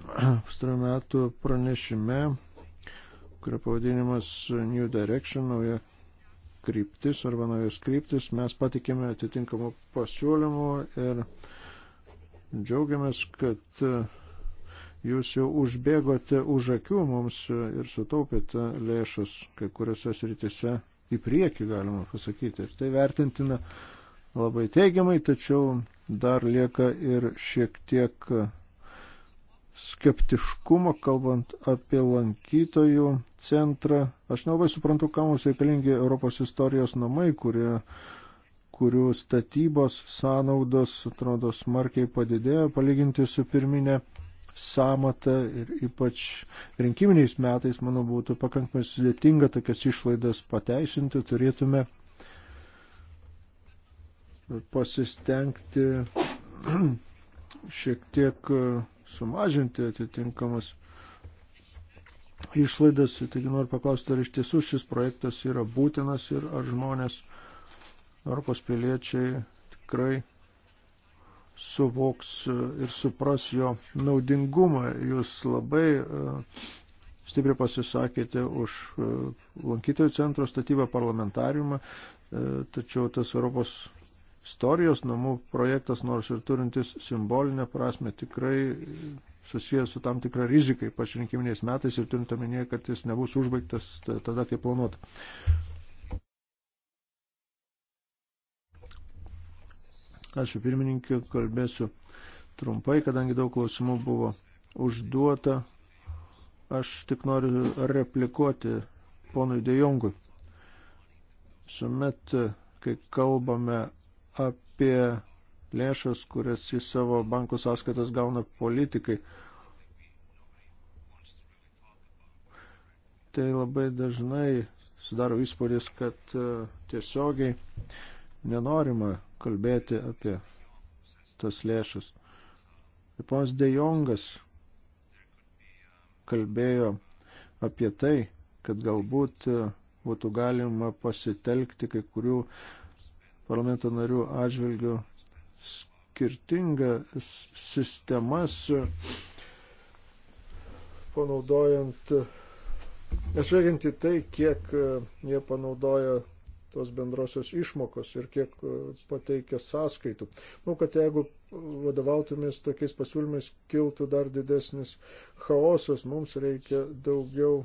Pastarų metų pranešime, kurio pavadinimas New Direction, nauja kryptis arba naujas kryptis, mes patikėme atitinkamų pasiūlymų ir uh, Džiaugiamės, kad e, jūs jau užbėgote už akių mums ir sutaupėte lėšas kai kuriuose srityse į priekį, galima pasakyti. Ir tai vertintina labai teigiamai, tačiau dar lieka ir šiek tiek skeptiškumo, kalbant apie lankytojų centrą. Aš nelabai suprantu, kam mums reikalingi Europos istorijos namai, kurie kurių statybos sąnaudos, atrodo, smarkiai padidėjo palyginti su pirminė samata ir ypač rinkiminiais metais, manau, būtų pakankamai sudėtinga tokias išlaidas pateisinti, turėtume pasistengti šiek tiek sumažinti atitinkamas išlaidas. Taigi noriu paklausti, ar iš tiesų šis projektas yra būtinas ir ar žmonės Europos piliečiai tikrai suvoks e, ir supras jo naudingumą. Jūs labai e, stipriai pasisakėte už e, lankytojų centro statybą parlamentariumą, tačiau tas Europos istorijos namų projektas, nors ir turintis simbolinę prasme, tikrai susijęs su tam tikra rizika, ypač rinkiminiais metais ir turint omenyje, kad jis nebus užbaigtas tada, kai planuota. Ačiū pirmininkė, kalbėsiu trumpai, kadangi daug klausimų buvo užduota. Aš tik noriu replikuoti ponui Dejongui. Sumet, kai kalbame apie lėšas, kurias į savo bankų sąskaitas gauna politikai, tai labai dažnai sudaro įspūdis, kad tiesiogiai nenorima kalbėti apie tas lėšas. Ir ponas Dejongas kalbėjo apie tai, kad galbūt e, būtų galima pasitelkti kai kurių parlamento narių atžvilgių skirtingas sistemas, e, panaudojant, nesveikiant į tai, kiek e, jie panaudojo tos bendrosios išmokos ir kiek e, pateikia sąskaitų. Manau, kad jeigu vadovautumės tokiais pasiūlymais, kiltų dar didesnis chaosas, mums reikia daugiau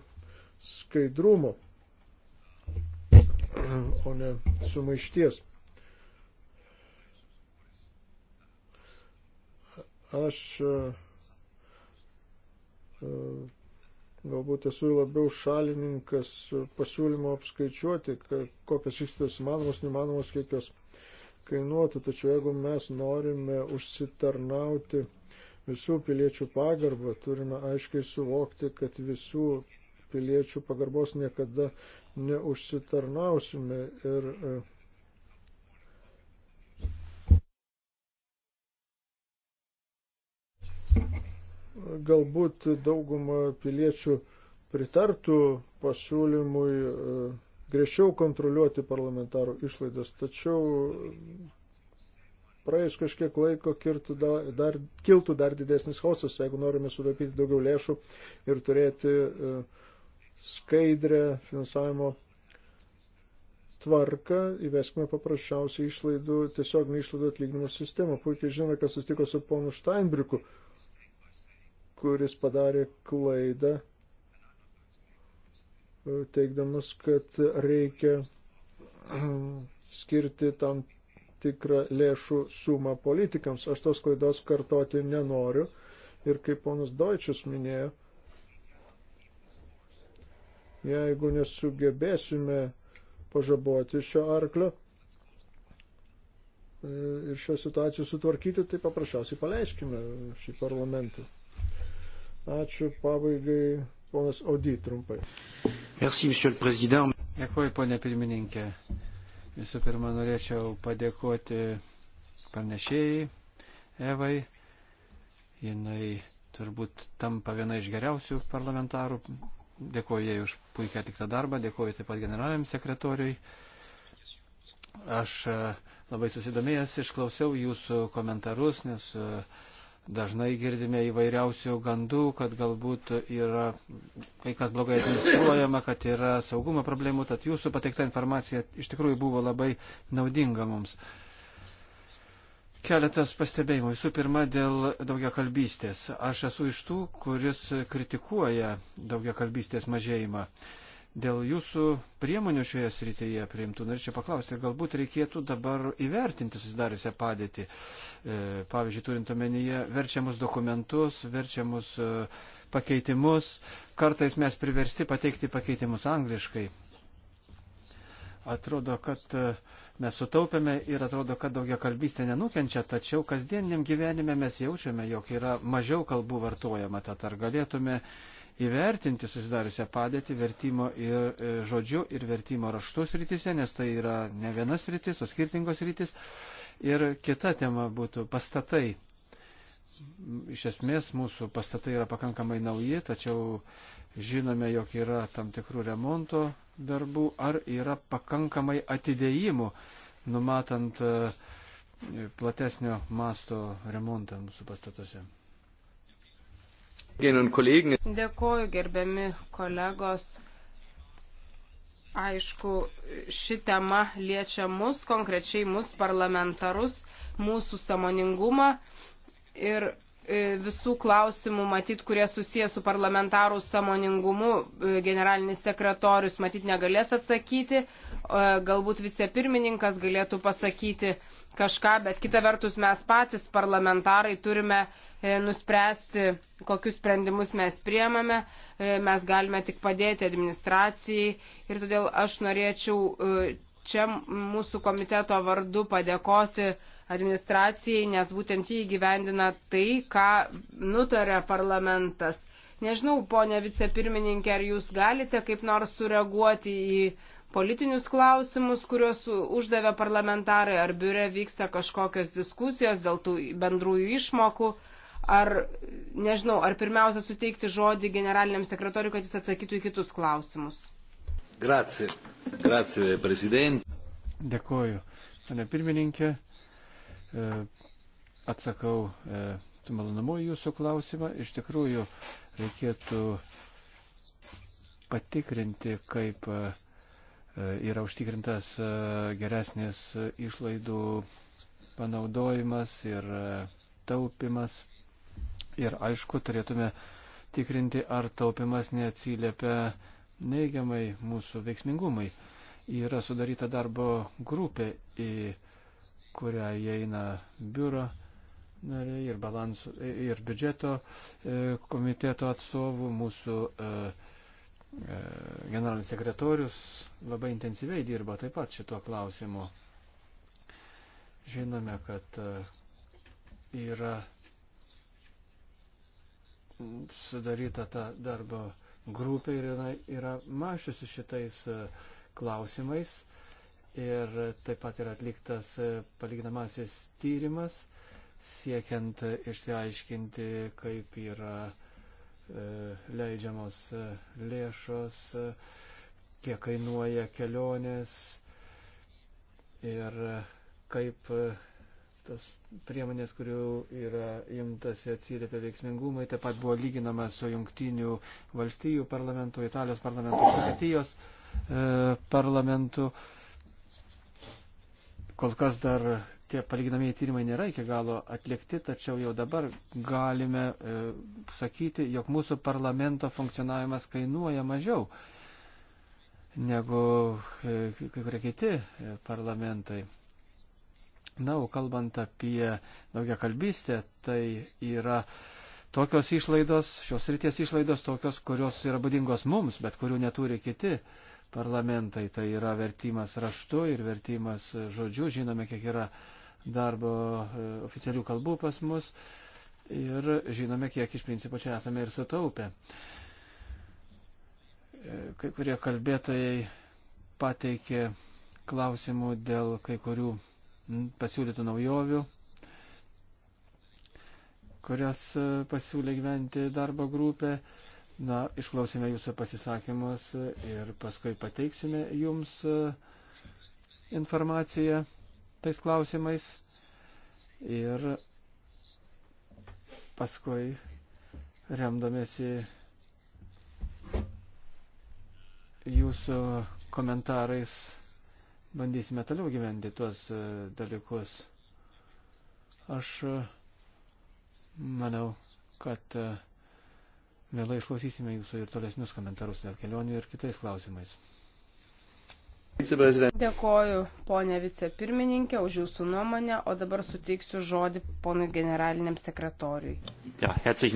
skaidrumo, o ne sumaišties. Aš e, e, galbūt esu labiau šalininkas pasiūlymo apskaičiuoti, kokios išlaidos įmanomos, neįmanomos, kiek jos kainuotų. Tačiau jeigu mes norime užsitarnauti visų piliečių pagarbą, turime aiškiai suvokti, kad visų piliečių pagarbos niekada neužsitarnausime ir e, galbūt dauguma piliečių pritartų pasiūlymui e, griežčiau kontroliuoti parlamentarų išlaidas, tačiau praėjus kažkiek laiko kirtų dar, dar, kiltų dar didesnis chaosas, jeigu norime sutaupyti daugiau lėšų ir turėti e, skaidrę finansavimo tvarką, įveskime paprasčiausiai išlaidų, tiesiog neišlaidų atlyginimo sistemą. Puikiai žinome, kas atsitiko su ponu Steinbriuku kuris padarė klaidą, e, teikdamas, kad reikia e, skirti tam tikrą lėšų sumą politikams. Aš tos klaidos kartoti nenoriu. Ir kaip ponas Deutsches minėjo, jeigu nesugebėsime pažaboti šio arklio e, ir šios situacijos sutvarkyti, tai paprasčiausiai paleiskime šį parlamentą. Ačiū pabaigai, ponas Audy, trumpai. Merci, monsieur le président. Dėkuoju, ponė pirmininkė. Visų pirma, norėčiau padėkoti pranešėjai Evai. Jinai turbūt tampa viena iš geriausių parlamentarų. Dėkuoju jai už puikiai atliktą darbą, dėkuoju taip pat generaliniam sekretoriui. Aš e, labai susidomėjęs išklausiau jūsų komentarus, nes uh, Dažnai girdime įvairiausių gandų, kad galbūt yra kai kas blogai administruojama, kad yra saugumo problemų, tad jūsų pateikta informacija iš tikrųjų buvo labai naudinga mums. Keletas pastebėjimų. Visų pirma, dėl daugiakalbystės. Aš esu iš tų, kuris kritikuoja daugiakalbystės mažėjimą. Uh, dėl jūsų priemonių šioje srityje priimtų. Norėčiau paklausti, galbūt reikėtų dabar įvertinti susidariusią padėtį. E, pavyzdžiui, turint omenyje verčiamus dokumentus, verčiamus e, pakeitimus. Kartais mes priversti pateikti pakeitimus angliškai. Atrodo, kad e, mes sutaupėme ir atrodo, kad daugia kalbystė nenukenčia, tačiau kasdieniam gyvenime mes jaučiame, jog yra mažiau kalbų vartojama. Tad ar galėtume įvertinti susidariusią padėtį vertimo ir e, žodžiu ir vertimo raštus rytise, nes tai yra ne vienas rytis, o skirtingos rytis. Ir kita tema būtų pastatai. Iš esmės mūsų pastatai yra pakankamai nauji, tačiau žinome, jog yra tam tikrų remonto darbų, ar yra pakankamai atidėjimų, numatant e, platesnio masto remontą mūsų pastatuose. Dėkoju, gerbiami kolegos. Aišku, ši tema liečia mus, konkrečiai mus parlamentarus, mūsų samoningumą ir e, visų klausimų, matyt, kurie susijęs su parlamentarų samoningumu, e, generalinis sekretorius matyt negalės atsakyti, galbūt vicepirmininkas galėtų pasakyti kažką, bet kita vertus mes patys parlamentarai turime e, nuspręsti, kokius sprendimus mes priemame, e, mes galime tik padėti administracijai ir todėl aš norėčiau e, čia mūsų komiteto vardu padėkoti administracijai, nes būtent jį įgyvendina tai, ką nutarė parlamentas. Nežinau, ponė vicepirmininkė, ar jūs galite kaip nors sureaguoti į politinius klausimus, kuriuos uždavė parlamentarai, ar biure vyksta kažkokios diskusijos dėl tų bendrųjų išmokų, ar, nežinau, ar pirmiausia suteikti žodį generaliniam sekretoriui, kad jis atsakytų į kitus klausimus. Grazie. Grazie, prezidentė. Dėkuoju. Pane pirmininkė, e, atsakau e, su malonumu jūsų klausimą. Iš tikrųjų, reikėtų patikrinti, kaip uh, yra užtikrintas e, geresnis e, išlaidų panaudojimas ir e, taupimas. Ir aišku, turėtume tikrinti, ar taupimas neatsiliepia neigiamai mūsų veiksmingumai. Yra sudaryta darbo grupė, į kurią įeina biuro nariai ir, balansų, ir biudžeto komiteto atstovų, mūsų uh, E, generalinis sekretorius labai intensyviai dirba taip pat šituo klausimu. Žinome, kad e, yra sudaryta ta darbo grupė ir yra, yra mašiusi šitais e, klausimais. Ir taip pat yra atliktas palyginamasis tyrimas, siekiant išsiaiškinti, kaip yra uh, E, leidžiamos e, lėšos, e, kiek kainuoja kelionės ir kaip tos priemonės, kurių yra imtasi atsiliepia veiksmingumai, taip pat buvo lyginama su jungtinių valstijų parlamentu, Italijos parlamentu, Vokietijos parlamentu. Kol kas dar tie palyginamieji tyrimai nėra iki galo atlikti, tačiau jau dabar galime e, sakyti, jog mūsų parlamento funkcionavimas kainuoja mažiau negu e, kai kurie kiti e, parlamentai. Na, o kalbant apie daugia kalbystę, tai yra tokios išlaidos, šios ryties išlaidos tokios, kurios yra būdingos mums, bet kurių neturi kiti parlamentai. Tai yra vertimas raštu ir vertimas žodžiu. Žinome, kiek yra uh, darbo e, oficialių kalbų pas mus ir žinome, kiek iš principo čia esame ir sutaupę. E, kai kurie kalbėtojai pateikė klausimų dėl kai kurių pasiūlytų naujovių, kurias e, pasiūlė gyventi darbo grupė. Na, išklausime jūsų pasisakymus ir paskui pateiksime jums informaciją tais klausimais ir paskui remdamėsi jūsų komentarais bandysime toliau gyventi tuos e, dalykus. Aš e, manau, kad Vėlai e, išklausysime jūsų ir tolesnius komentarus dėl kelionių ir kitais klausimais. Dėkoju, ponė vicepirmininkė, už jūsų nuomonę, o dabar suteiksiu žodį ponui generaliniam sekretoriui. Ja,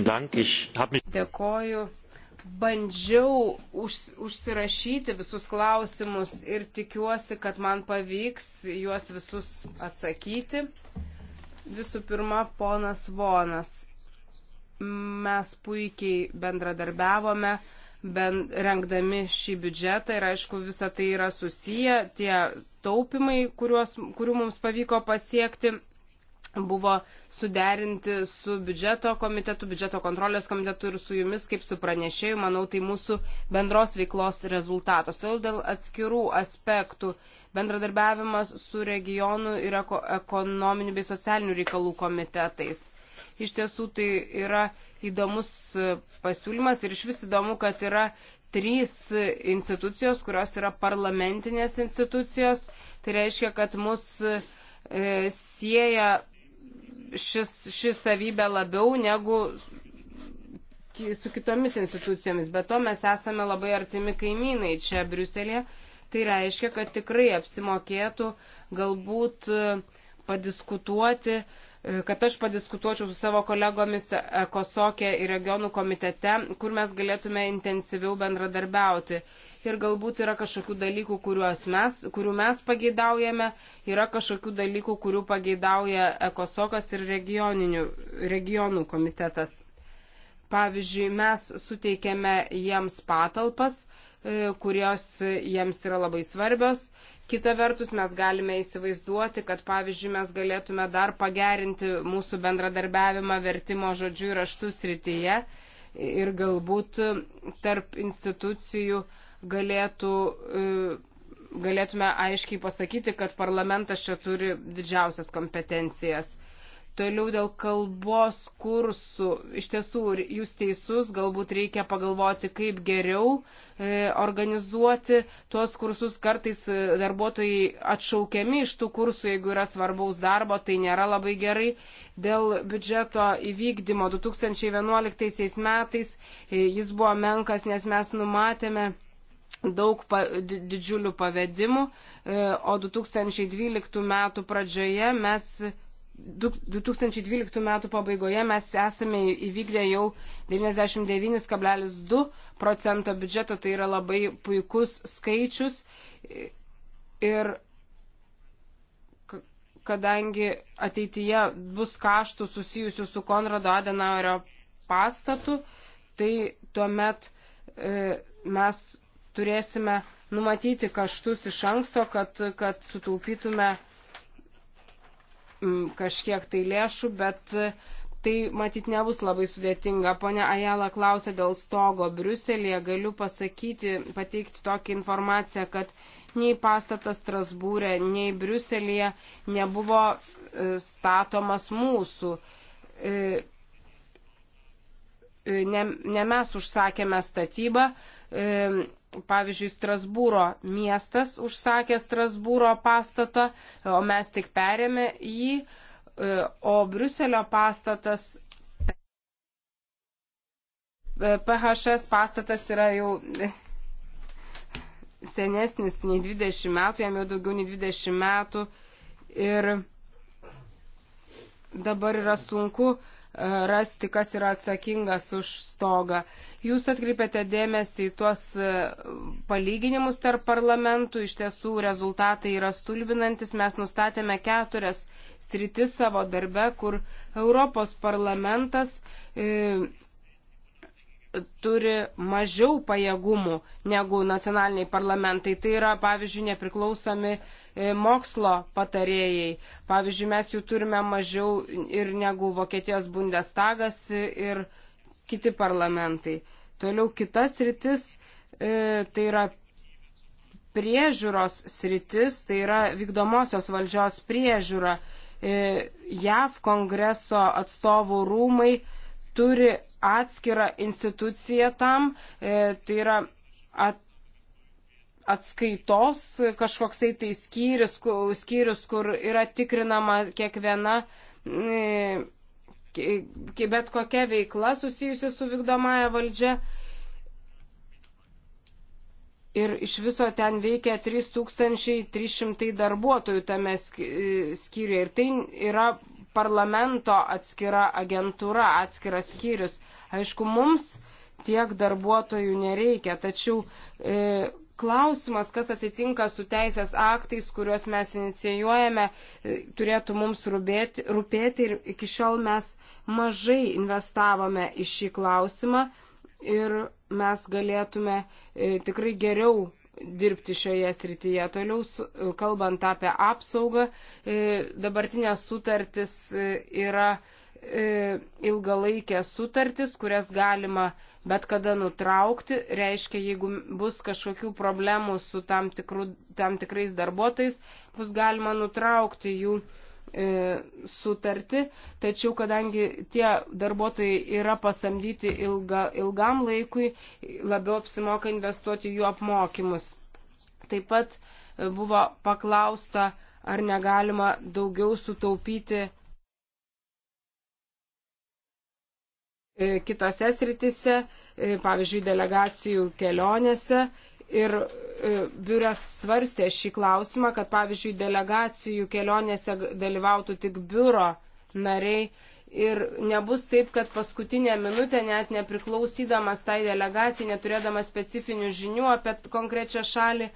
dank. Ich hab mich... Dėkoju. Bandžiau už, užsirašyti visus klausimus ir tikiuosi, kad man pavyks juos visus atsakyti. Visų pirma, ponas Vonas. Mes puikiai bendradarbiavome ben, rengdami šį biudžetą ir aišku visa tai yra susiję, tie taupimai, kuriuos, kurių mums pavyko pasiekti buvo suderinti su biudžeto komitetu, biudžeto kontrolės komitetu ir su jumis kaip su pranešėju, manau, tai mūsų bendros veiklos rezultatas. Todėl dėl atskirų aspektų bendradarbiavimas su regionų ir eko, ekonominių bei socialinių reikalų komitetais. Iš tiesų tai yra įdomus e, pasiūlymas ir iš vis įdomu, kad yra trys institucijos, kurios yra parlamentinės institucijos. Tai reiškia, kad mus e, sieja šis, ši savybė labiau negu su kitomis institucijomis. Bet to mes esame labai artimi kaimynai čia Briuselėje. Tai reiškia, kad tikrai apsimokėtų galbūt e, padiskutuoti, kad aš padiskutuočiau su savo kolegomis Kosokė ir regionų komitete, kur mes galėtume intensyviau bendradarbiauti. Ir galbūt yra kažkokių dalykų, mes, kurių mes pageidaujame, yra kažkokių dalykų, kurių pageidauja Ekosokas ir regionų komitetas. Pavyzdžiui, mes suteikėme jiems patalpas, e, kurios jiems yra labai svarbios. Kita vertus, mes galime įsivaizduoti, kad pavyzdžiui mes galėtume dar pagerinti mūsų bendradarbiavimą vertimo žodžių ir raštų srityje ir galbūt tarp institucijų galėtų, e, galėtume aiškiai pasakyti, kad parlamentas čia turi didžiausias kompetencijas. Toliau dėl kalbos kursų. Iš tiesų, jūs teisus, galbūt reikia pagalvoti, kaip geriau e, organizuoti tuos kursus. Kartais e, darbuotojai atšaukiami iš tų kursų, jeigu yra svarbaus darbo, tai nėra labai gerai. Dėl biudžeto įvykdymo 2011 metais e, jis buvo menkas, nes mes numatėme daug pa, didžiulių pavedimų, e, o 2012 metų pradžioje mes 2012 metų pabaigoje mes esame įvykdę jau 99,2 procento biudžeto, tai yra labai puikus skaičius. Ir kadangi ateityje bus kaštų susijusių su Konrado Adenauerio pastatu, tai tuomet e, mes turėsime numatyti kaštus iš anksto, kad, kad sutaupytume e, kažkiek tai lėšų, bet e, tai matyt nebus labai sudėtinga. Pone Ajala klausė dėl stogo Briuselėje. Galiu pasakyti, pateikti tokią informaciją, kad nei pastatas Strasbūrė, nei Briuselėje nebuvo e, statomas mūsų. E, ne, ne mes užsakėme statybą pavyzdžiui, Strasbūro miestas užsakė Strasbūro pastatą, o mes tik perėmė jį, e, o Bruselio pastatas, e, PHS pastatas yra jau e, senesnis nei 20 metų, jam jau daugiau nei 20 metų ir dabar yra sunku uh, rasti, kas yra atsakingas už stogą. Jūs atkreipėte dėmesį į tuos e, palyginimus tarp parlamentų, iš tiesų rezultatai yra stulbinantis, mes nustatėme keturias sritis savo darbe, kur Europos parlamentas e, turi mažiau pajėgumų negu nacionaliniai parlamentai. Tai yra, pavyzdžiui, nepriklausomi uh, E, mokslo patarėjai. Pavyzdžiui, mes jų turime mažiau ir negu Vokietijos Bundestagas ir kiti parlamentai. Toliau kitas rytis, e, tai yra priežiūros sritis, tai yra vykdomosios valdžios priežiūra. E, JAV kongreso atstovų rūmai turi atskirą instituciją tam, tai yra at, atskaitos kažkoksai tai skyrius, skyrius kur yra tikrinama kiekviena mm, bet kokia veikla susijusi su vykdomąją valdžią. Ir iš viso ten veikia 3300 darbuotojų tame skyriuje. Ir tai yra parlamento atskira agentūra, atskiras skyrius. Aišku, mums tiek darbuotojų nereikia, tačiau e, klausimas, kas atsitinka su teisės aktais, kuriuos mes inicijuojame, e, turėtų mums rūpėti, rūpėti ir iki šiol mes mažai investavome į šį klausimą ir mes galėtume e, tikrai geriau dirbti šioje srityje. Toliau e, kalbant apie apsaugą, dabartinės sutartis yra E, ilgalaikės sutartis, kurias galima bet kada nutraukti, reiškia, jeigu bus kažkokių problemų su tam, tikru, tam tikrais darbuotojais, bus galima nutraukti jų e, sutartį, tačiau kadangi tie darbuotojai yra pasamdyti ilga, ilgam laikui, labiau apsimoka investuoti jų apmokymus. Taip pat e, buvo paklausta, ar negalima daugiau sutaupyti E, kitose sritise, e, pavyzdžiui, delegacijų kelionėse. Ir e, biuras svarstė šį klausimą, kad, pavyzdžiui, delegacijų kelionėse dalyvautų tik biuro nariai. Ir nebus taip, kad paskutinę minutę net nepriklausydamas tai delegacijai, neturėdamas specifinių žinių apie konkrečią šalį,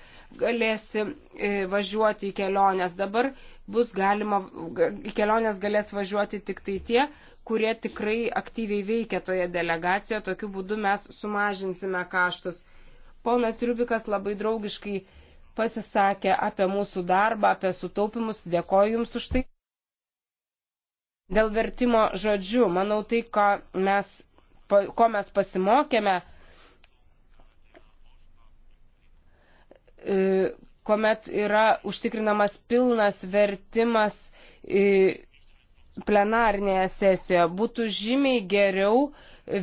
galėsi važiuoti į keliones. Dabar bus galima, į keliones galės važiuoti tik tai tie, kurie tikrai aktyviai veikia toje delegacijoje. Tokiu būdu mes sumažinsime kaštus. Ponas Rubikas labai draugiškai pasisakė apie mūsų darbą, apie sutaupimus. Dėkoju Jums už tai. Dėl vertimo žodžių, manau, tai, ko mes, ko mes pasimokėme, e, kuomet yra užtikrinamas pilnas vertimas e, plenarnėje sesijoje. Būtų žymiai geriau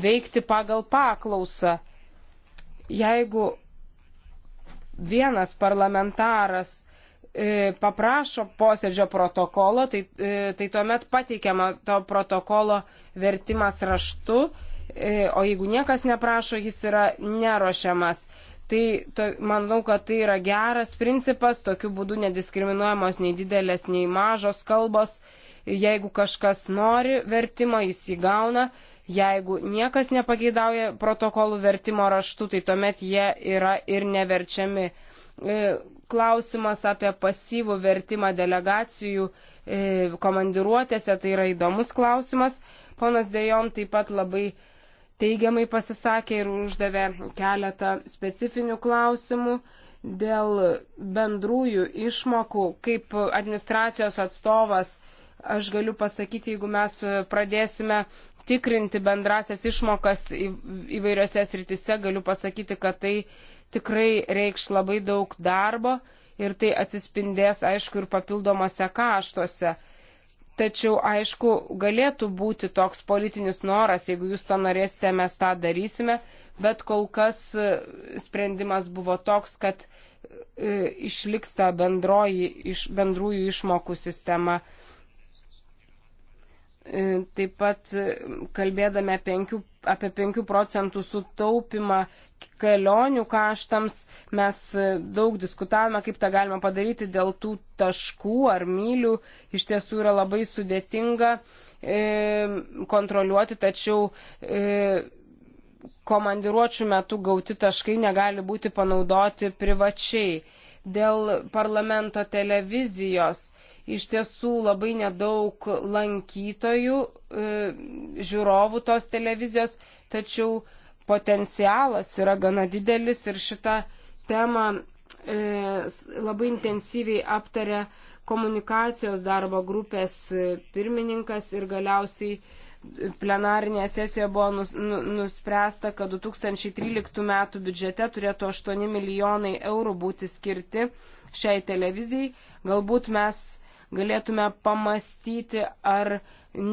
veikti pagal paklausą. Jeigu vienas parlamentaras e, paprašo posėdžio protokolo, tai, e, tai tuomet pateikiama to protokolo vertimas raštu, e, o jeigu niekas neprašo, jis yra nerošiamas. Tai to, manau, kad tai yra geras principas, tokiu būdu nediskriminuojamos nei didelės, nei mažos kalbos. E, Jeigu kažkas nori vertimo, jis įgauna. Jeigu niekas nepageidauja protokolų vertimo raštu, tai tuomet jie yra ir neverčiami. E, klausimas apie pasyvų vertimą delegacijų e, komandiruotėse, tai yra įdomus klausimas. Ponas Dejon taip pat labai teigiamai pasisakė ir uždavė keletą specifinių klausimų dėl bendrųjų išmokų, kaip administracijos atstovas Aš galiu pasakyti, jeigu mes pradėsime tikrinti bendrasias išmokas įvairiose sritise, galiu pasakyti, kad tai tikrai reikš labai daug darbo ir tai atsispindės, aišku, ir papildomose kaštuose. Tačiau, aišku, galėtų būti toks politinis noras, jeigu jūs to norėsite, mes tą darysime, bet kol kas e, sprendimas buvo toks, kad e, išliks ta bendroji iš bendrųjų išmokų sistema E, taip pat e, kalbėdami apie 5 procentų sutaupimą kelionių kaštams, mes e, daug diskutavome, kaip tą galima padaryti dėl tų taškų ar mylių. Iš tiesų yra labai sudėtinga kontroliuoti, tačiau komandiruočių metu gauti taškai negali būti panaudoti privačiai. Dėl parlamento televizijos iš tiesų labai nedaug lankytojų, e, žiūrovų tos televizijos, tačiau potencialas yra gana didelis ir šitą temą e, labai intensyviai aptarė komunikacijos darbo grupės e, pirmininkas ir galiausiai plenarinėje sesijoje buvo nu, nuspręsta, kad 2013 metų biudžete turėtų 8 milijonai eurų būti skirti šiai televizijai. Galbūt mes galėtume pamastyti, ar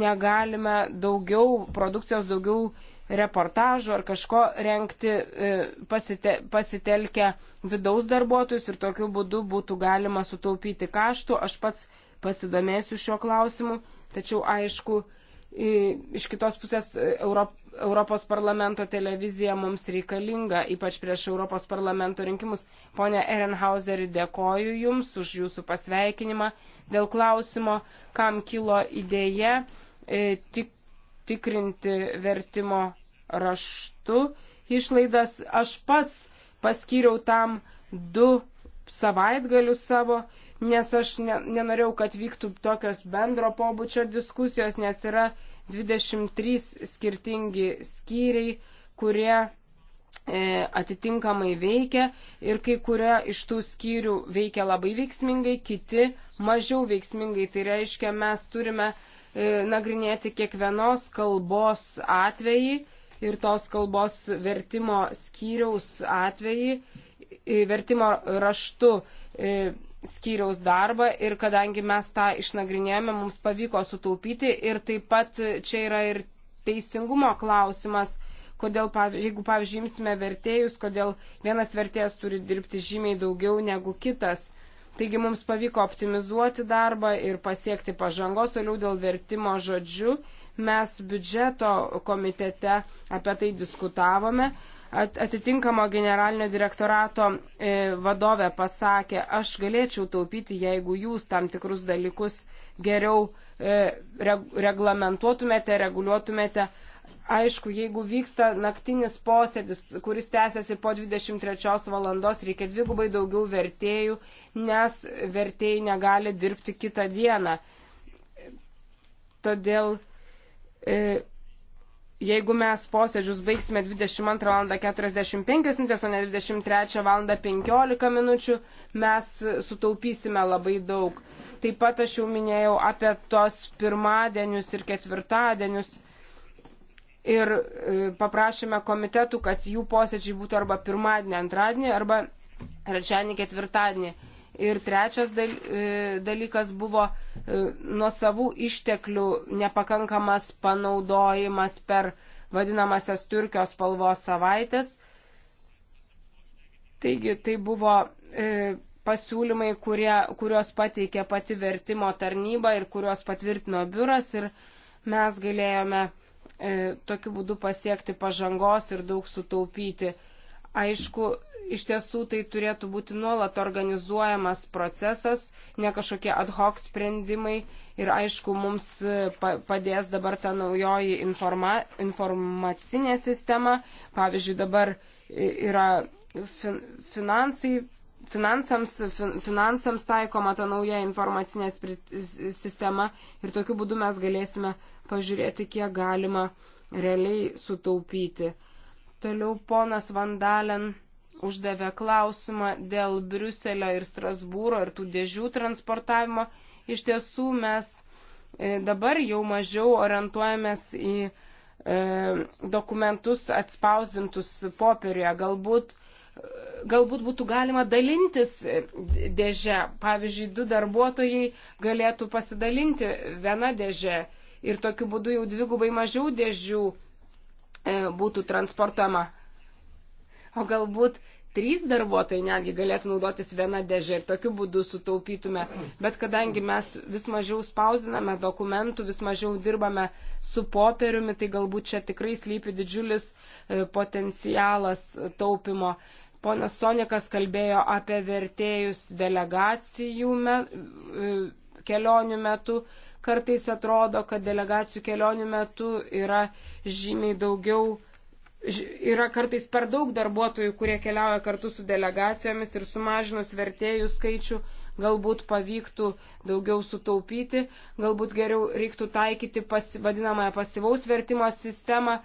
negalime daugiau produkcijos, daugiau reportažų ar kažko renkti e, pasite, pasitelkę vidaus darbuotojus ir tokiu būdu būtų galima sutaupyti kaštų. Aš pats pasidomėsiu šiuo klausimu, tačiau aišku, iš kitos pusės e, Europ, Europos parlamento televizija mums reikalinga, ypač prieš Europos parlamento rinkimus. Pone Ehrenhauseri, dėkoju Jums už Jūsų pasveikinimą dėl klausimo, kam kilo idėja e, tik, tikrinti vertimo raštu išlaidas. Aš pats paskyriau tam du savaitgalius savo nes aš ne, nenorėjau, kad vyktų tokios bendro pobūčio diskusijos, nes yra 23 skirtingi skyriai, kurie e, atitinkamai veikia ir kai kurie iš tų skyrių veikia labai veiksmingai, kiti mažiau veiksmingai. Tai reiškia, mes turime e, nagrinėti kiekvienos kalbos atvejį ir tos kalbos vertimo skyriaus atvejį, e, vertimo raštu skyriaus darbą ir kadangi mes tą išnagrinėjome, mums pavyko sutaupyti ir taip pat čia yra ir teisingumo klausimas, kodėl, jeigu pavyzdžiui, imsime vertėjus, kodėl vienas vertėjas turi dirbti žymiai daugiau negu kitas. Taigi mums pavyko optimizuoti darbą ir pasiekti pažangos, toliau dėl vertimo žodžių mes biudžeto komitete apie tai diskutavome atitinkamo generalinio direktorato e, vadovė pasakė, aš galėčiau taupyti, jeigu jūs tam tikrus dalykus geriau e, reglamentuotumėte, reguliuotumėte. Aišku, jeigu vyksta naktinis posėdis, kuris tęsiasi po 23 valandos, reikia dvigubai daugiau vertėjų, nes vertėjai negali dirbti kitą dieną. Todėl e, jeigu mes posėdžius baigsime 22.45 minutės, o ne 23.15 minučių, mes sutaupysime labai daug. Taip pat aš jau minėjau apie tos pirmadienius ir ketvirtadienius. Ir e, paprašėme komitetų, kad jų posėdžiai būtų arba pirmadienį, antradienį, arba trečiadienį, ketvirtadienį Ir trečias e, dalykas buvo e, nuo savų išteklių nepakankamas panaudojimas per vadinamasias Turkijos spalvos savaitės. Taigi tai buvo e, pasiūlymai, kurie, kuriuos pateikė pati vertimo tarnyba ir kuriuos patvirtino biuras ir mes galėjome e, tokiu būdu pasiekti pažangos ir daug sutaupyti. Aišku, iš tiesų tai turėtų būti nuolat organizuojamas procesas, ne kažkokie ad hoc sprendimai. Ir aišku, mums e, padės dabar ta naujoji informa, informacinė sistema. Pavyzdžiui, dabar e, yra fin, finansai finansams, fin, finansams taikoma ta nauja informacinė sistema ir tokiu būdu mes galėsime pažiūrėti, kiek galima realiai sutaupyti. Toliau ponas Vandalen uždavė klausimą dėl Briuselio ir Strasbūro ir tų dėžių transportavimo. Iš tiesų mes e, dabar jau mažiau orientuojamės į e, dokumentus atspausdintus popieriuje. Galbūt, e, galbūt būtų galima dalintis e, dėžę. Pavyzdžiui, du darbuotojai galėtų pasidalinti vieną dėžę ir tokiu būdu jau dvigubai mažiau dėžių būtų transportama o galbūt trys darbuotojai netgi galėtų naudotis viena dėžė ir tokiu būdu sutaupytume. Bet kadangi mes vis mažiau spausdiname dokumentų, vis mažiau dirbame su popieriumi, tai galbūt čia tikrai slypi didžiulis e, potencialas taupimo. Ponas Sonikas kalbėjo apie vertėjus delegacijų me, e, kelionių metu. Kartais atrodo, kad delegacijų kelionių metu yra žymiai daugiau yra kartais per daug darbuotojų, kurie keliauja kartu su delegacijomis ir sumažinus vertėjų skaičių galbūt pavyktų daugiau sutaupyti, galbūt geriau reiktų taikyti pasi, vadinamąją pasivaus vertimo sistemą,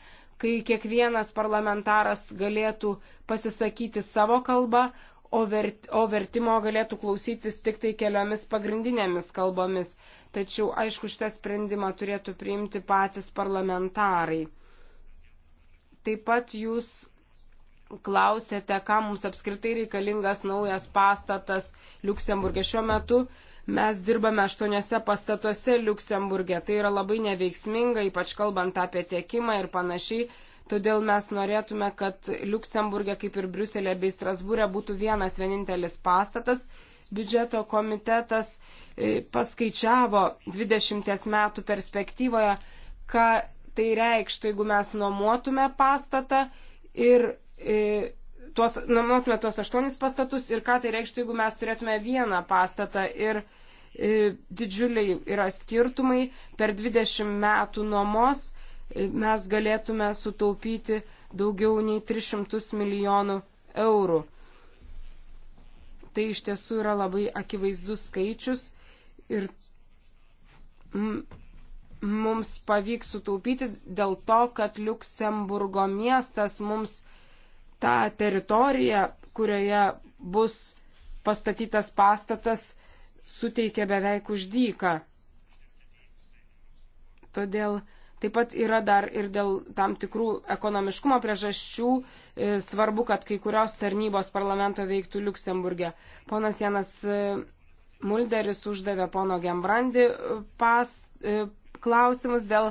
kai kiekvienas parlamentaras galėtų pasisakyti savo kalbą, o, vert, o vertimo galėtų klausytis tik tai keliomis pagrindinėmis kalbomis. Tačiau, aišku, šitą sprendimą turėtų priimti patys parlamentarai. Taip pat jūs klausėte, kam mums apskritai reikalingas naujas pastatas Luksemburgė. Šiuo metu mes dirbame aštuoniuose pastatuose Luksemburgė. Tai yra labai neveiksminga, ypač kalbant apie tiekimą ir panašiai. Todėl mes norėtume, kad Luksemburgė, kaip ir Briuselė bei Strasbūrė, būtų vienas vienintelis pastatas. Biudžeto komitetas e, paskaičiavo 20 metų perspektyvoje, ką tai reikštų, jeigu mes nuomotume pastatą ir e, tuos, nuomotume tuos aštuonis pastatus ir ką tai reikštų, jeigu mes turėtume vieną pastatą. Ir e, didžiuliai yra skirtumai. Per 20 metų nuomos e, mes galėtume sutaupyti daugiau nei 300 milijonų eurų. Tai iš tiesų yra labai akivaizdus skaičius ir mm, mums pavyks sutaupyti dėl to, kad Luksemburgo miestas mums tą teritoriją, kurioje bus pastatytas pastatas, suteikia beveik uždyką. Todėl taip pat yra dar ir dėl tam tikrų ekonomiškumo priežasčių e, svarbu, kad kai kurios tarnybos parlamento veiktų Luksemburgė. Ponas Janas e, Mulderis uždavė pono Gembrandi e, pas, e, klausimus dėl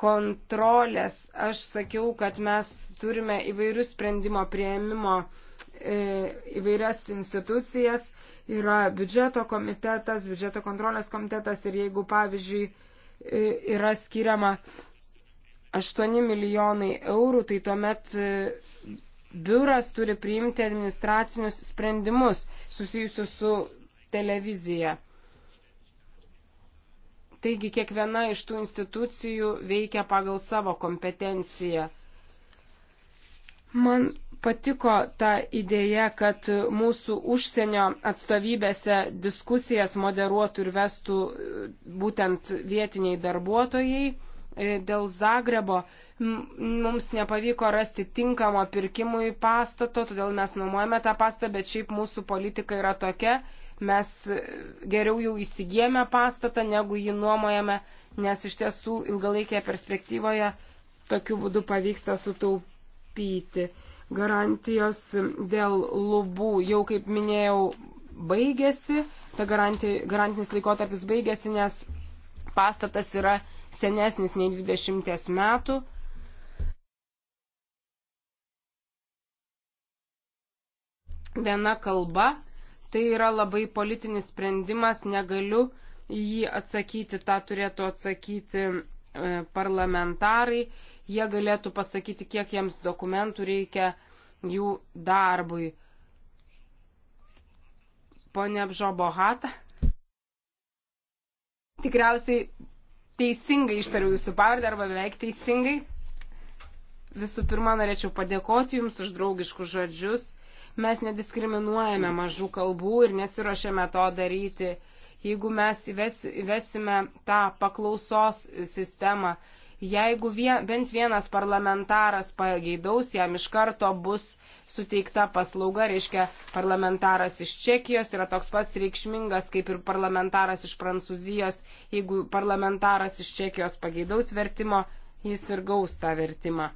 kontrolės. Aš sakiau, kad mes turime įvairius sprendimo prieimimo e, įvairias institucijas. Yra biudžeto komitetas, biudžeto kontrolės komitetas ir jeigu, pavyzdžiui, e, yra skiriama 8 milijonai eurų, tai tuomet e, biuras turi priimti administracinius sprendimus susijusius su televizija. Taigi kiekviena iš tų institucijų veikia pagal savo kompetenciją. Man patiko ta idėja, kad mūsų užsienio atstovybėse diskusijas moderuotų ir vestų e, būtent vietiniai darbuotojai. E, dėl Zagrebo mums nepavyko rasti tinkamo pirkimui pastato, todėl mes nuomojame tą pastatą, bet šiaip mūsų politika yra tokia, mes geriau jau įsigijame pastatą, negu jį nuomojame, nes iš tiesų ilgalaikėje perspektyvoje tokiu būdu pavyksta sutaupyti. Garantijos dėl lubų jau, kaip minėjau, baigėsi, ta garantinis laikotarpis baigėsi, nes pastatas yra senesnis nei 20 metų. Viena kalba Tai yra labai politinis sprendimas, negaliu jį atsakyti, tą turėtų atsakyti e, parlamentarai. Jie galėtų pasakyti, kiek jiems dokumentų reikia jų darbui. Pone Bžobohata. Tikriausiai teisingai ištariu jūsų pavardę arba beveik teisingai. Visų pirma, norėčiau padėkoti Jums už draugiškus žodžius mes nediskriminuojame mažų kalbų ir nesiuošiame to daryti. Jeigu mes įves, įvesime tą paklausos sistemą, jeigu vien, bent vienas parlamentaras pageidaus, jam iš karto bus suteikta paslauga, reiškia parlamentaras iš Čekijos yra toks pats reikšmingas kaip ir parlamentaras iš Prancūzijos. Jeigu parlamentaras iš Čekijos pageidaus vertimo, jis ir gaus tą vertimą.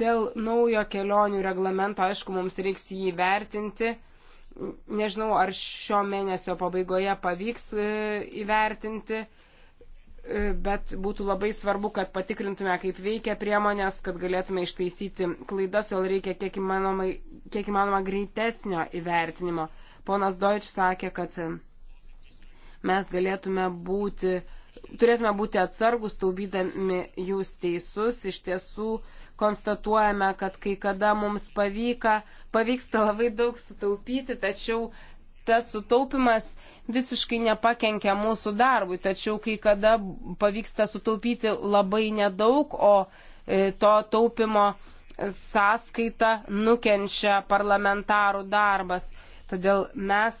Dėl naujo kelionių reglamento, aišku, mums reiks jį vertinti. Nežinau, ar šio mėnesio pabaigoje pavyks e, įvertinti, e, bet būtų labai svarbu, kad patikrintume, kaip veikia priemonės, kad galėtume ištaisyti klaidas, jau reikia kiek įmanoma, kiek įmanoma greitesnio įvertinimo. Ponas Deutsch sakė, kad mes galėtume būti, turėtume būti atsargus, taubydami jūs teisus, iš tiesų uh, konstatuojame, kad kai kada mums pavyka, pavyksta labai daug sutaupyti, tačiau tas sutaupimas visiškai nepakenkia mūsų darbui, tačiau kai kada pavyksta sutaupyti labai nedaug, o e, to taupimo sąskaita nukenčia parlamentarų darbas. Todėl mes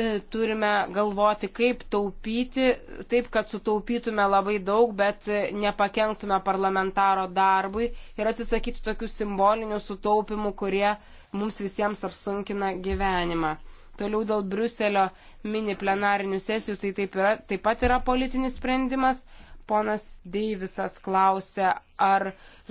E, turime galvoti, kaip taupyti, taip, kad sutaupytume labai daug, bet e, nepakenktume parlamentaro darbui ir atsisakyti tokių simbolinių sutaupimų, kurie mums visiems apsunkina gyvenimą. Toliau dėl Briuselio mini plenarinių sesijų tai taip, yra, taip pat yra politinis sprendimas. Ponas Deivisas klausė, ar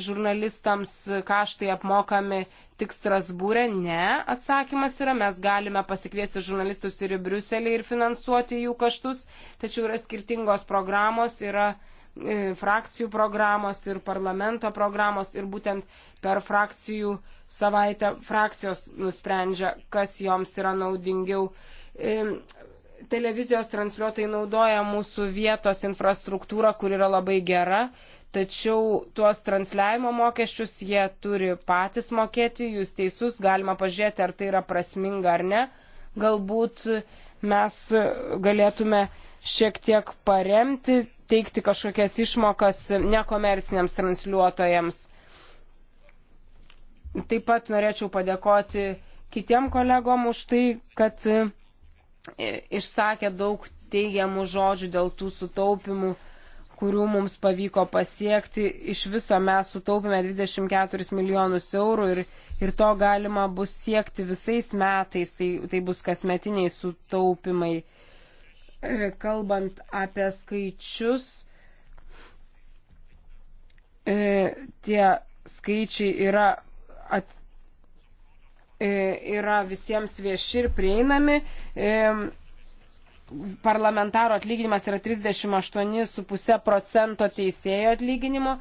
žurnalistams kaštai apmokami tik Strasbūrė. Ne, atsakymas yra, mes galime pasikviesti žurnalistus ir į Briuselį ir finansuoti jų kaštus, tačiau yra skirtingos programos, yra e, frakcijų programos ir parlamento programos ir būtent per frakcijų savaitę frakcijos nusprendžia, kas joms yra naudingiau. E, televizijos transliuotojai naudoja mūsų vietos infrastruktūrą, kur yra labai gera, tačiau tuos transliavimo mokesčius jie turi patys mokėti, jūs teisus, galima pažiūrėti, ar tai yra prasminga ar ne. Galbūt mes galėtume šiek tiek paremti, teikti kažkokias išmokas nekomerciniams transliuotojams. Taip pat norėčiau padėkoti kitiem kolegom už tai, kad išsakė daug teigiamų žodžių dėl tų sutaupimų kurių mums pavyko pasiekti. Iš viso mes sutaupėme 24 milijonus eurų ir, ir to galima bus siekti visais metais, tai, tai bus kasmetiniai sutaupimai. Kalbant apie skaičius, e, tie skaičiai yra at, E, yra visiems vieši ir prieinami. E, parlamentaro atlyginimas yra 38,5 procento teisėjo atlyginimo.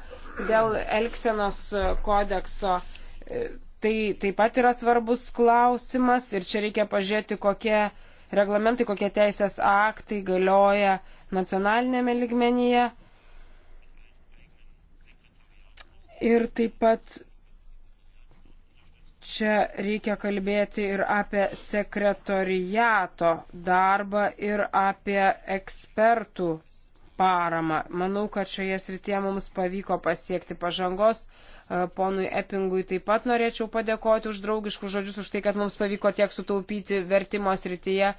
Dėl Elksenos kodekso e, tai taip pat yra svarbus klausimas ir čia reikia pažiūrėti, kokie reglamentai, kokie teisės aktai galioja nacionalinėme ligmenyje. Ir taip pat čia reikia kalbėti ir apie sekretoriato darbą ir apie ekspertų paramą. Manau, kad šioje srityje mums pavyko pasiekti pažangos. E, ponui Epingui taip pat norėčiau padėkoti už draugiškus žodžius, už tai, kad mums pavyko tiek sutaupyti vertimo srityje.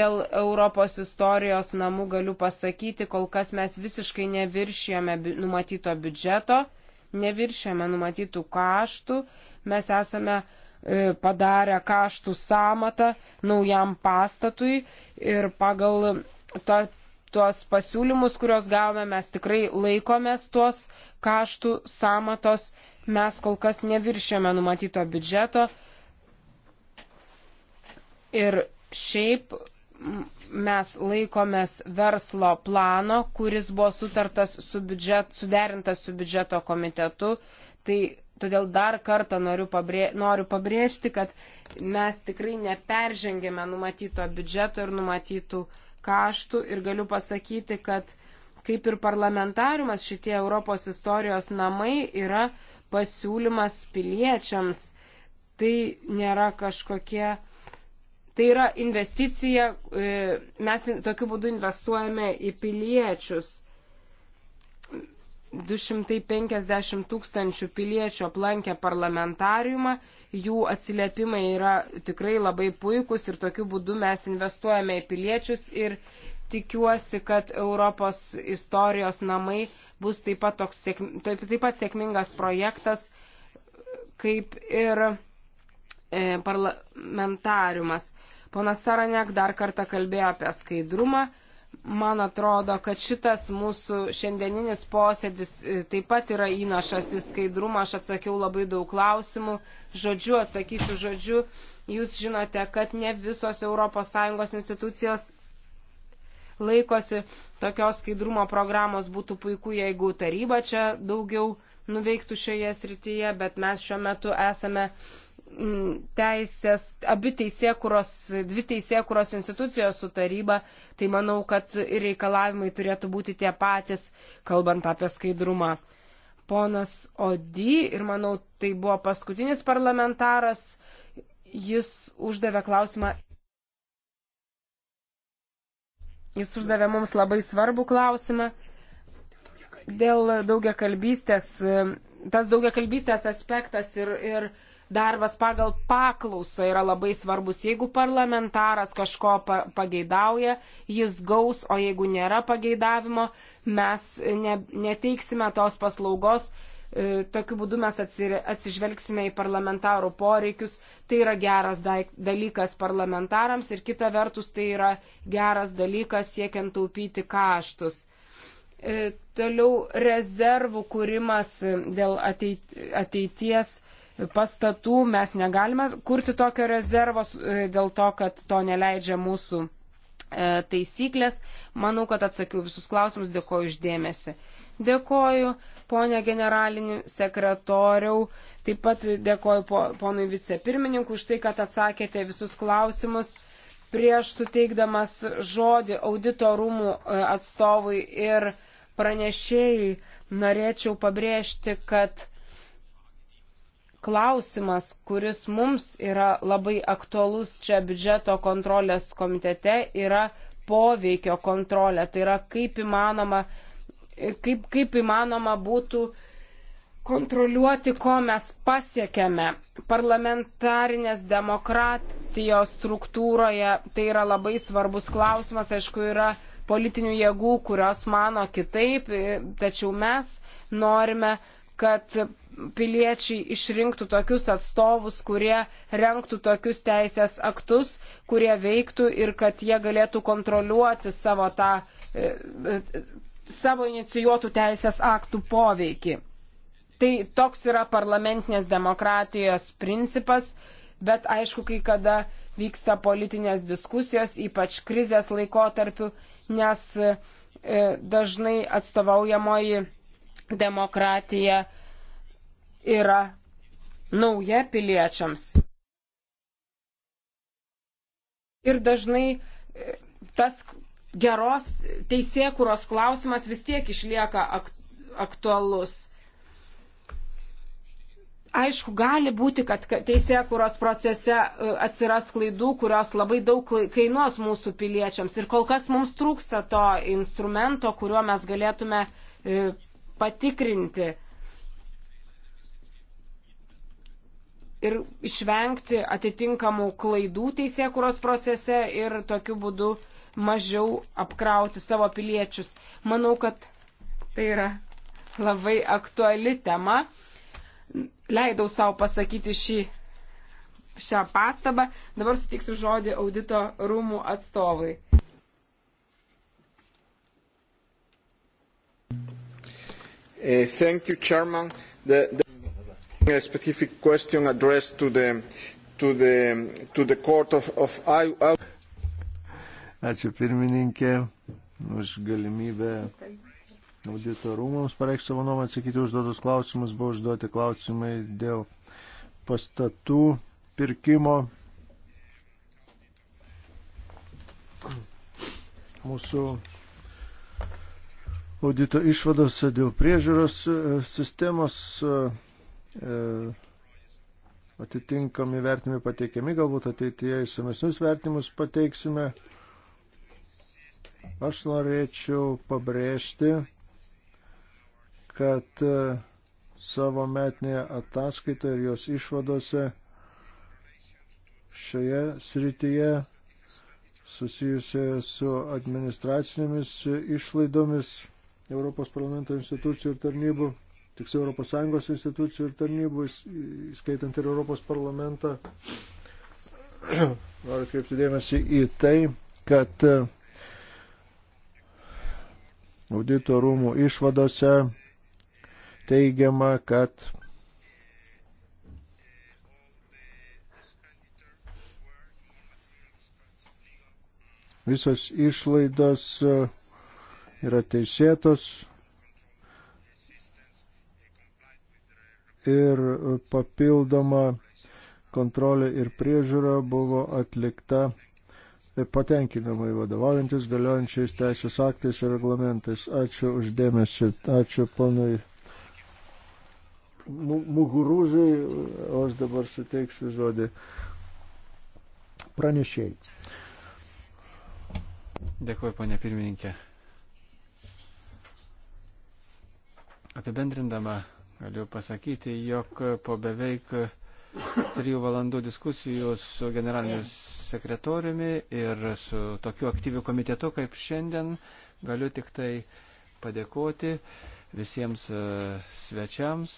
Dėl Europos istorijos namų galiu pasakyti, kol kas mes visiškai neviršijame numatyto biudžeto, neviršijame numatytų kaštų. Uh, mes esame e, padarę kaštų samatą naujam pastatui ir pagal to, tuos pasiūlymus, kuriuos gavome, mes tikrai laikomės tuos kaštų samatos, mes kol kas neviršėme numatyto biudžeto. Ir šiaip mes laikomės verslo plano, kuris buvo sutartas su biudžet, suderintas su biudžeto komitetu. Tai Todėl dar kartą noriu, pabrė, noriu pabrėžti, kad mes tikrai neperžengėme numatyto biudžeto ir numatytų kaštų ir galiu pasakyti, kad kaip ir parlamentariumas šitie Europos istorijos namai yra pasiūlymas piliečiams. Tai nėra kažkokie. Tai yra investicija, e, mes tokiu būdu investuojame į piliečius 250 tūkstančių piliečių aplankė parlamentariumą, jų atsiliepimai yra tikrai labai puikus ir tokiu būdu mes investuojame į piliečius ir tikiuosi, kad Europos istorijos namai bus taip pat, toks, taip, taip pat sėkmingas projektas kaip ir e, parlamentariumas. Ponas Saranek dar kartą kalbėjo apie skaidrumą. Man atrodo, kad šitas mūsų šiandieninis posėdis e, taip pat yra įnašas į skaidrumą. Aš atsakiau labai daug klausimų. Žodžiu, atsakysiu žodžiu. Jūs žinote, kad ne visos ES institucijos laikosi tokios skaidrumo programos. Būtų puiku, jeigu taryba čia daugiau nuveiktų šioje srityje, bet mes šiuo metu esame Mm, teisės, abi teisėkuros, dvi teisėkuros institucijos su taryba, tai manau, kad reikalavimai turėtų būti tie patys, kalbant apie skaidrumą. Ponas Odi, ir manau, tai buvo paskutinis parlamentaras, jis uždavė klausimą. Jis uždavė mums labai svarbų klausimą dėl daugia kalbystės. Tas daugia kalbystės aspektas ir, ir darbas pagal paklausą yra labai svarbus. Jeigu parlamentaras kažko pageidauja, jis gaus, o jeigu nėra pageidavimo, mes ne, neteiksime tos paslaugos. E, tokiu būdu mes atsižvelgsime į parlamentarų poreikius. Tai yra geras dalykas parlamentarams ir kita vertus tai yra geras dalykas siekiant taupyti kaštus e, toliau rezervų kūrimas dėl ateities pastatų, mes negalime kurti tokio rezervo e, dėl to, kad to neleidžia mūsų e, taisyklės. Manau, kad atsakiau visus klausimus, dėkoju uždėmesi. Dėkoju, ponė generalinį sekretoriau, taip pat dėkoju ponui vicepirmininkui už tai, kad atsakėte visus klausimus. Prieš suteikdamas žodį auditorumų e, atstovui ir pranešėjai norėčiau pabrėžti, kad klausimas, kuris mums yra labai aktualus čia biudžeto kontrolės komitete, yra poveikio kontrolė. Tai yra kaip įmanoma, kaip, kaip įmanoma būtų kontroliuoti, ko mes pasiekėme. Parlamentarinės demokratijos struktūroje tai yra labai svarbus klausimas, aišku, yra politinių jėgų, kurios mano kitaip, tačiau mes norime, kad piliečiai išrinktų tokius atstovus, kurie renktų tokius teisės aktus, kurie veiktų ir kad jie galėtų kontroliuoti savo, tą, e, e, savo inicijuotų teisės aktų poveikį. Tai toks yra parlamentinės demokratijos principas, bet aišku, kai kada vyksta politinės diskusijos, ypač krizės laikotarpiu, nes e, dažnai atstovaujamoji demokratija yra nauja piliečiams. Ir dažnai e, tas geros teisėkuros klausimas vis tiek išlieka aktualus. Aišku, gali būti, kad teisėkuros procese e, atsiras klaidų, kurios labai daug kainuos mūsų piliečiams. Ir kol kas mums trūksta to instrumento, kuriuo mes galėtume e, patikrinti ir išvengti atitinkamų klaidų teisėkuros procese ir tokiu būdu mažiau apkrauti savo piliečius. Manau, kad tai yra labai aktuali tema. Leidau savo pasakyti šį, šią pastabą. Dabar sutiksiu žodį audito rūmų atstovui. Eh, thank you, Chairman. The, the... A specific question addressed to the, to the, to the court of, of I, I... Ačiū pirmininkė už galimybę auditorumams pareikšti savo nuomonę, atsakyti užduotus klausimus, buvo užduoti klausimai dėl pastatų pirkimo. Mūsų audito išvadose dėl priežiūros e, sistemos e, E, atitinkami vertinimai pateikiami, galbūt ateityje įsamesnius vertinimus pateiksime. Aš norėčiau pabrėžti, kad e, savo metinėje ataskaitoje ir jos išvadose šioje srityje susijusioje su administracinėmis išlaidomis Europos parlamento institucijų ir tarnybų tiksliau ES institucijų ir tarnybų, skaitant ir Europos parlamentą. Noriu atkreipti dėmesį į tai, kad e, audito rūmų išvadose teigiama, kad visos išlaidos e, yra teisėtos, ir papildoma kontrolė ir priežiūra buvo atlikta patenkinamai vadovaujantis galiojančiais teisės aktais ir reglamentais. Ačiū uždėmesi, ačiū ponui Mugurūzai, o aš dabar suteiksiu žodį pranešėjai. Dėkuoju, ponė pirmininkė. Apibendrindama Galiu pasakyti, jog po beveik trijų valandų diskusijų su generaliniu sekretoriumi ir su tokiu aktyviu komitetu kaip šiandien galiu tik tai padėkoti visiems e, svečiams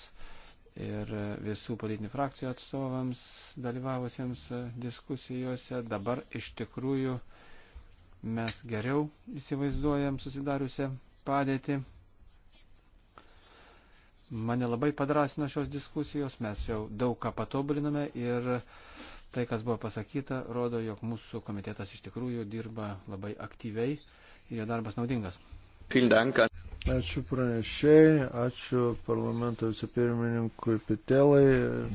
ir visų politinių frakcijų atstovams dalyvavusiems e, diskusijose. Dabar iš tikrųjų mes geriau įsivaizduojam susidariusią padėtį. Mane labai padrasino šios diskusijos, mes jau daug ką patobuliname ir tai, kas buvo pasakyta, rodo, jog mūsų komitetas iš tikrųjų dirba labai aktyviai ir jo darbas naudingas. Ačiū pranešėjai, ačiū parlamento vicepirmininkui Pitelai,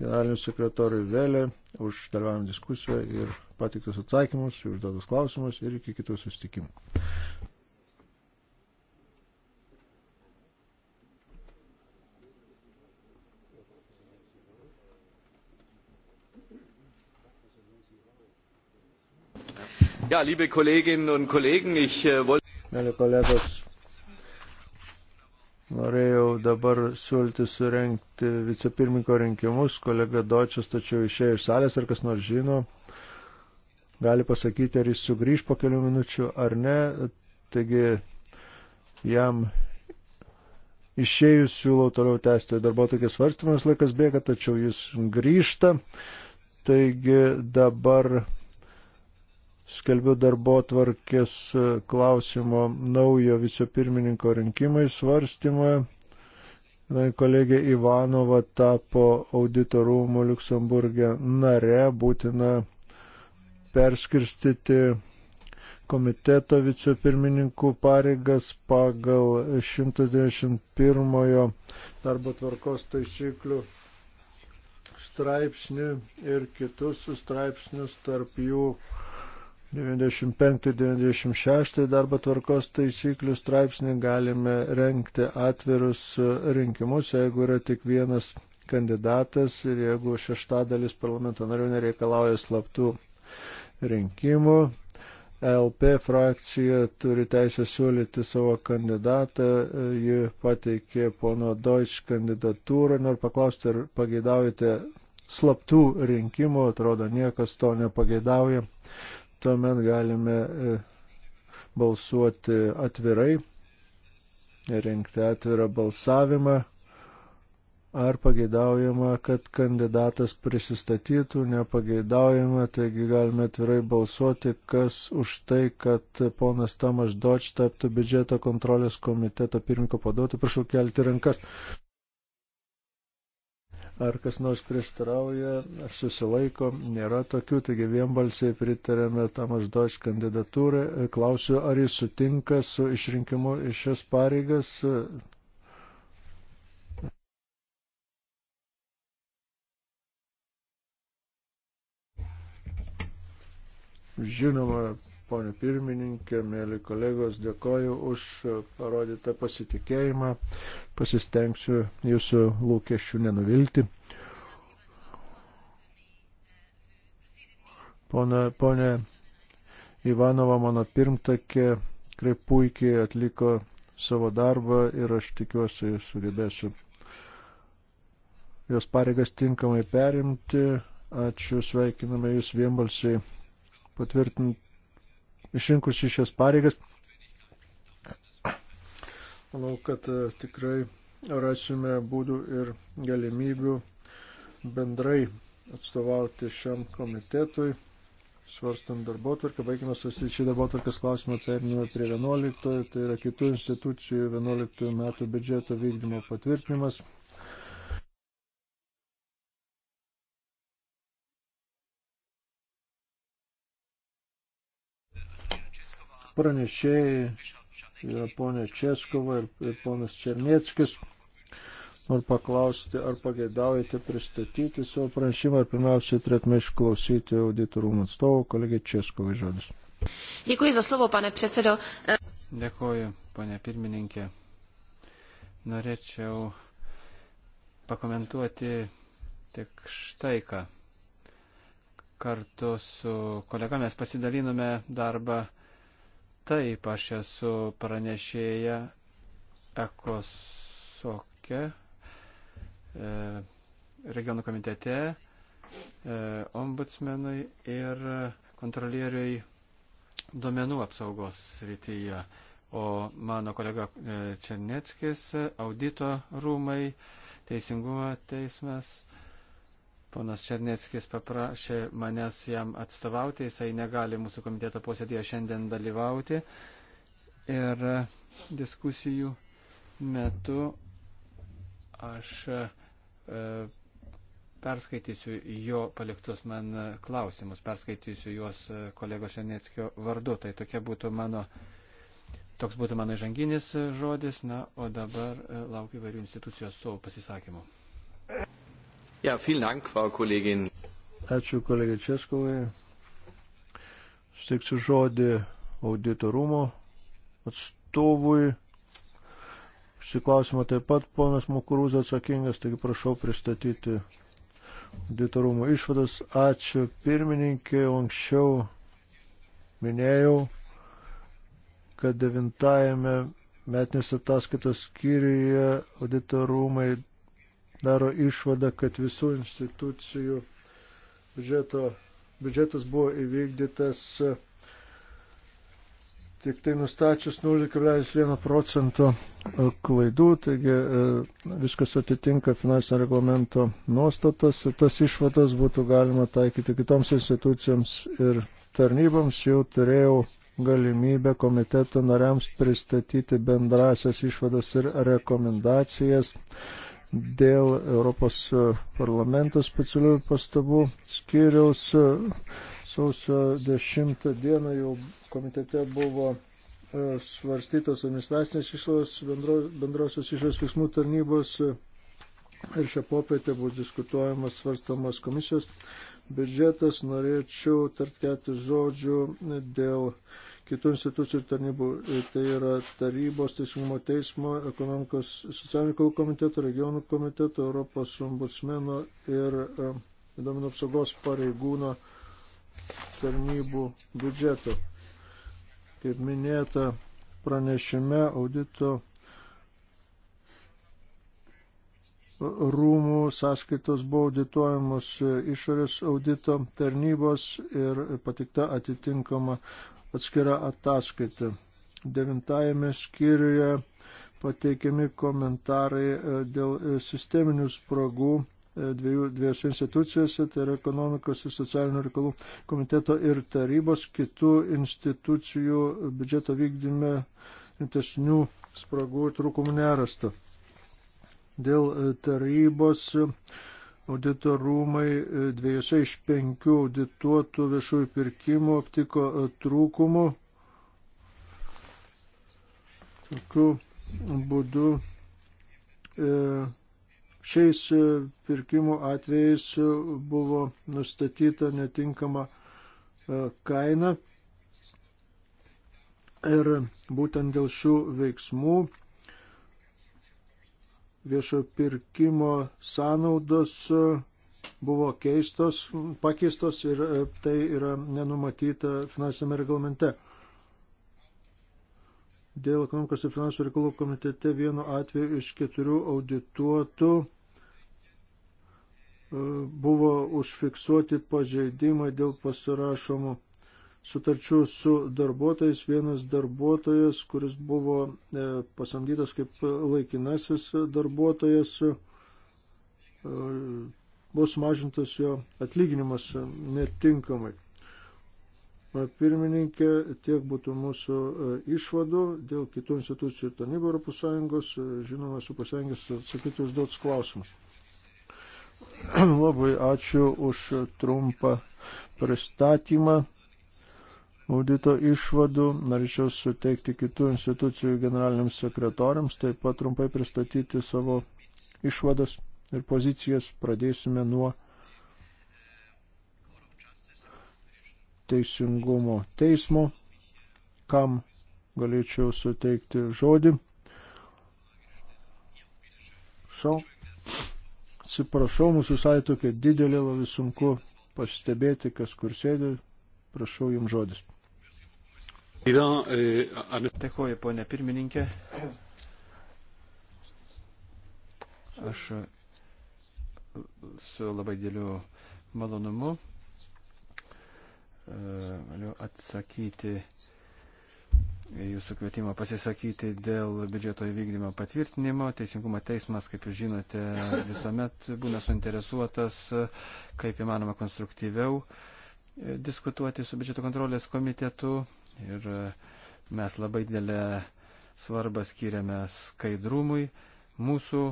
generaliniu sekretoriui Vėlė už dalyvavimą diskusiją ir patiktus atsakymus, užduotus klausimus ir iki kitų susitikimų. Ja, liebe Kolleginnen und Kollegen, ich äh, wollte. Mėly kolegos, norėjau dabar siūlyti surenkti vicepirmininko rinkimus, kolega Dočius, tačiau išėjo iš salės, ar kas nors žino, gali pasakyti, ar jis sugrįž po kelių minučių ar ne. Taigi jam išėjus siūlau toliau tęsti darbo tokias svarstymas, laikas bėga, tačiau jis grįžta. Taigi dabar skelbiu darbo tvarkės e, klausimo naujo vicepirmininko rinkimai svarstymą. Kolegė Ivanova tapo auditorumo Luksemburgė nare, būtina perskirstyti komiteto vicepirmininkų pareigas pagal 191 darbo tvarkos taisyklių straipsnį ir kitus straipsnius tarp jų uh, 95-96 darbo tvarkos taisyklių straipsnį galime renkti atvirus rinkimus, jeigu yra tik vienas kandidatas ir jeigu šeštadalis parlamento narių nereikalauja slaptų rinkimų. LP frakcija turi teisę siūlyti savo kandidatą, ji pateikė pono Deutsch kandidatūrą, noriu paklausti, ar pageidaujate slaptų rinkimų, atrodo, niekas to nepageidauja tuomet galime e, balsuoti atvirai, rengti atvirą balsavimą, ar pageidaujama, kad kandidatas prisistatytų, nepageidaujama, taigi galime atvirai balsuoti, kas už tai, kad ponas Tomas Doč taptų biudžeto kontrolės komiteto pirmininko paduotų, prašau kelti rankas. Ar kas nors prieštarauja, ar susilaiko, nėra tokių, taigi vienbalsiai pritarėme Tamas Doč kandidatūrai. Klausiu, ar jis sutinka su išrinkimu iš šias pareigas. Žinoma, ponė pirmininkė, mėly kolegos, dėkoju už parodytą pasitikėjimą, pasistengsiu jūsų lūkesčių nenuvilti. Pone, ponė Ivanova, mano pirmtakė, tikrai puikiai atliko savo darbą ir aš tikiuosi sugebėsiu jos pareigas tinkamai perimti. Ačiū, sveikiname jūs vienbalsiai patvirtinti išrinkus iš šias pareigas. Manau, kad e, tikrai rasime būdų ir galimybių bendrai atstovauti šiam komitetui, svarstant darbo tvarką. Baigime svarstyti šį darbo tvarkės klausimą, perėmėme prie 11, tai yra kitų institucijų 11 metų biudžeto vykdymo patvirtinimas. Pranešėjai yra ponė Českova ir, ir ponas Černieckis. Noriu paklausti, ar pageidaujate pristatyti savo pranešimą, ar pirmiausiai turėtume išklausyti auditorumų atstovų, kolegė Českova žodis. Dėkui za slovo, pane predsedo. Dėkuoju, pane pirmininkė. Norėčiau pakomentuoti tik štai ką. Kartu su kolega mes pasidalinome darbą Taip, aš esu pranešėja Ekosokė e, regionų komitete, e, ombudsmenui ir kontrolieriui duomenų apsaugos srityje. O mano kolega e, Černeckis, audito rūmai, teisingumo teismas. E, Ponas Černieckis paprašė manęs jam atstovauti, jisai negali mūsų komiteto posėdėje šiandien dalyvauti. Ir diskusijų metu aš e, perskaitysiu jo paliktus man klausimus, perskaitysiu juos e, kolegos Šenieckio vardu. Tai tokia būtų mano, toks būtų mano žanginis žodis, na, o dabar e, laukiu įvairių institucijos savo pasisakymų. Ja, vielen Dank, Frau Kollegin. Ačiū kolegai Českovai. Steiksiu žodį auditorumo atstovui. Šį klausimą taip pat ponas Mukurūzas atsakingas, taigi prašau pristatyti auditorumo išvadas. Ačiū pirmininkė, anksčiau minėjau, kad devintajame metinės ataskaitos skyriuje auditorumai daro išvadą, kad visų institucijų biudžeto, biudžetas buvo įvykdytas e, tik tai nustačius 0,1 procento e, klaidų, taigi e, viskas atitinka finansinio reglamento nuostatas ir tas išvadas būtų galima taikyti kitoms institucijoms ir tarnyboms. Jau turėjau galimybę komiteto nariams pristatyti bendrasias išvadas ir rekomendacijas dėl Europos e, parlamento specialiųjų pastabų skiriaus e, sausio 10 dieną jau komitete buvo e, svarstytas administracinės išlaidos bendro, bendrosios išlaidos veiksmų tarnybos ir šią popietę bus diskutuojamas svarstamas komisijos biudžetas. Norėčiau tart keletą žodžių dėl uh, kitų institucijų ir tarnybų. E, tai yra tarybos, teisingumo teismo, ekonomikos socialinių reikalų komiteto, regionų komiteto, Europos ombudsmeno ir e, duomenų apsaugos pareigūno tarnybų biudžeto. Kaip minėta pranešime audito rūmų sąskaitos buvo audituojamos išorės audito tarnybos ir patikta atitinkama atskira ataskaita. Devintajame skyriuje pateikiami komentarai e, dėl e, sisteminių spragų e, dviejų, dviejose institucijose, tai yra ekonomikos ir socialinių reikalų komiteto ir tarybos kitų institucijų biudžeto vykdyme rimtesnių spragų ir trūkumų nerasta. Dėl tarybos auditorumai e, dviejose iš penkių audituotų viešųjų pirkimų aptiko e, trūkumų. Tokiu būdu e, šiais pirkimų atvejais buvo nustatyta netinkama kaina. Ir būtent dėl šių veiksmų viešo pirkimo sąnaudos e, buvo keistos, pakeistos ir e, tai yra nenumatyta finansinėme reglamente. Dėl ekonomikos ir finansų reikalų komitete vienu atveju iš keturių audituotų e, buvo užfiksuoti pažeidimai dėl pasirašomų sutarčių su darbuotojais. Vienas darbuotojas, kuris buvo e, pasamdytas kaip laikinasis darbuotojas, e, buvo sumažintas jo atlyginimas netinkamai. Pirmininkė, tiek būtų mūsų e, išvadų dėl kitų institucijų ir tarnybų ES. Žinoma, esu pasirengęs atsakyti užduotus klausimus. Labai ačiū už trumpą pristatymą audito išvadų. Norėčiau suteikti kitų institucijų generaliniams sekretoriams, taip pat trumpai pristatyti savo išvadas ir pozicijas. Pradėsime nuo teisingumo teismo, kam galėčiau suteikti žodį. So, atsiprašau, mūsų saitų, kad didelė, labai sunku pastebėti, kas kur sėdi, Prašau jums žodis. Dėkuoju, ponė pirmininkė. Aš su labai dėliu malonumu e, galiu atsakyti jūsų kvietimą pasisakyti dėl biudžeto įvykdymo patvirtinimo. Teisingumo teismas, kaip jūs žinote, visuomet būna suinteresuotas, kaip įmanoma, konstruktyviau diskutuoti su biudžeto kontrolės komitetu ir e, mes labai didelę svarbą skiriame skaidrumui mūsų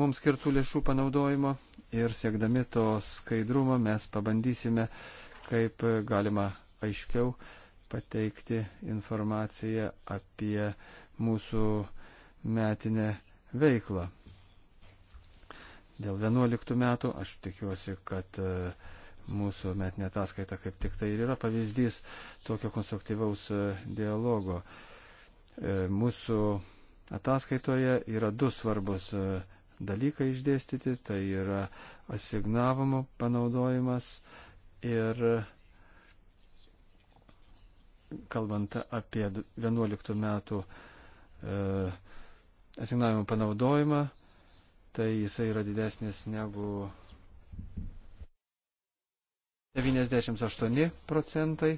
mums skirtų lėšų panaudojimo ir siekdami to skaidrumo mes pabandysime, kaip galima aiškiau pateikti informaciją apie mūsų metinę veiklą. Dėl 11 metų aš tikiuosi, kad uh, Mūsų metinė ataskaita kaip tik tai ir yra pavyzdys tokio konstruktyvaus e, dialogo. E, mūsų ataskaitoje yra du svarbus e, dalykai išdėstyti, tai yra asignavimo panaudojimas ir kalbant apie 11 metų e, asignavimo panaudojimą, tai jisai yra didesnis negu 98 procentai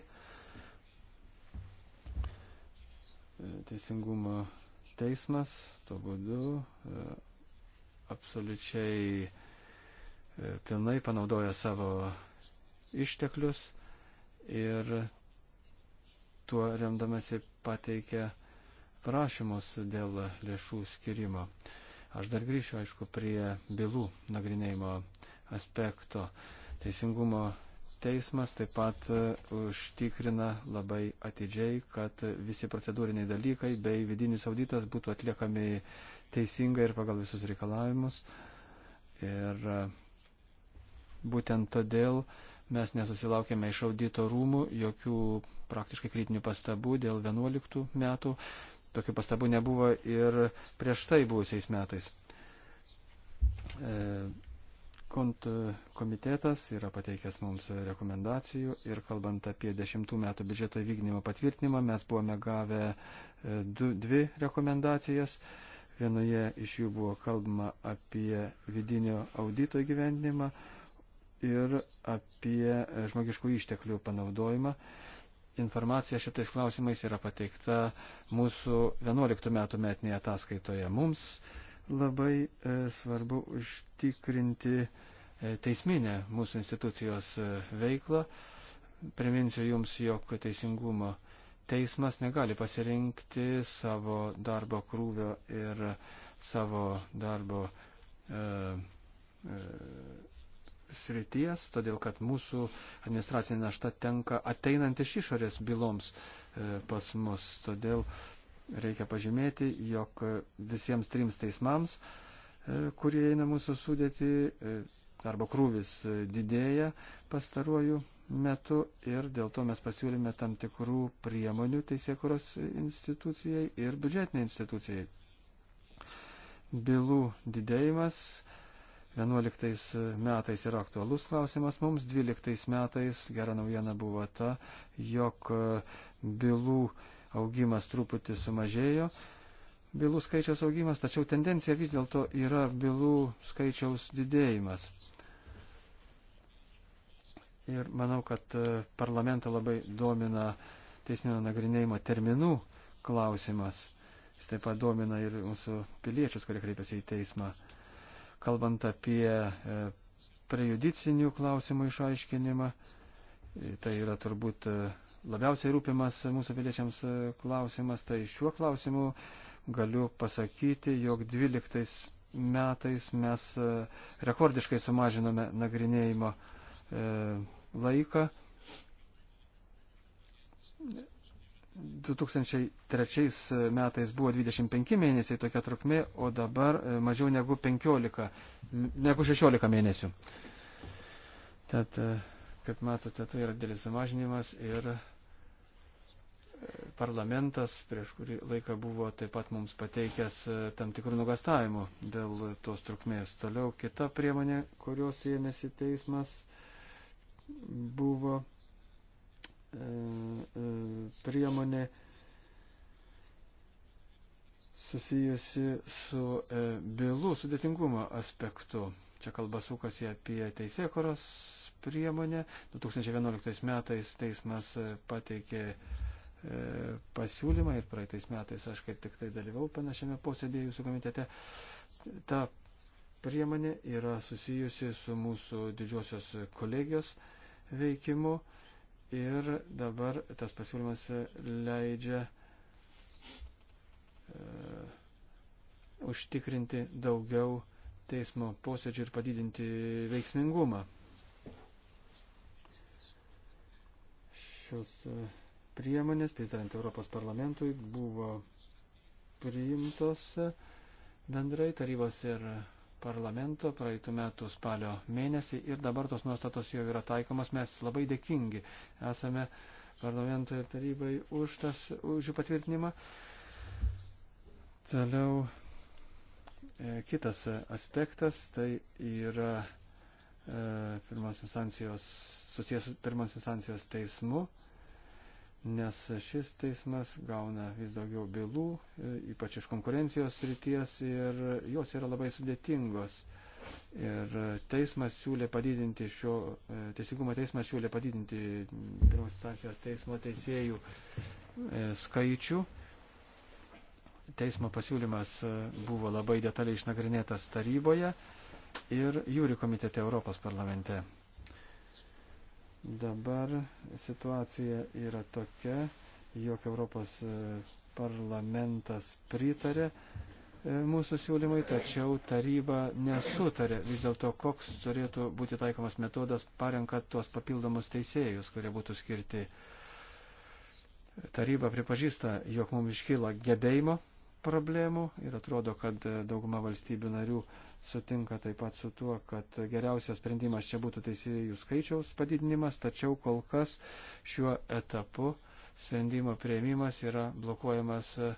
teisingumo teismas tuo būdu e, absoliučiai e, pilnai panaudoja savo išteklius ir tuo remdamasi pateikia prašymus dėl lėšų skirimo. Aš dar grįšiu, aišku, prie bylų nagrinėjimo aspekto. Teisingumo teismas taip pat e, užtikrina labai atidžiai, kad visi procedūriniai dalykai bei vidinis auditas būtų atliekami teisingai ir pagal visus reikalavimus. Ir e, būtent todėl mes nesusilaukėme iš audito rūmų jokių praktiškai kritinių pastabų dėl 11 metų. Tokių pastabų nebuvo ir prieš tai buvusiais metais. E, Kont komitetas yra pateikęs mums rekomendacijų ir kalbant apie 10 metų biudžeto įvykdymo patvirtinimą, mes buvome gavę e, du, dvi rekomendacijas. Vienoje iš jų buvo kalbama apie vidinio audito įgyvendinimą ir apie e, žmogiškų išteklių panaudojimą. Informacija šitais klausimais yra pateikta mūsų 11 metų metinėje ataskaitoje. Mums Labai e, svarbu užtikrinti e, teisminę mūsų institucijos e, veiklą. Priminsiu Jums, jog teisingumo teismas negali pasirinkti savo darbo krūvio ir savo darbo e, e, srities, todėl kad mūsų administracinė našta tenka ateinant iš išorės byloms e, pas mus. Todėl e, Reikia pažymėti, jog visiems trims teismams, e, kurie eina mūsų sudėti, e, darbo krūvis didėja pastaruoju metu ir dėl to mes pasiūlėme tam tikrų priemonių teisėkuros institucijai ir biudžetiniai institucijai. Bilų didėjimas 11 metais yra aktualus klausimas mums, 12 metais gera naujiena buvo ta, jog bylų augimas truputį sumažėjo, bylų skaičiaus augimas, tačiau tendencija vis dėlto yra bylų skaičiaus didėjimas. Ir manau, kad e, parlamentą labai domina teisminio nagrinėjimo terminų klausimas. Jis taip pat domina ir mūsų piliečius, kurie kreipiasi į teismą. Kalbant apie e, prejudicinių klausimų išaiškinimą, Tai yra turbūt e, labiausiai rūpimas mūsų piliečiams e, klausimas. Tai šiuo klausimu galiu pasakyti, jog 12 metais mes e, rekordiškai sumažinome nagrinėjimo laiką. 2003 metais buvo 25 mėnesiai tokia trukmė, o dabar mažiau negu 15, negu 16 mėnesių. Tad kaip matote, tai yra dėlis sumažinimas ir e, parlamentas, prieš kurį laiką buvo taip pat mums pateikęs e, tam tikrų nugastavimų dėl tos trukmės. Toliau kita priemonė, kurios ėmėsi teismas, buvo e, e, priemonė susijusi su e, bylų sudėtingumo aspektu. Čia kalba sukasi apie teisėkoros priemonė. 2011 metais teismas pateikė e, pasiūlymą ir praeitais metais aš kaip tik tai dalyvau panašiame posėdėje jūsų komitete. Ta priemonė yra susijusi su mūsų didžiosios kolegijos veikimu ir dabar tas pasiūlymas leidžia e, užtikrinti daugiau teismo posėdžių ir padidinti veiksmingumą šios e, priemonės, pritarant Europos parlamentui, buvo priimtos bendrai tarybos ir parlamento praeitų metų spalio mėnesį ir dabar tos nuostatos jau yra taikomas. Mes labai dėkingi esame parlamentui ir tarybai už, tas, už jų patvirtinimą. Toliau e, kitas aspektas tai yra E, pirmos instancijos, susijęs su pirmos instancijos teismu, nes šis teismas gauna vis daugiau bylų, e, ypač iš konkurencijos ryties ir jos yra labai sudėtingos. Ir teismas siūlė padidinti šio, e, teisingumo teismas siūlė padidinti pirmos instancijos teismo teisėjų skaičių. Teismo pasiūlymas buvo labai detaliai išnagrinėtas taryboje ir jūri komitete Europos parlamente. Dabar situacija yra tokia, jog Europos e, parlamentas pritarė e, mūsų siūlymai, tačiau taryba nesutarė vis dėlto, koks turėtų būti taikomas metodas parenkat tuos papildomus teisėjus, kurie būtų skirti. Taryba pripažįsta, jog mums iškyla gebėjimo problemų ir atrodo, kad e, dauguma valstybių narių uh, sutinka taip pat su tuo, kad geriausias sprendimas čia būtų teisėjų skaičiaus padidinimas, tačiau kol kas šiuo etapu sprendimo prieimimas yra blokuojamas e,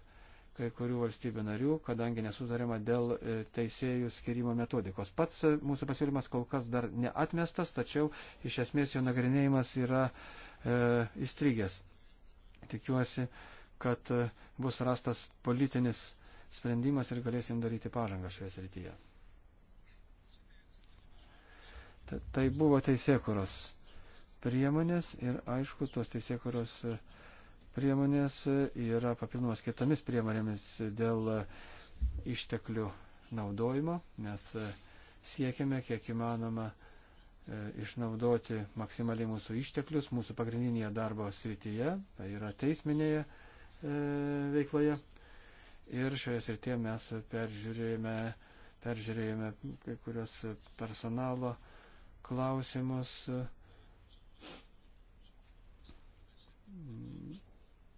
kai kurių valstybių narių, kadangi nesutarima dėl e, teisėjų skirimo metodikos. Pats e, mūsų pasiūlymas kol kas dar neatmestas, tačiau iš esmės jo nagrinėjimas yra e, įstrigęs. Tikiuosi, kad bus rastas politinis sprendimas ir galėsim daryti pažangą šioje srityje. Tai buvo teisėkuros priemonės ir aišku, tos teisėkuros e, priemonės e, yra papildomos kitomis priemonėmis dėl e, išteklių naudojimo. Mes siekiame kiek įmanoma išnaudoti maksimaliai mūsų išteklius mūsų pagrindinėje darbo srityje, tai yra teisminėje veikloje. Ir šioje srityje mes peržiūrėjome, peržiūrėjome kai kurios personalo klausimus,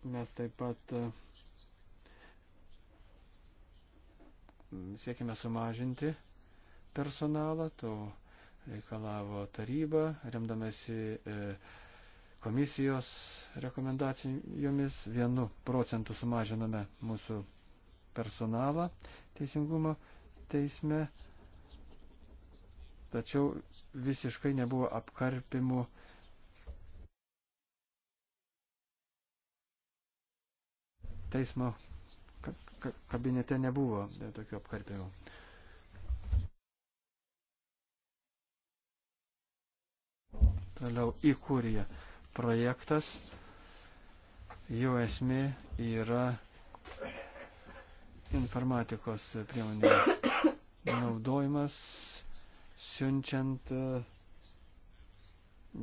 mes taip pat e, siekime sumažinti personalą, to reikalavo taryba, remdamasi e, komisijos rekomendacijomis vienu procentu sumažinome mūsų personalą teisingumo teisme tačiau visiškai nebuvo apkarpimų. Teismo kabinete nebuvo tokių apkarpimų. Toliau įkūrė projektas. Jo esmė yra informatikos priemonių naudojimas siunčiant e,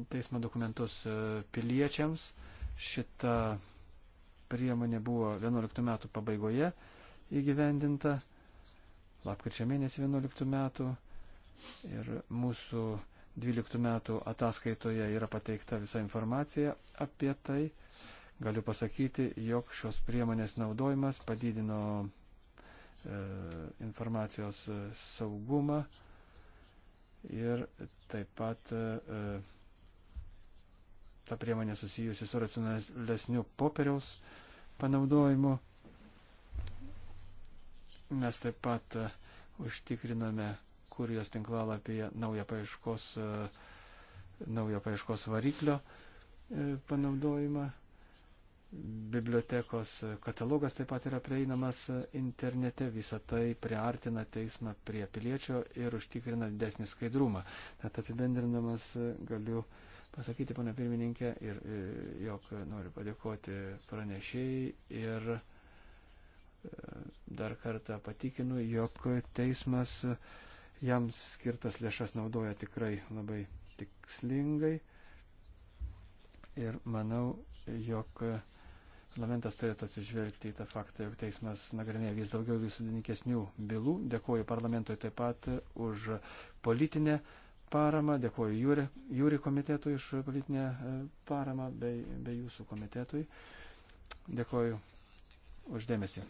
teismo dokumentus e, piliečiams. Šita priemonė buvo 11 metų pabaigoje įgyvendinta, lapkričio mėnesį 11 metų ir mūsų 12 metų ataskaitoje yra pateikta visa informacija apie tai. Galiu pasakyti, jog šios priemonės naudojimas padidino e, informacijos saugumą. E, ir taip pat e, e, ta priemonė susijusi su racionalesniu popieriaus panaudojimu. Mes taip pat e, užtikriname kurijos tinklalapyje naują paieškos, naujo paieškos variklio panaudojimą bibliotekos katalogas taip pat yra prieinamas internete, visą tai priartina teismą prie piliečio ir užtikrina didesnį skaidrumą. Net apibendrinamas galiu pasakyti, pana pirmininkė, ir, e, jog noriu padėkoti pranešėjai ir e, dar kartą patikinu, jog teismas e, jam skirtas lėšas naudoja tikrai labai tikslingai. Ir manau, jog Parlamentas turėtų atsižvelgti į tą faktą, jog teismas nagrinėja vis daugiau visudininkesnių bylų. Dėkuoju parlamentui taip pat už politinę paramą, dėkuoju jūri, jūri komitetui už politinę e, paramą bei, bei jūsų komitetui. Dėkuoju uždėmesi.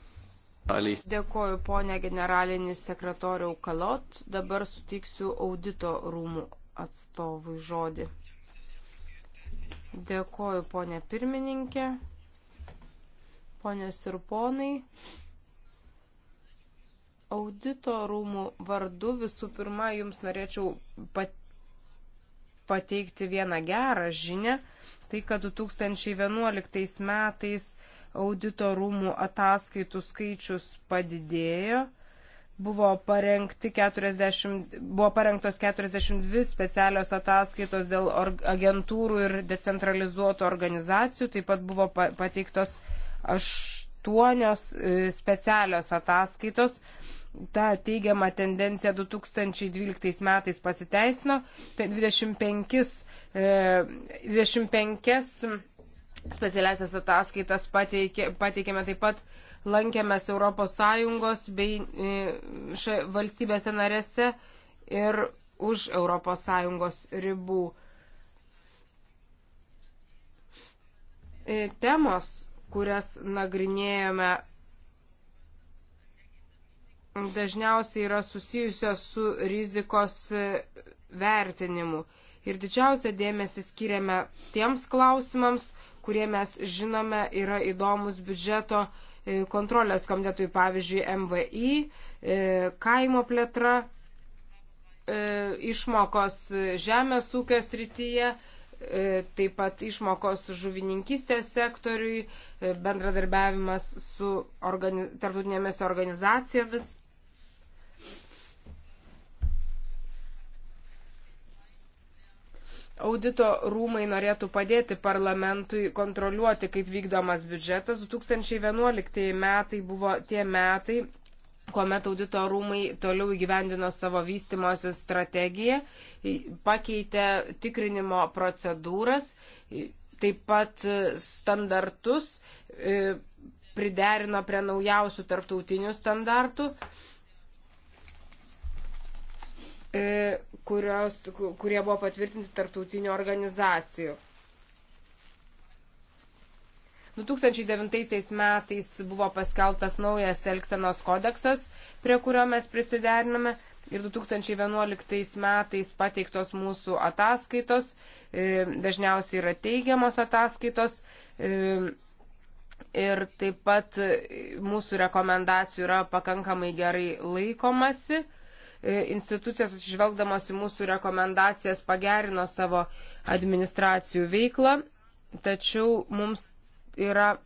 Dėkuoju ponė generalinis sekretoriau Kalot. Dabar sutiksiu audito rūmų atstovui žodį. Dėkuoju ponė pirmininkė. Ponios ir ponai, audito rūmų vardu visų pirma jums norėčiau pateikti vieną gerą žinę. Tai, kad 2011 metais audito rūmų ataskaitų skaičius padidėjo buvo, parengti 40, buvo parengtos 42 specialios ataskaitos dėl agentūrų ir decentralizuotų organizacijų, taip pat buvo pateiktos aštuonios e, specialios ataskaitos. Ta teigiama tendencija 2012 metais pasiteisino, 25, 25 e, specialiasias ataskaitas pateikė, pateikėme taip pat lankėmės ES bei e, valstybėse narėse ir už ES ribų. Temos, kurias nagrinėjome, dažniausiai yra susijusios su rizikos vertinimu. Ir didžiausia dėmesį skiriame tiems klausimams, kurie mes žinome yra įdomus biudžeto e, kontrolės komitetui, pavyzdžiui, MVI, e, kaimo plėtra, e, išmokos žemės ūkio srityje, E, taip pat išmokos žuvininkystės sektoriui, e, bendradarbiavimas su organi tarptautinėmis organizacijomis. Audito rūmai norėtų padėti parlamentui kontroliuoti, kaip vykdomas biudžetas. 2011 metai buvo tie metai, kuomet audito rūmai toliau įgyvendino savo vystimosi strategiją, pakeitė tikrinimo procedūras, taip pat standartus priderino prie naujausių tarptautinių standartų, kurios, kurie buvo patvirtinti tarptautinių organizacijų. 2009 metais buvo paskeltas naujas Elksenos kodeksas, prie kurio mes prisideriname. Ir 2011 metais pateiktos mūsų ataskaitos, e, dažniausiai yra teigiamos ataskaitos. E, ir taip pat mūsų rekomendacijų yra pakankamai gerai laikomasi e, institucijos atsižvelgdamos į mūsų rekomendacijas pagerino savo administracijų veiklą, tačiau mums yra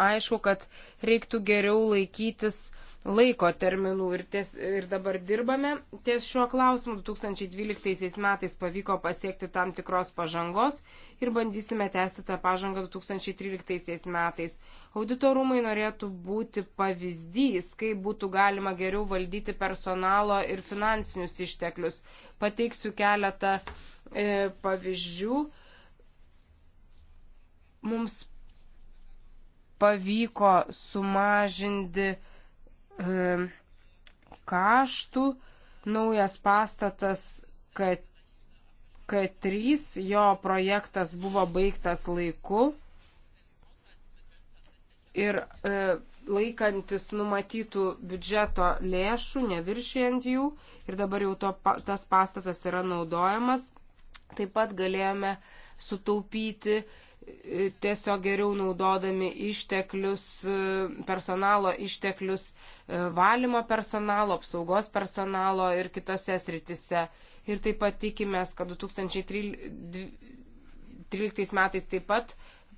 aišku, kad reiktų geriau laikytis laiko terminų ir, ties, ir dabar dirbame ties šiuo klausimu. 2012 metais pavyko pasiekti tam tikros pažangos ir bandysime tęsti tą pažangą 2013 metais. Auditorumai norėtų būti pavyzdys, kaip būtų galima geriau valdyti personalo ir finansinius išteklius. Pateiksiu keletą e, pavyzdžių. Mums pavyko sumažinti e, kaštų. Naujas pastatas K3, jo projektas buvo baigtas laiku ir e, laikantis numatytų biudžeto lėšų, neviršijant jų, ir dabar jau to, tas pastatas yra naudojamas, taip pat galėjome sutaupyti tiesiog geriau naudodami išteklius, e, personalo išteklius, e, valymo personalo, apsaugos personalo ir kitose sritise. Ir taip pat tikimės, kad 2013 metais taip pat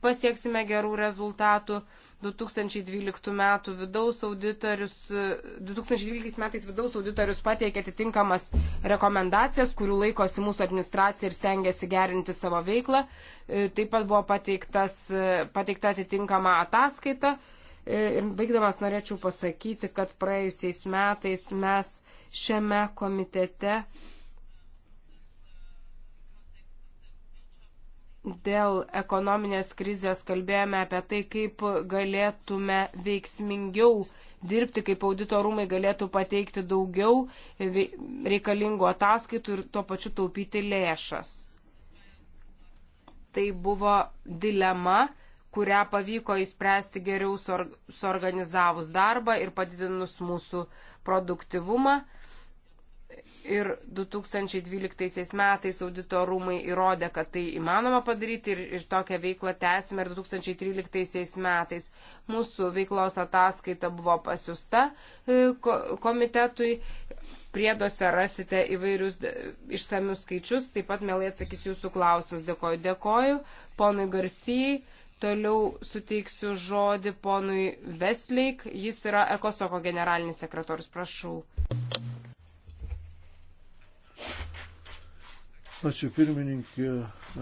pasieksime gerų rezultatų. 2012, metų vidaus 2012 metais vidaus auditorius pateikė atitinkamas rekomendacijas, kurių laikosi mūsų administracija ir stengiasi gerinti savo veiklą. E, taip pat buvo e, pateikta atitinkama ataskaita. E, ir baigdamas norėčiau pasakyti, kad praėjusiais metais mes šiame komitete dėl ekonominės krizės kalbėjome apie tai, kaip galėtume veiksmingiau dirbti, kaip audito rūmai galėtų pateikti daugiau reikalingų ataskaitų ir tuo pačiu taupyti lėšas. Tai buvo dilema, kurią pavyko įspręsti geriau suorganizavus darbą ir padidinus mūsų produktivumą. Ir 2012 metais audito rūmai įrodė, kad tai įmanoma padaryti ir, ir tokią veiklą tęsime ir 2013 metais. Mūsų veiklos ataskaita buvo pasiusta e, komitetui. Prieduose rasite įvairius e, išsamius skaičius. Taip pat mielai atsakysiu jūsų klausimus. Dėkoju, dėkoju. Ponui Garsijai. Toliau suteiksiu žodį ponui Vesleik. Jis yra Ekosoko generalinis sekretorius. Prašau. Ačiū pirmininkė,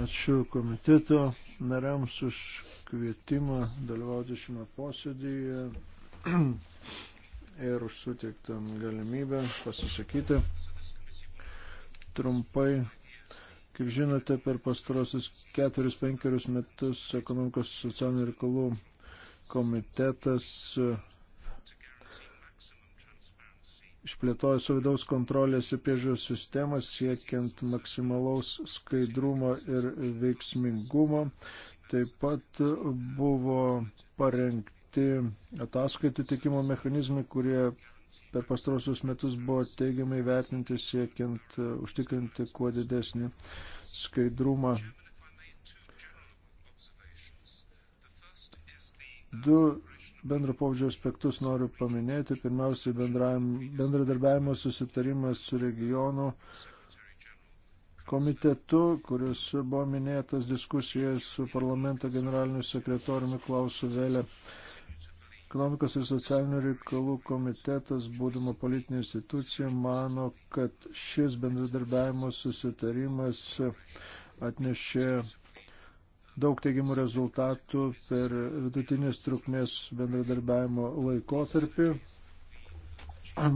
ačiū komiteto nariams už kvietimą dalyvauti šiame posėdėje ir už suteiktą galimybę pasisakyti trumpai. Kaip žinote, per pastarosius keturis, penkerius metus ekonomikos socialinių reikalų komitetas išplėtojo su vidaus kontrolės ir priežiūros sistemas siekiant maksimalaus skaidrumo ir veiksmingumo. Taip pat buvo parengti ataskaitų tikimo mechanizmai, kurie per pastarosius metus buvo teigiamai vertinti siekiant e, užtikrinti kuo didesnį skaidrumą. Du bendro pobūdžio aspektus noriu paminėti. Pirmiausiai bendradarbiavimo susitarimas su regionu komitetu, kuris buvo minėtas diskusijoje su parlamento generaliniu sekretoriumi Klausu Vėlė. Ekonomikos ir socialinių reikalų komitetas, būdama politinė institucija, mano, kad šis bendradarbiavimo susitarimas atnešė daug teigiamų rezultatų per vidutinės trukmės bendradarbiavimo laikotarpį.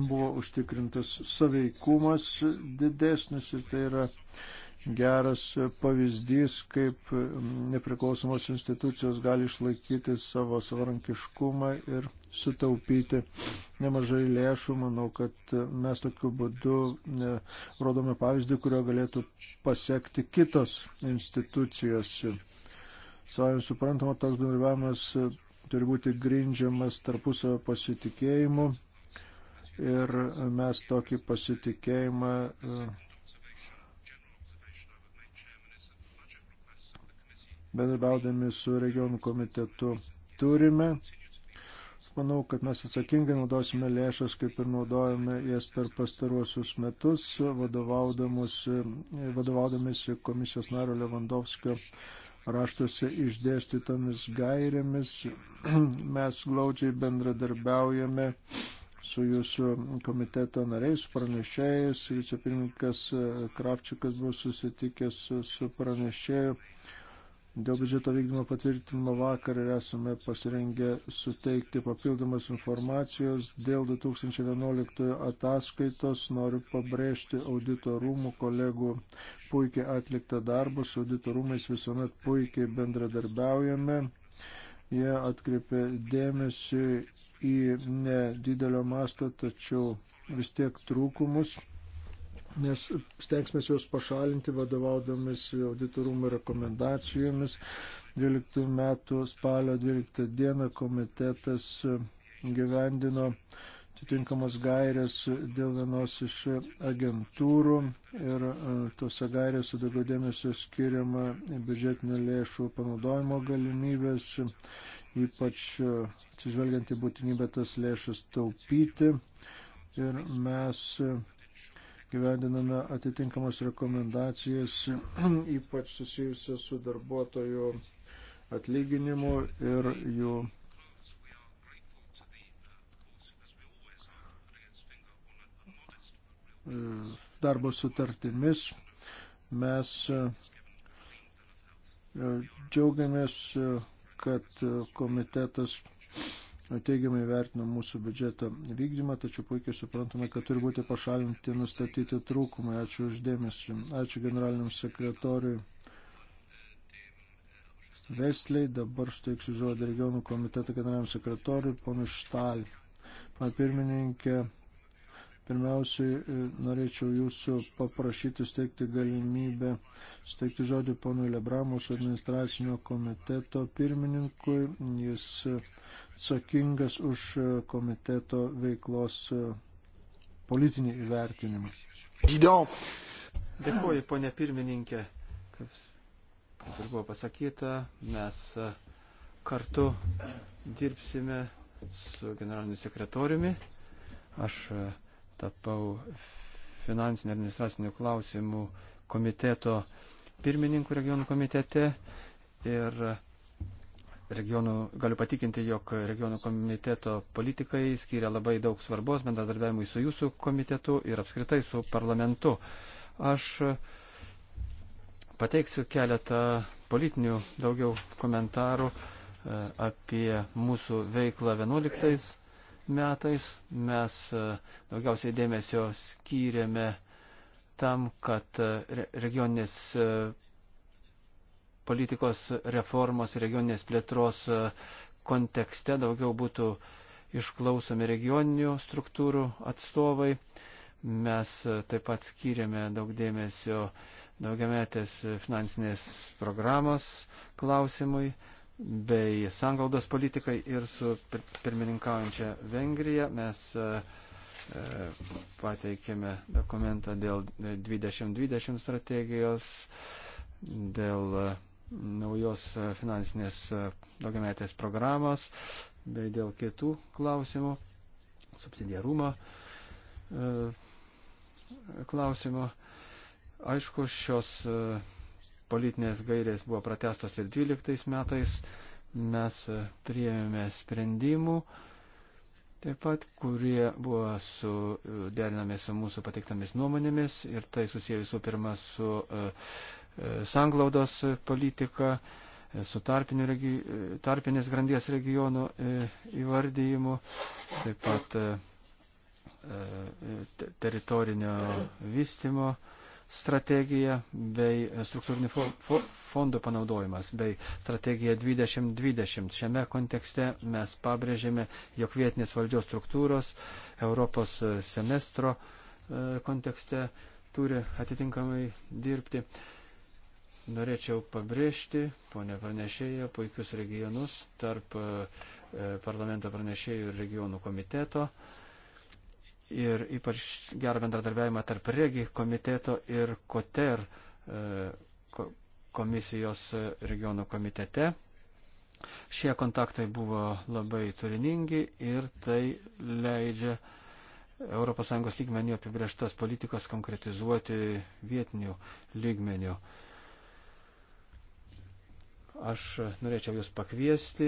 Buvo užtikrintas saveikumas didesnis ir tai yra geras pavyzdys, kaip nepriklausomos institucijos gali išlaikyti savo savarankiškumą ir sutaupyti nemažai lėšų. Manau, kad mes tokiu būdu e, rodome pavyzdį, kurio galėtų pasiekti kitos institucijos. Savai suprantama, toks bendravimas e, turi būti grindžiamas tarpusavio pasitikėjimu ir mes tokį pasitikėjimą e, bendrabiaudami su regionų komitetu turime. Manau, kad mes atsakingai naudosime lėšas, kaip ir naudojame jas per pastaruosius metus, vadovaudamėsi e, komisijos nario Levandovskio raštuose išdėstytomis gairėmis. Mes glaudžiai bendradarbiaujame su jūsų komiteto nariais, pranešėjais. Vicepirmininkas Kravčiukas buvo susitikęs su pranešėju Dėl biudžeto vykdymo patvirtinimo vakar esame pasirengę suteikti papildomas informacijos. Dėl 2011 ataskaitos noriu pabrėžti auditorumų kolegų puikiai atliktą darbą. Su auditorumais visuomet puikiai bendradarbiaujame. Jie atkreipė dėmesį į nedidelio masto, tačiau vis tiek trūkumus nes stengsime juos pašalinti vadovaudomis auditorumo rekomendacijomis. 12 metų spalio 12 dieną komitetas gyvendino atitinkamas gairias dėl vienos iš agentūrų ir e, tose gairiose daugiau dėmesio skiriama biudžetinių lėšų panaudojimo galimybės, ypač e, atsižvelgiant į būtinybę tas lėšas taupyti. Ir mes gyvendiname atitinkamas rekomendacijas, ypač susijusias su darbuotojų atlyginimu ir jų darbo sutartimis. Mes e, džiaugiamės, e, kad komitetas teigiamai vertina mūsų biudžeto vykdymą, tačiau puikiai suprantame, kad turi būti pašalinti nustatyti trūkumai. Ačiū uždėmesi. Ačiū generaliniam sekretoriui. Vesliai dabar suteiksiu žodį regionų komiteto generaliniam sekretoriui, ponui Štal. Pane pirmininkė, pirmiausiai e, norėčiau jūsų paprašyti steigti galimybę steigti žodį ponui Lebramus administracinio komiteto pirmininkui. Jis e, atsakingas už e, komiteto veiklos e, politinį įvertinimą. Dėkuoju, ponė pirmininkė. Kaip, kaip ir buvo pasakyta, mes e, kartu dirbsime su generaliniu sekretoriumi. Aš tapau finansinio administracinių klausimų komiteto pirmininkų regionų komitete ir regionų, galiu patikinti, jog regionų komiteto politikai skiria labai daug svarbos bendradarbiavimui su jūsų komitetu ir apskritai su parlamentu. Aš pateiksiu keletą politinių daugiau komentarų e, apie mūsų veiklą 11 metais. Mes e, daugiausiai dėmesio skyrėme tam, kad e, regioninės politikos reformos regioninės plėtros e, kontekste daugiau būtų išklausomi regioninių struktūrų atstovai. Mes e, taip pat skiriame daug dėmesio daugiametės finansinės programos klausimui bei sangaudos politikai ir su pirmininkaujančia Vengrija. Mes e, pateikėme dokumentą dėl 2020 strategijos, dėl naujos e, finansinės e, daugiametės programos, bei dėl kitų klausimų, subsidiarumo e, klausimo. Aišku, šios politinės gairės buvo pratestos ir 12 metais. Mes priėmėme sprendimų, taip pat, kurie buvo suderinami su mūsų pateiktomis nuomonėmis ir tai susiję visų pirma su uh, sanglaudos politika, su regi, tarpinės grandies regionų e, įvardyjimu, taip pat e, e, teritorinio vystimo strategija bei struktūrinių fondų panaudojimas bei strategija 2020. Šiame kontekste mes pabrėžėme, jog vietinės valdžios struktūros Europos semestro kontekste turi atitinkamai dirbti. E, Norėčiau pabrėžti, ponė pranešėja, puikius regionus tarp e, parlamento pranešėjų ir regionų komiteto ir ypač gerą bendradarbiavimą tarp regi komiteto ir koter e, komisijos e, regionų komitete. Šie kontaktai buvo labai turiningi ir tai leidžia ES lygmenių apibrieštas politikas konkretizuoti vietinių lygmenių. E, Aš norėčiau Jūs pakviesti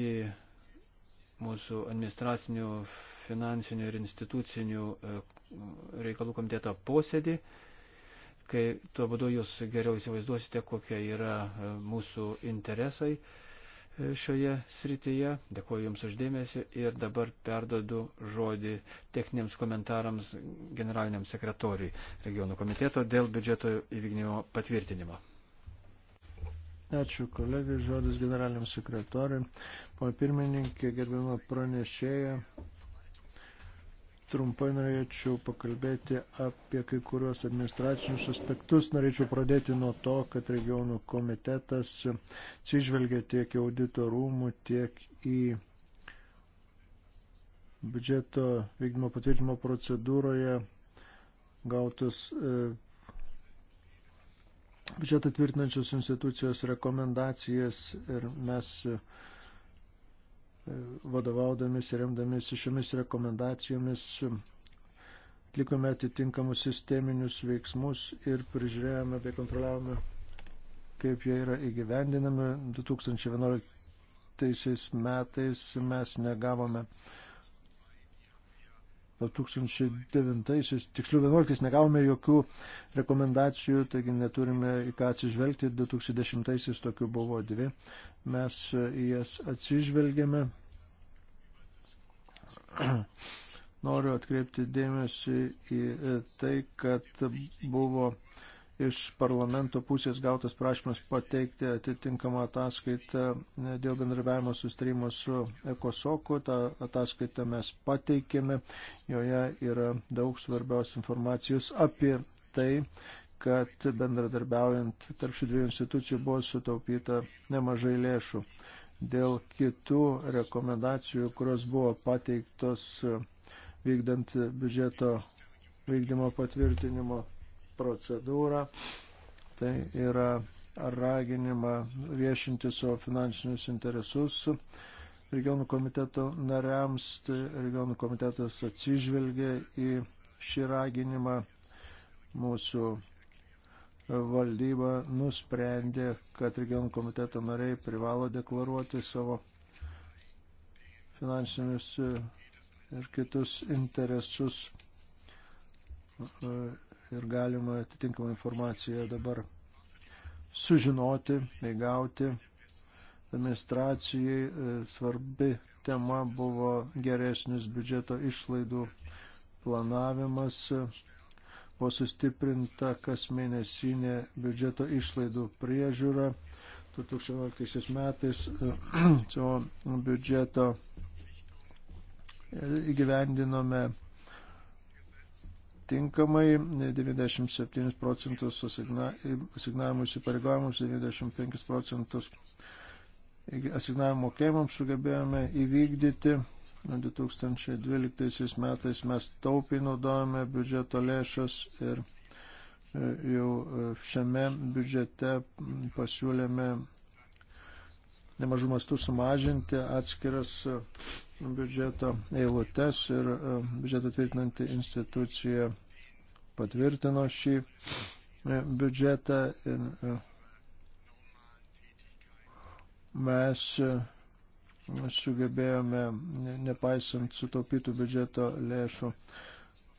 į mūsų administracinių, finansinių ir institucinių e, reikalų komiteto posėdį, kai tuo būdu Jūs geriau įsivaizduosite, kokie yra e, mūsų interesai e, šioje srityje. Dėkuoju Jums uždėmesi ir dabar perdodu žodį techniniams komentarams generaliniam sekretoriui regionų komiteto dėl biudžeto įvykdymo patvirtinimo. Ačiū kolegai, žodis generaliniam sekretoriui. Po pirmininkė, gerbimo pranešėja, trumpai norėčiau pakalbėti apie kai kuriuos administracinius aspektus. Norėčiau pradėti nuo to, kad regionų komitetas atsižvelgia tiek į audito rūmų, tiek į biudžeto vykdymo patvirtinimo procedūroje gautus e, biudžetą tvirtinančios institucijos rekomendacijas ir mes e, vadovaudomis ir remdamis šiomis rekomendacijomis e, atlikome atitinkamus sisteminius veiksmus ir prižiūrėjome bei kontroliavome, kaip jie yra įgyvendinami. 2011 metais mes negavome 2009, tiksliau 11 negavome jokių rekomendacijų, taigi neturime į ką atsižvelgti, 2010 tokių buvo dvi, mes į jas atsižvelgėme. Noriu atkreipti dėmesį į tai, kad buvo iš parlamento pusės gautas prašymas pateikti atitinkamą ataskaitą dėl bendrabiavimo sustarimo su Ekosoku. Ta ataskaita mes pateikėme, joje yra daug svarbios informacijos apie tai, kad bendradarbiaujant tarp šių dviejų institucijų buvo sutaupyta nemažai lėšų. Dėl kitų rekomendacijų, kurios buvo pateiktos vykdant biudžeto vykdymo patvirtinimo procedūrą. Tai yra raginimą viešinti savo finansinius interesus regionų komiteto nariams. Tai regionų komitetas atsižvelgia į šį raginimą. Mūsų valdyba nusprendė, kad regionų komiteto nariai privalo deklaruoti savo finansinius ir kitus interesus ir galima atitinkamą informaciją dabar sužinoti, įgauti. Administracijai e, svarbi tema buvo geresnis biudžeto išlaidų planavimas, buvo sustiprinta kas mėnesinė biudžeto išlaidų priežiūra. 2011 metais e, savo biudžeto e, įgyvendinome tinkamai 97 procentus asignavimų įsipareigojimus, 95 procentus asignavimų mokėjimams sugebėjome įvykdyti. 2012 metais mes taupiai naudojame biudžeto lėšas ir e, jau e, šiame biudžete pasiūlėme nemažų mastų sumažinti atskiras biudžeto eilutes ir e, biudžetą tvirtinanti institucija patvirtino šį e, biudžetą ir e, mes sugebėjome, nepaisant sutaupytų biudžeto lėšų,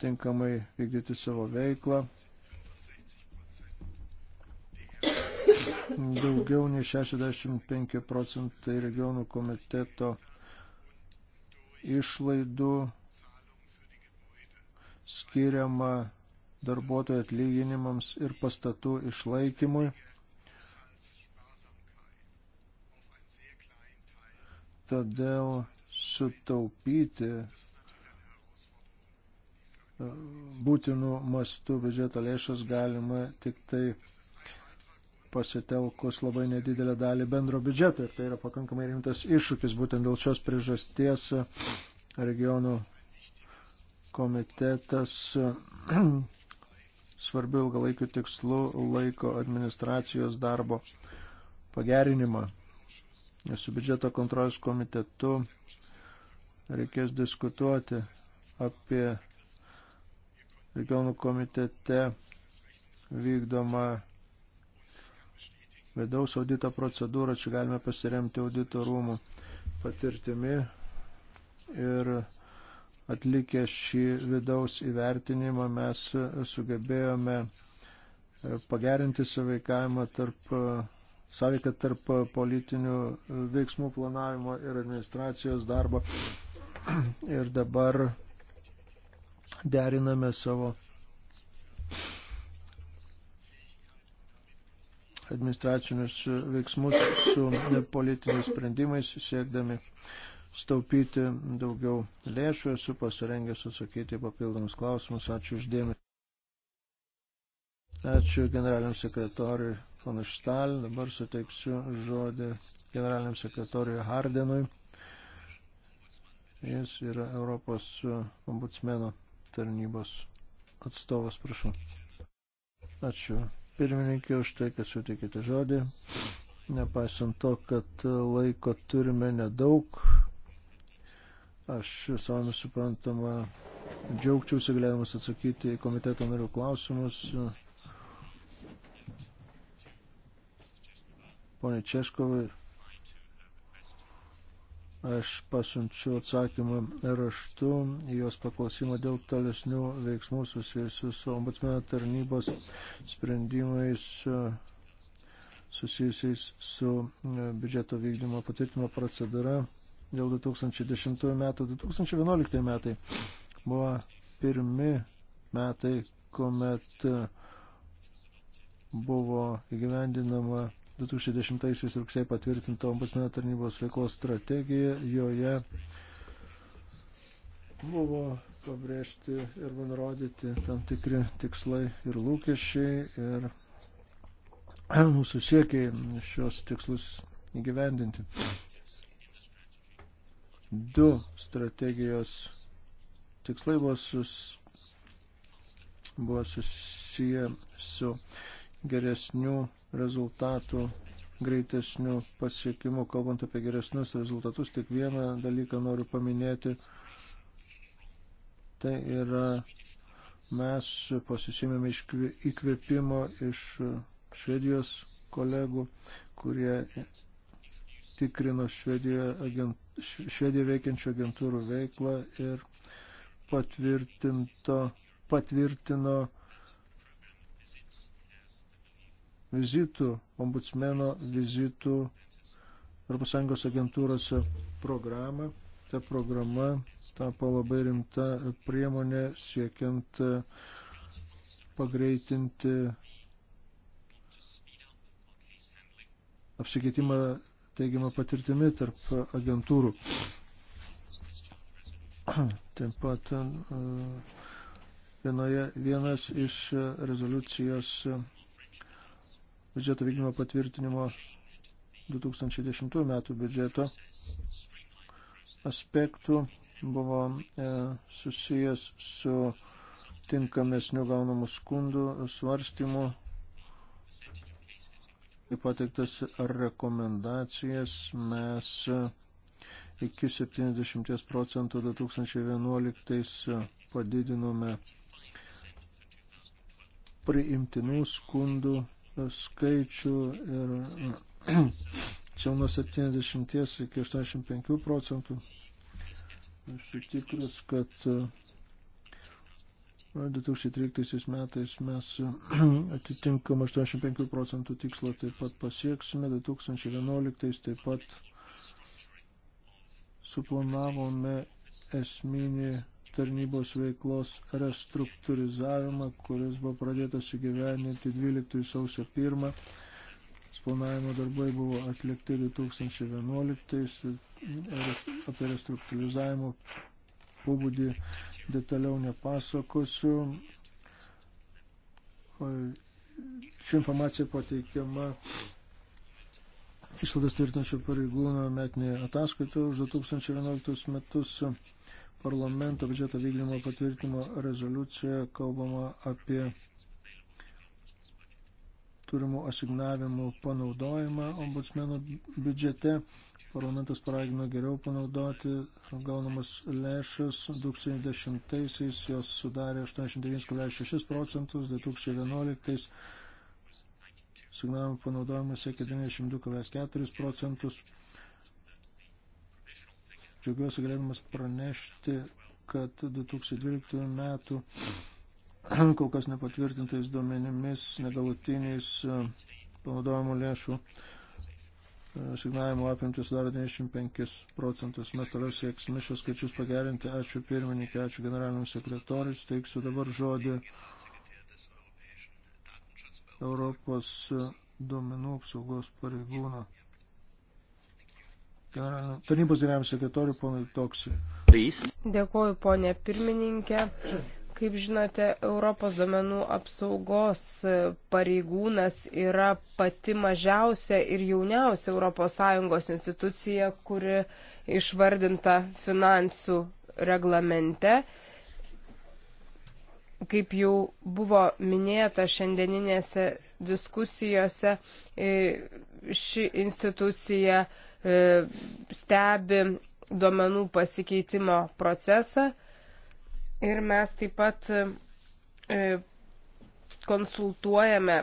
tinkamai vykdyti savo veiklą. Daugiau nei 65 procentai regionų komiteto išlaidų skiriama darbuotojų atlyginimams ir pastatų išlaikymui. Todėl sutaupyti e, būtinų mastų biudžeto lėšas galima tik tai pasitelkus labai nedidelę dalį bendro biudžeto ir tai yra pakankamai rimtas iššūkis. Būtent dėl šios priežasties regionų komitetas svarbių ilgalaikių tikslų laiko administracijos darbo pagerinimą. Su biudžeto kontrolės komitetu reikės diskutuoti apie regionų komitete vykdomą vidaus audito procedūrą, čia galime pasiremti audito rūmų patirtimi ir atlikę šį vidaus įvertinimą mes sugebėjome e, pagerinti sąveikavimą tarp e, sąveiką tarp politinių veiksmų planavimo ir administracijos darbo. Ir dabar deriname savo administracinius veiksmus su politiniais sprendimais, siekdami staupyti daugiau lėšų. Esu pasirengęs atsakyti papildomus klausimus. Ačiū uždėmesi. Ačiū generaliniam sekretoriui ponas Štal. Dabar suteiksiu žodį generaliniam sekretoriui Hardenui. Jis yra Europos ombudsmeno tarnybos atstovas, prašau. Ačiū pirmininkė už tai, kad sutikite žodį. Nepaisant to, kad laiko turime nedaug, aš savami suprantama džiaugčiausi galėdamas atsakyti į komiteto narių klausimus. Pone Češkovai, Aš pasiunčiu atsakymą raštu į jos paklausimą dėl tolesnių veiksmų susijusių su ombudsmeno tarnybos sprendimais susijusiais su e, biudžeto vykdymo patvirtimo procedūra dėl 2010 metų. 2011 metai buvo pirmi metai, kuomet e, buvo įgyvendinama 2010 rugsėjai patvirtinta ombudsmeno tarnybos veiklos strategija. Joje buvo pabrėžti ir nurodyti tam tikri tikslai ir lūkesčiai ir mūsų siekiai šios tikslus įgyvendinti. Du strategijos tikslai buvo, sus, buvo susiję su geresnių rezultatų, greitesnių pasiekimų. Kalbant apie geresnius rezultatus, tik vieną dalyką noriu paminėti. Tai yra mes pasisėmėme įkvėpimo iš Švedijos kolegų, kurie tikrino Švedijoje, agent, Švedijoje veikiančių agentūrų veiklą ir patvirtino vizitų, ombudsmeno vizitų ES agentūrose programą. Ta programa tapo labai rimta priemonė siekiant e, pagreitinti apsikeitimą teigiamą patirtimi tarp agentūrų. Taip pat e, vienoje, vienas iš rezoliucijos biudžeto vykdymo patvirtinimo 2010 metų biudžeto aspektų buvo e, susijęs su tinkamesnių gaunamų skundų svarstymu į pateiktas rekomendacijas mes iki 70 procentų 2011 padidinome priimtinų skundų skaičių ir čia nuo 70 iki 85 procentų. Aš tikras, kad 2013 metais mes atitinkamą 85 procentų tikslą taip pat pasieksime, 2011 taip pat suplanavome esminį tarnybos veiklos restruktūrizavimą, kuris buvo pradėtas įgyveninti 12 sausio 1. Planavimo darbai buvo atlikti 2011 ir apie restruktūrizavimo pobūdį detaliau nepasakosiu. Ši informacija pateikiama išvadas tvirtinančio pareigūno metinėje ataskaitoje už 2011 metus parlamento biudžeto vykdymo patvirtimo rezoliucijoje kalbama apie turimų asignavimų panaudojimą ombudsmeno biudžete. Parlamentas paragino geriau panaudoti gaunamas lėšas. 2010-aisiais jos sudarė 89,6 procentus, 2011-aisiais asignavimų panaudojimas siekė 92,4 procentus. Džiaugiuosi galėdamas pranešti, kad 2012 metų kol kas nepatvirtintais duomenimis, negalutiniais e, panaudojimo lėšų e, signavimo apimtis sudaro 95 procentus. Mes toliau sieksime šios skaičius pagerinti. Ačiū pirmininkė, ačiū generaliniam sekretoriui. Steiksiu dabar žodį Europos duomenų apsaugos pareigūną tarnybos generaliniam sekretoriui ponui Toksui. Dėkuoju, ponė pirmininkė. Kaip žinote, Europos domenų apsaugos pareigūnas yra pati mažiausia ir jauniausia ES institucija, kuri išvardinta finansų reglamente kaip jau buvo minėta šiandieninėse diskusijose, e, ši institucija E, stebi duomenų pasikeitimo procesą ir mes taip pat e, konsultuojame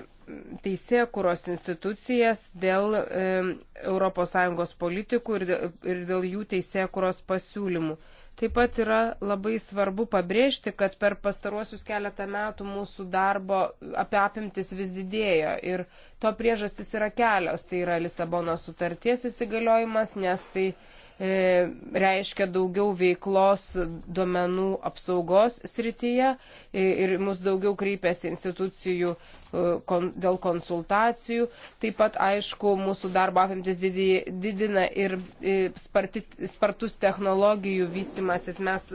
teisėkuros institucijas dėl ES politikų ir dėl jų teisėkuros pasiūlymų. Taip pat yra labai svarbu pabrėžti, kad per pastaruosius keletą metų mūsų darbo apie apimtis vis didėjo ir to priežastis yra kelios. Tai yra Lisabono sutarties įsigaliojimas, nes tai E, reiškia daugiau veiklos duomenų apsaugos srityje e, ir mus daugiau kreipiasi institucijų e, dėl konsultacijų. Taip pat, aišku, mūsų darbo apimtis didina ir spartus technologijų vystimasis. Mes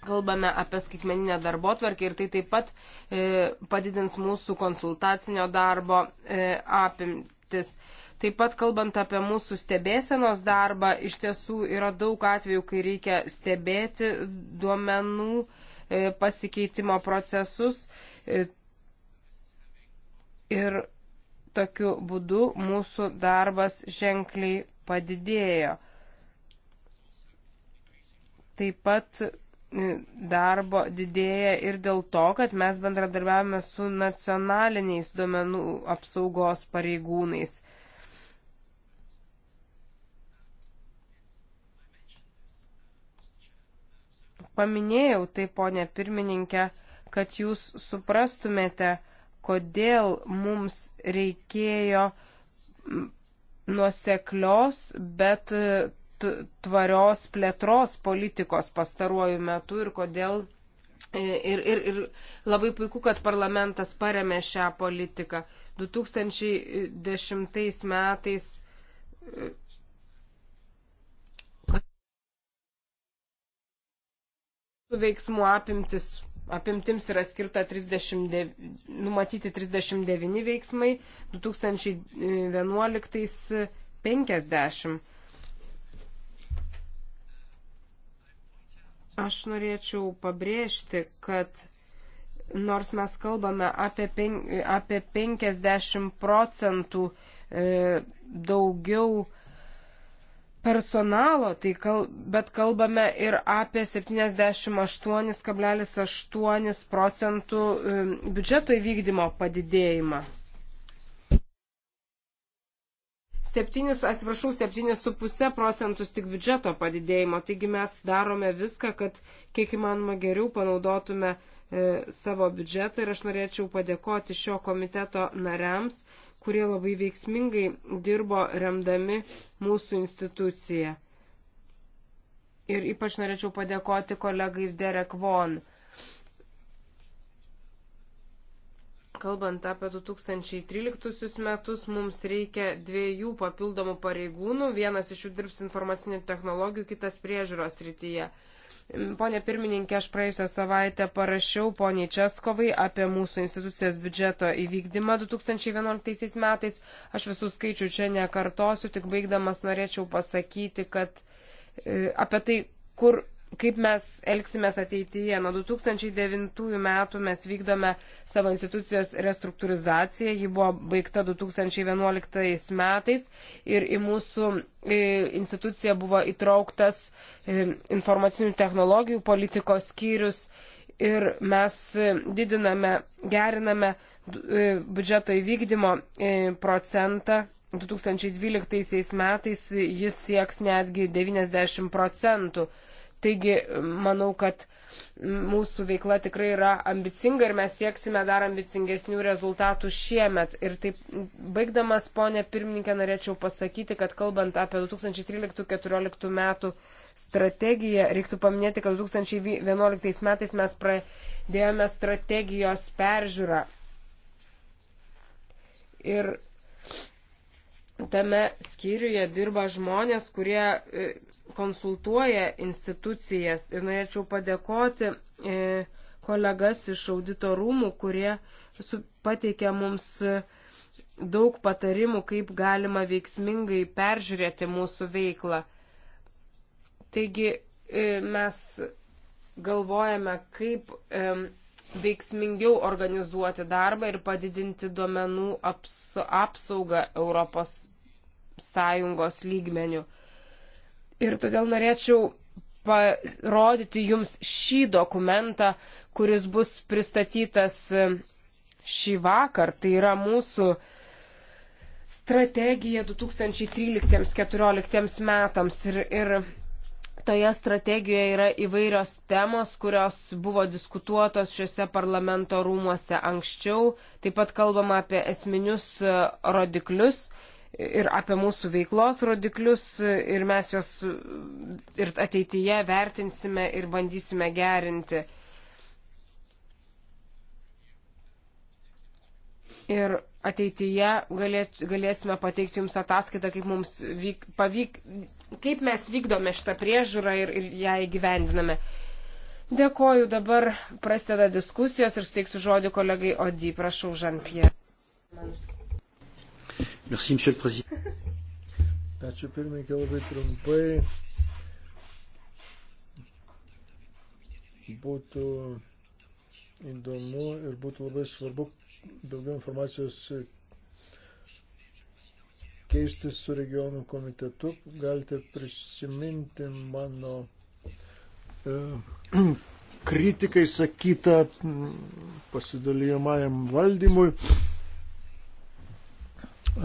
Kalbame apie skaitmeninę darbo tvarkę ir tai taip pat e, padidins mūsų konsultacinio darbo e, apimtis. Taip pat kalbant apie mūsų stebėsenos darbą, iš tiesų yra daug atvejų, kai reikia stebėti duomenų e, pasikeitimo procesus. E, ir tokiu būdu mūsų darbas ženkliai padidėjo. Taip pat e, darbo didėja ir dėl to, kad mes bendradarbiavame su nacionaliniais duomenų apsaugos pareigūnais. Paminėjau tai, ponė pirmininkė, kad jūs suprastumėte, kodėl mums reikėjo nuoseklios, bet tvarios plėtros politikos pastaruoju metu ir kodėl. E, ir, ir, ir labai puiku, kad parlamentas paremė šią politiką. 2010 metais e, Veiksmų apimtis, apimtims yra skirta 39, numatyti 39 veiksmai, 2011 50. Aš norėčiau pabrėžti, kad nors mes kalbame apie, pen, apie 50 procentų e, daugiau e, personalo, tai kal, bet kalbame ir apie 78,8 procentų um, biudžeto įvykdymo padidėjimą. 7, atsiprašau, 7,5 procentus tik biudžeto padidėjimo, taigi mes darome viską, kad kiek įmanoma geriau panaudotume e, savo biudžetą ir aš norėčiau padėkoti šio komiteto nariams, kurie labai veiksmingai dirbo remdami mūsų instituciją. Ir ypač norėčiau padėkoti kolegai Derek Von. Kalbant apie 2013 metus, mums reikia dviejų papildomų pareigūnų. Vienas iš jų dirbs informacinių technologijų, kitas priežiūros rytyje. Pone pirmininkė, aš praėjusią savaitę parašiau poniai Českovai apie mūsų institucijos biudžeto įvykdymą 2011 metais. Aš visų skaičių čia nekartosiu, tik baigdamas norėčiau pasakyti, kad e, apie tai, kur kaip mes elgsimės ateityje. Nuo 2009 metų mes vykdome savo institucijos restruktūrizaciją, ji buvo baigta 2011 metais ir į mūsų instituciją buvo įtrauktas e, informacinių technologijų politikos skyrius ir mes didiname, geriname e, biudžeto įvykdymo e, procentą. 2012 metais jis sieks netgi 90 procentų. Taigi, manau, kad mūsų veikla tikrai yra ambicinga ir mes sieksime dar ambicingesnių rezultatų šiemet. Ir taip, baigdamas, ponė pirmininkė, norėčiau pasakyti, kad kalbant apie 2013-2014 metų strategiją, reiktų paminėti, kad 2011 metais mes pradėjome strategijos peržiūrą. Ir tame skyriuje dirba žmonės, kurie e, konsultuoja institucijas. Ir norėčiau padėkoti e, kolegas iš audito rūmų, kurie pateikė mums e, daug patarimų, kaip galima veiksmingai peržiūrėti mūsų veiklą. Taigi mes galvojame, kaip veiksmingiau organizuoti darbą ir padidinti duomenų apsaugą Europos Sąjungos lygmenių. Ir todėl norėčiau parodyti jums šį dokumentą, kuris bus pristatytas e, šį vakar. Tai yra mūsų strategija 2013-2014 metams. Ir, ir Toje strategijoje yra įvairios temos, kurios buvo diskutuotos šiuose parlamento rūmuose anksčiau. Taip pat kalbama apie esminius e, rodiklius ir apie mūsų veiklos rodiklius e, ir mes juos e, ir ateityje vertinsime ir bandysime gerinti. Ir ateityje galėt, galėsime pateikti Jums ataskaitą, kaip mums vyk, pavyk, kaip mes vykdome šitą priežiūrą ir, ir ją įgyvendiname. Dėkoju, dabar prasideda diskusijos ir suteiksiu žodį kolegai Odį. Prašau, Žanpie. Merci, monsieur le président. Ačiū pirmininkai labai trumpai. Būtų įdomu ir būtų labai svarbu daugiau informacijos keistis su regionų komitetu. Galite prisiminti mano e, kritikai sakytą pasidalijamajam valdymui.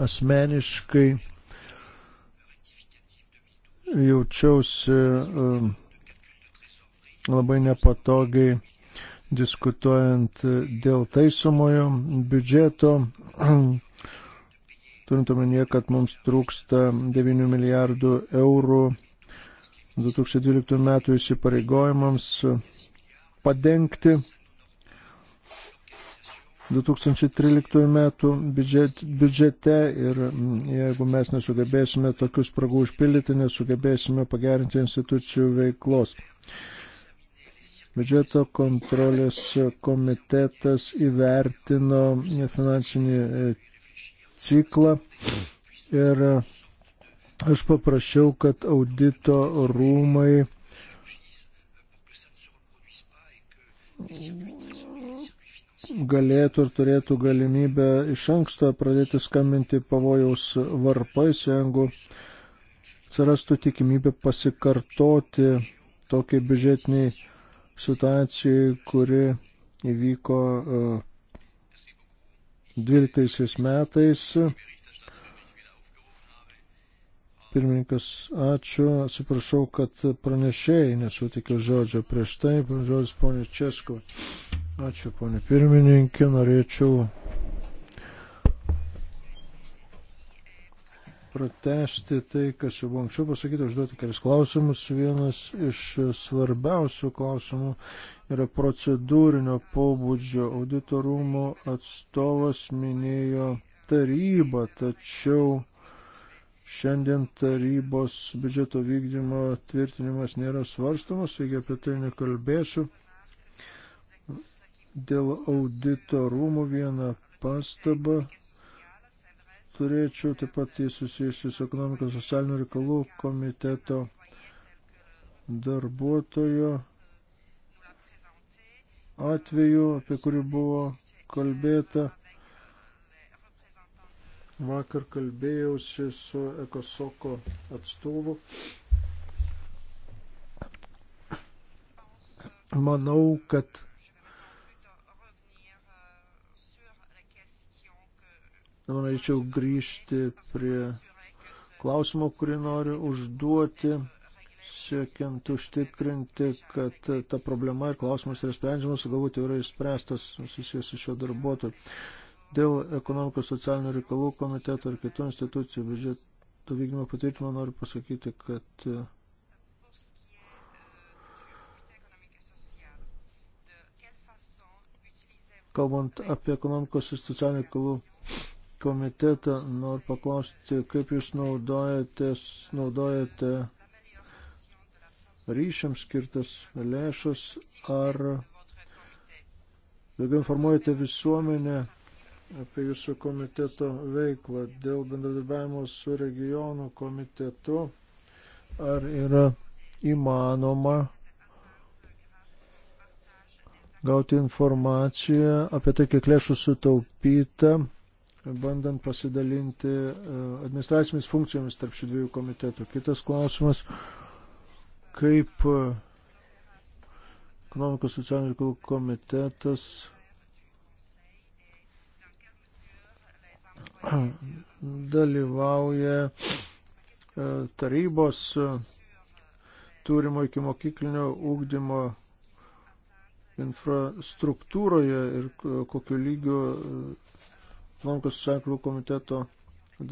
Asmeniškai jaučiausi e, labai nepatogiai diskutuojant dėl taisomojo biudžeto turint omenyje, kad mums trūksta 9 milijardų eurų 2012 metų įsipareigojimams padengti 2013 metų biudžet, biudžete ir mm, jeigu mes nesugebėsime tokius spragų užpildyti, nesugebėsime pagerinti institucijų veiklos. Biudžeto kontrolės komitetas įvertino finansinį e, ciklą ir aš paprašiau, kad audito rūmai galėtų ir turėtų galimybę iš anksto pradėti skambinti pavojaus varpais, jeigu atsirastų tikimybė pasikartoti tokiai biudžetiniai situacijai, kuri įvyko uh, 2012 metais. Pirmininkas, ačiū, atsiprašau, kad pranešėjai nesutikiu žodžio prieš tai, žodis ponė Česku. Ačiū, ponė pirmininkė, norėčiau pratesti tai, kas jau buvo anksčiau pasakyta, užduoti kelis klausimus. Vienas iš svarbiausių klausimų yra procedūrinio pobūdžio. Auditorumo atstovas minėjo tarybą, tačiau šiandien tarybos biudžeto vykdymo tvirtinimas nėra svarstamas, taigi apie tai nekalbėsiu. Dėl auditorumų vieną pastabą turėčiau, taip pat jis susijusi su ekonomikos socialinių reikalų komiteto darbuotojo atveju, apie kurį buvo kalbėta. Vakar kalbėjausi su Ekosoko atstovu. Manau, kad Dabar norėčiau grįžti prie klausimo, kurį noriu užduoti, siekiant užtikrinti, kad ta problema ir klausimas yra sprendžiamas, galbūt jau yra išspręstas susijęs su šio darbuotoju. Dėl ekonomikos socialinių reikalų komiteto ir kitų institucijų biudžeto vykdymo patvirtinimo noriu pasakyti, kad kalbant apie ekonomikos ir socialinių reikalų komitetą noriu paklausti, kaip jūs naudojate, naudojate ryšiams skirtas lėšas, ar daugiau informuojate visuomenę apie jūsų komiteto veiklą dėl bendradarbiavimo su regionų komitetu, ar yra įmanoma gauti informaciją apie tai, kiek lėšų sutaupyta bandant pasidalinti e, administracinėmis funkcijomis tarp šių dviejų komitetų. Kitas klausimas, kaip e, ekonomikos socialinių reikalų komitetas dalyvauja e, tarybos turimo iki mokyklinio ūkdymo infrastruktūroje ir kokiu lygiu lankosi sankrų komiteto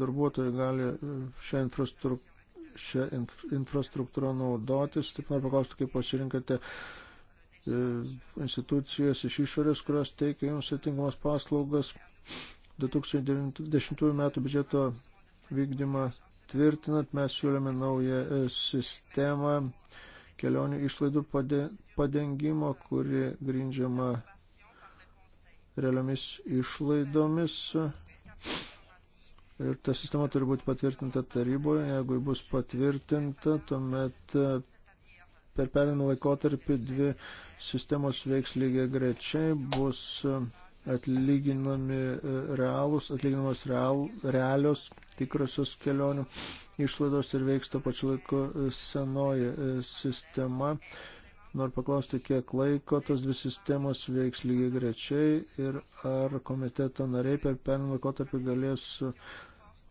darbuotojai gali e, šią infrastruktūrą šią infrastruktūrą naudotis. Taip noriu paklausti, kaip pasirinkate e, institucijas iš išorės, kurios teikia jums atinkamas paslaugas. 2010 m. biudžeto vykdymą tvirtinant, mes siūlėme naują e, sistemą kelionių išlaidų padengimo, kuri grindžiama realiomis išlaidomis. Ir ta sistema turi būti patvirtinta taryboje. Jeigu bus patvirtinta, tuomet eh, per perinamą laikotarpį dvi sistemos veiks lygiai grečiai, bus eh, atlyginami eh, realus, atlyginamos real, realios tikrosios kelionių išlaidos ir veiks to pačiu laiku senoji sistema. Noriu paklausti, kiek laiko tos dvi sistemos veiks lygiai grečiai ir ar komiteto nariai per perinamą laikotarpį galės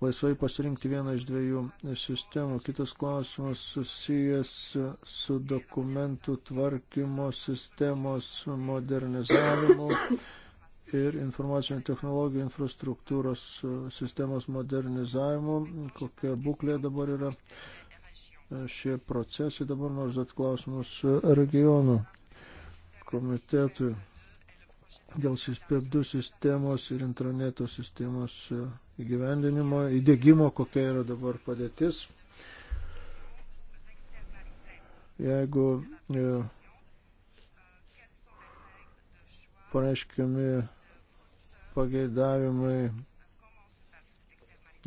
laisvai pasirinkti vieną iš dviejų sistemų. Kitas klausimas susijęs su dokumentų tvarkymo sistemos modernizavimu ir informacinių technologijų infrastruktūros sistemos modernizavimu, kokia būklė dabar yra šie procesai. Dabar noriu užduoti klausimus regionų komitetui dėl SISPEP2 sistemos ir intraneto sistemos įgyvendinimo, įdėgymo, kokia yra dabar padėtis. Jeigu e, pareiškiami pageidavimai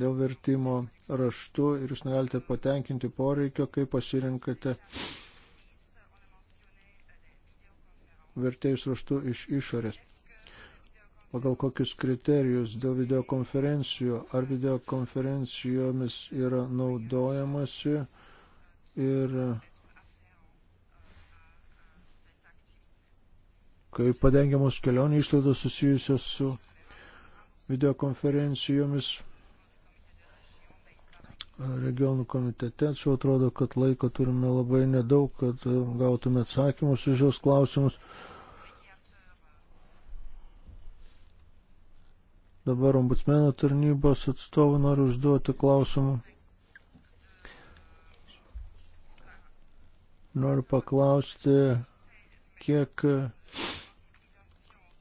dėl vertimo raštu ir jūs negalite patenkinti poreikio, kai pasirinkate vertėjus raštu iš išorės. Pagal kokius kriterijus dėl videokonferencijų, ar videokonferencijomis yra naudojamasi ir kai padengiamos kelionių išlaidos susijusios su videokonferencijomis regionų komitete, čia atrodo, kad laiko turime labai nedaug, kad e, gautume atsakymus iš jos klausimus. Dabar ombudsmeno tarnybos atstovų noriu užduoti klausimą. Noriu paklausti, kiek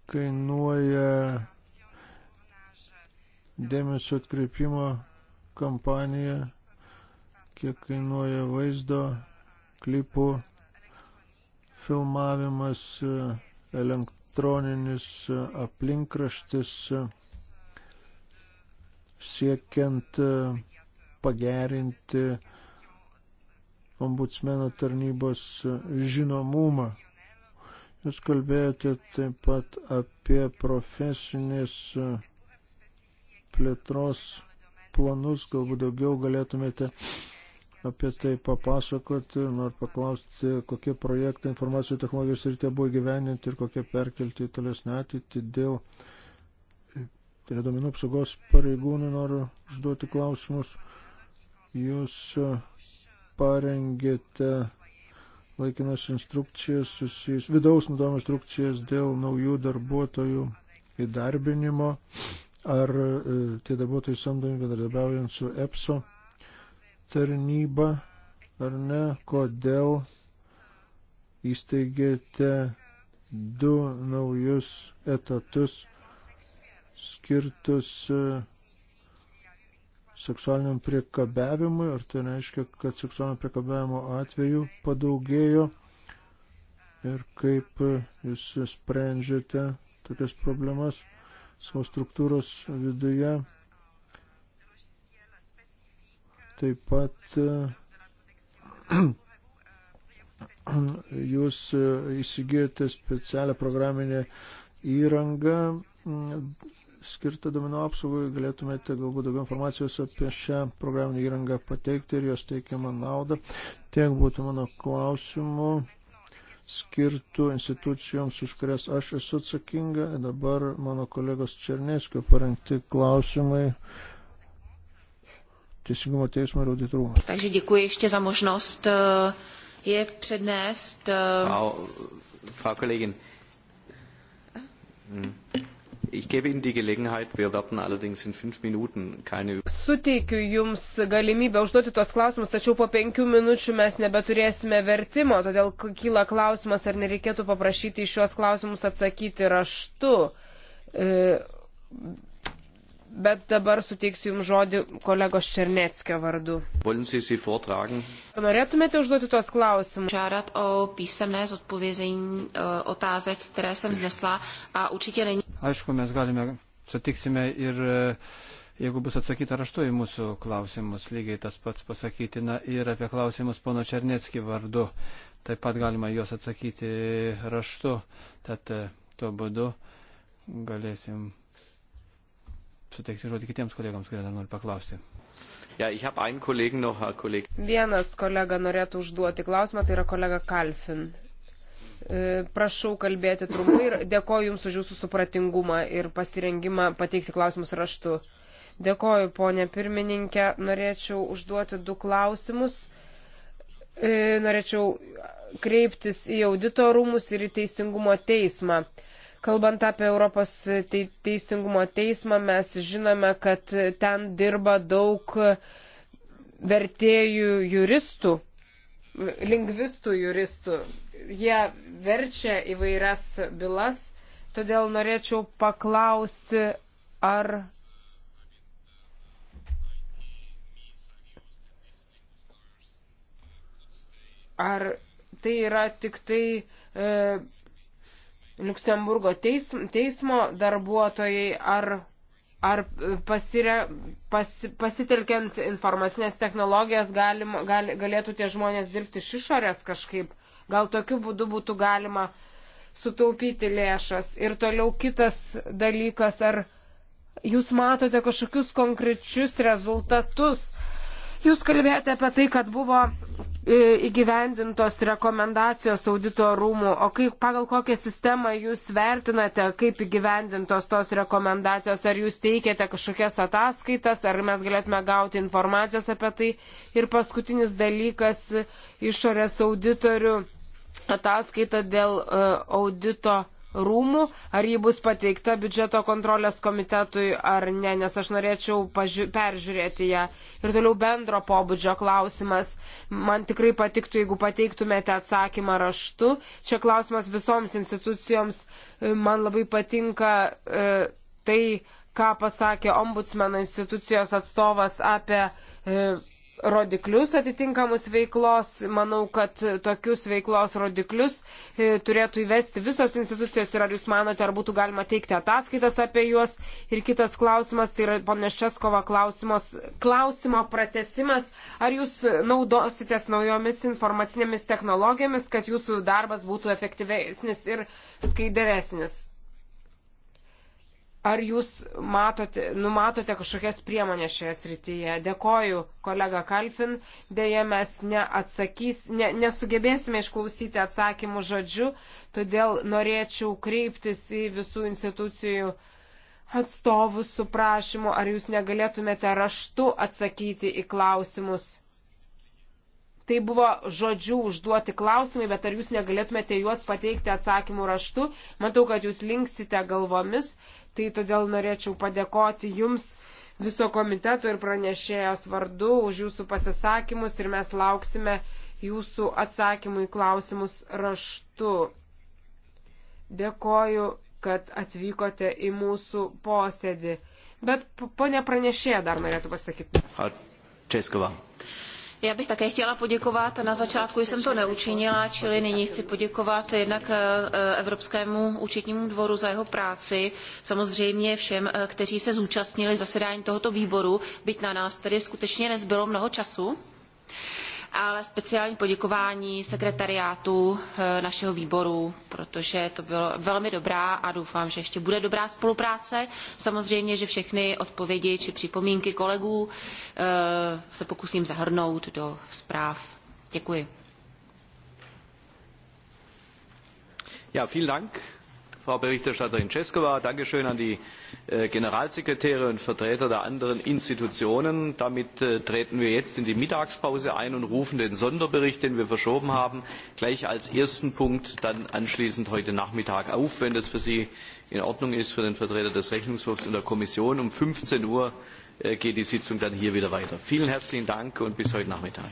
kainuoja dėmesio atkreipimo kampanija, kiek kainuoja vaizdo klipų filmavimas, elektroninis aplinkraštis siekiant pagerinti ombudsmeno tarnybos žinomumą. Jūs kalbėjote taip pat apie profesinės plėtros planus, galbūt daugiau galėtumėte apie tai papasakoti, noriu paklausti, kokie projektai informacijų technologijos rytė buvo gyveninti ir kokie perkelti į tolesnę ateitį dėl tai duomenų apsaugos pareigūnų noriu užduoti klausimus. Jūs uh, parengėte laikinas instrukcijas, susijus, vidaus naudojimo instrukcijas dėl naujų darbuotojų įdarbinimo. Uh, ar e, tie darbuotojai samdomi bendradarbiaujant su EPSO tarnyba, ar ne, kodėl įsteigėte du naujus etatus skirtus e, seksualiniam priekabiavimui, ar tai reiškia, kad seksualinio priekabiavimo atveju padaugėjo ir kaip e, jūs sprendžiate tokias problemas savo struktūros viduje. Taip pat jūs įsigijote specialią programinę įrangą mm, skirtą domino apsaugai. Galėtumėte galbūt daugiau informacijos apie šią programinę įrangą pateikti ir jos teikiamą naudą. Tiek būtų mano klausimų skirtų institucijoms, už kurias aš esu atsakinga. Dabar mano kolegos Černeskio parengti klausimai. Teisingumo teismo ir auditorų. Takže děkuji ještě za možnost eh, je přednést. Eh, Frau, Frau Kollegin. Hm. Ich gebe Ihnen die Gelegenheit, wir werden allerdings in fünf Minuten keine. Suteikiu Jums galimybę užduoti tos klausimus, tačiau po penkių minučių mes nebeturėsime vertimo, todėl kyla klausimas, ar nereikėtų paprašyti iš šios klausimus atsakyti raštu. E, Bet dabar suteiksiu Jums žodį kolegos Černeckio vardu. Norėtumėte užduoti tuos klausimus? Žádat o písemné zodpovězení e, otázek, které jsem znesla a určitě není. Aišku, mes galime, sutiksime ir e, jeigu bus atsakyta raštu į mūsų klausimus, lygiai tas pats pasakytina ir apie klausimus pono Černeckį vardu. Taip pat galima juos atsakyti raštu, tad e, tuo būdu galėsim suteikti žodį kitiems kolegams, kurie dar nori paklausti. Ja, noch, koleg... Vienas kolega norėtų užduoti klausimą, tai yra kolega Kalfin. E, prašau kalbėti trumpai ir dėkoju Jums už Jūsų supratingumą ir pasirengimą pateikti klausimus raštu. Dėkoju, ponė pirmininkė. Norėčiau užduoti du klausimus. E, norėčiau kreiptis į audito rūmus ir į teisingumo teismą. Kalbant apie Europos teisingumo teismą, mes žinome, kad ten dirba daug vertėjų juristų, lingvistų juristų. Jie verčia įvairias bylas, todėl norėčiau paklausti, ar ar tai yra tik tai e, Luksemburgo teismo, teismo darbuotojai ar, ar pasire, pas, pasitelkiant informacinės technologijas galim, gal, galėtų tie žmonės dirbti iš išorės kažkaip. Gal tokiu būdu būtų galima sutaupyti lėšas. Ir toliau kitas dalykas, ar jūs matote kažkokius konkrečius rezultatus Jūs kalbėjote apie tai, kad buvo E, įgyvendintos rekomendacijos audito rūmų, o kaip, pagal kokią sistemą jūs vertinate, kaip įgyvendintos tos rekomendacijos, ar jūs teikiate kažkokias ataskaitas, ar mes galėtume gauti informacijos apie tai. Ir paskutinis dalykas išorės auditorių ataskaita dėl e, audito rūmų, ar ji bus pateikta biudžeto kontrolės komitetui ar ne, nes aš norėčiau paži... peržiūrėti ją. Ir toliau bendro pobūdžio klausimas. Man tikrai patiktų, jeigu pateiktumėte atsakymą raštu. Čia klausimas visoms institucijoms. E, man labai patinka e, tai, ką pasakė ombudsmeno institucijos atstovas apie. E, rodiklius atitinkamus veiklos. Manau, kad tokius veiklos rodiklius e, turėtų įvesti visos institucijos ir ar jūs manote, ar būtų galima teikti ataskaitas apie juos. Ir kitas klausimas, tai yra ponės Českova klausimo pratesimas, ar jūs naudositės naujomis informacinėmis technologijomis, kad jūsų darbas būtų efektyvesnis ir skaidresnis. Ar jūs matote, numatote kažkokias priemonės šioje srityje? Dėkoju, kolega Kalfin. Deja, mes neatsakys, ne, nesugebėsime išklausyti atsakymų žodžiu, todėl norėčiau kreiptis į visų institucijų atstovus su prašymu, ar jūs negalėtumėte raštu atsakyti į klausimus. Tai buvo žodžių užduoti klausimai, bet ar jūs negalėtumėte juos pateikti atsakymų raštu? Matau, kad jūs linksite galvomis. Tai todėl norėčiau padėkoti Jums viso komiteto ir pranešėjos vardu už Jūsų pasisakymus ir mes lauksime Jūsų atsakymų į klausimus raštu. Dėkoju, kad atvykote į mūsų posėdį. Bet ponė pranešėja dar norėtų pasakyti. Českova. Já bych také chtěla poděkovat. Na začátku jsem to neučinila, čili nyní chci poděkovat jednak eh, Evropskému účetnímu dvoru za jeho práci, samozřejmě všem, eh, kteří se zúčastnili zasedání tohoto výboru, byť na nás tedy skutečně nezbylo mnoho času. Uh, ale speciální poděkování sekretariátu eh, našeho výboru, protože to bylo velmi dobrá a doufám, že ještě bude dobrá spolupráce. Samozřejmě, že všechny odpovědi či připomínky kolegů eh, se pokusím zahrnout do zpráv. Děkuji. Ja, vielen Dank. Frau Berichterstatterin Ceskova. Dankeschön an die äh, Generalsekretäre und Vertreter der anderen Institutionen. Damit äh, treten wir jetzt in die Mittagspause ein und rufen den Sonderbericht, den wir verschoben haben, gleich als ersten Punkt dann anschließend heute Nachmittag auf, wenn das für Sie in Ordnung ist, für den Vertreter des Rechnungshofs und der Kommission. Um 15 Uhr äh, geht die Sitzung dann hier wieder weiter. Vielen herzlichen Dank und bis heute Nachmittag.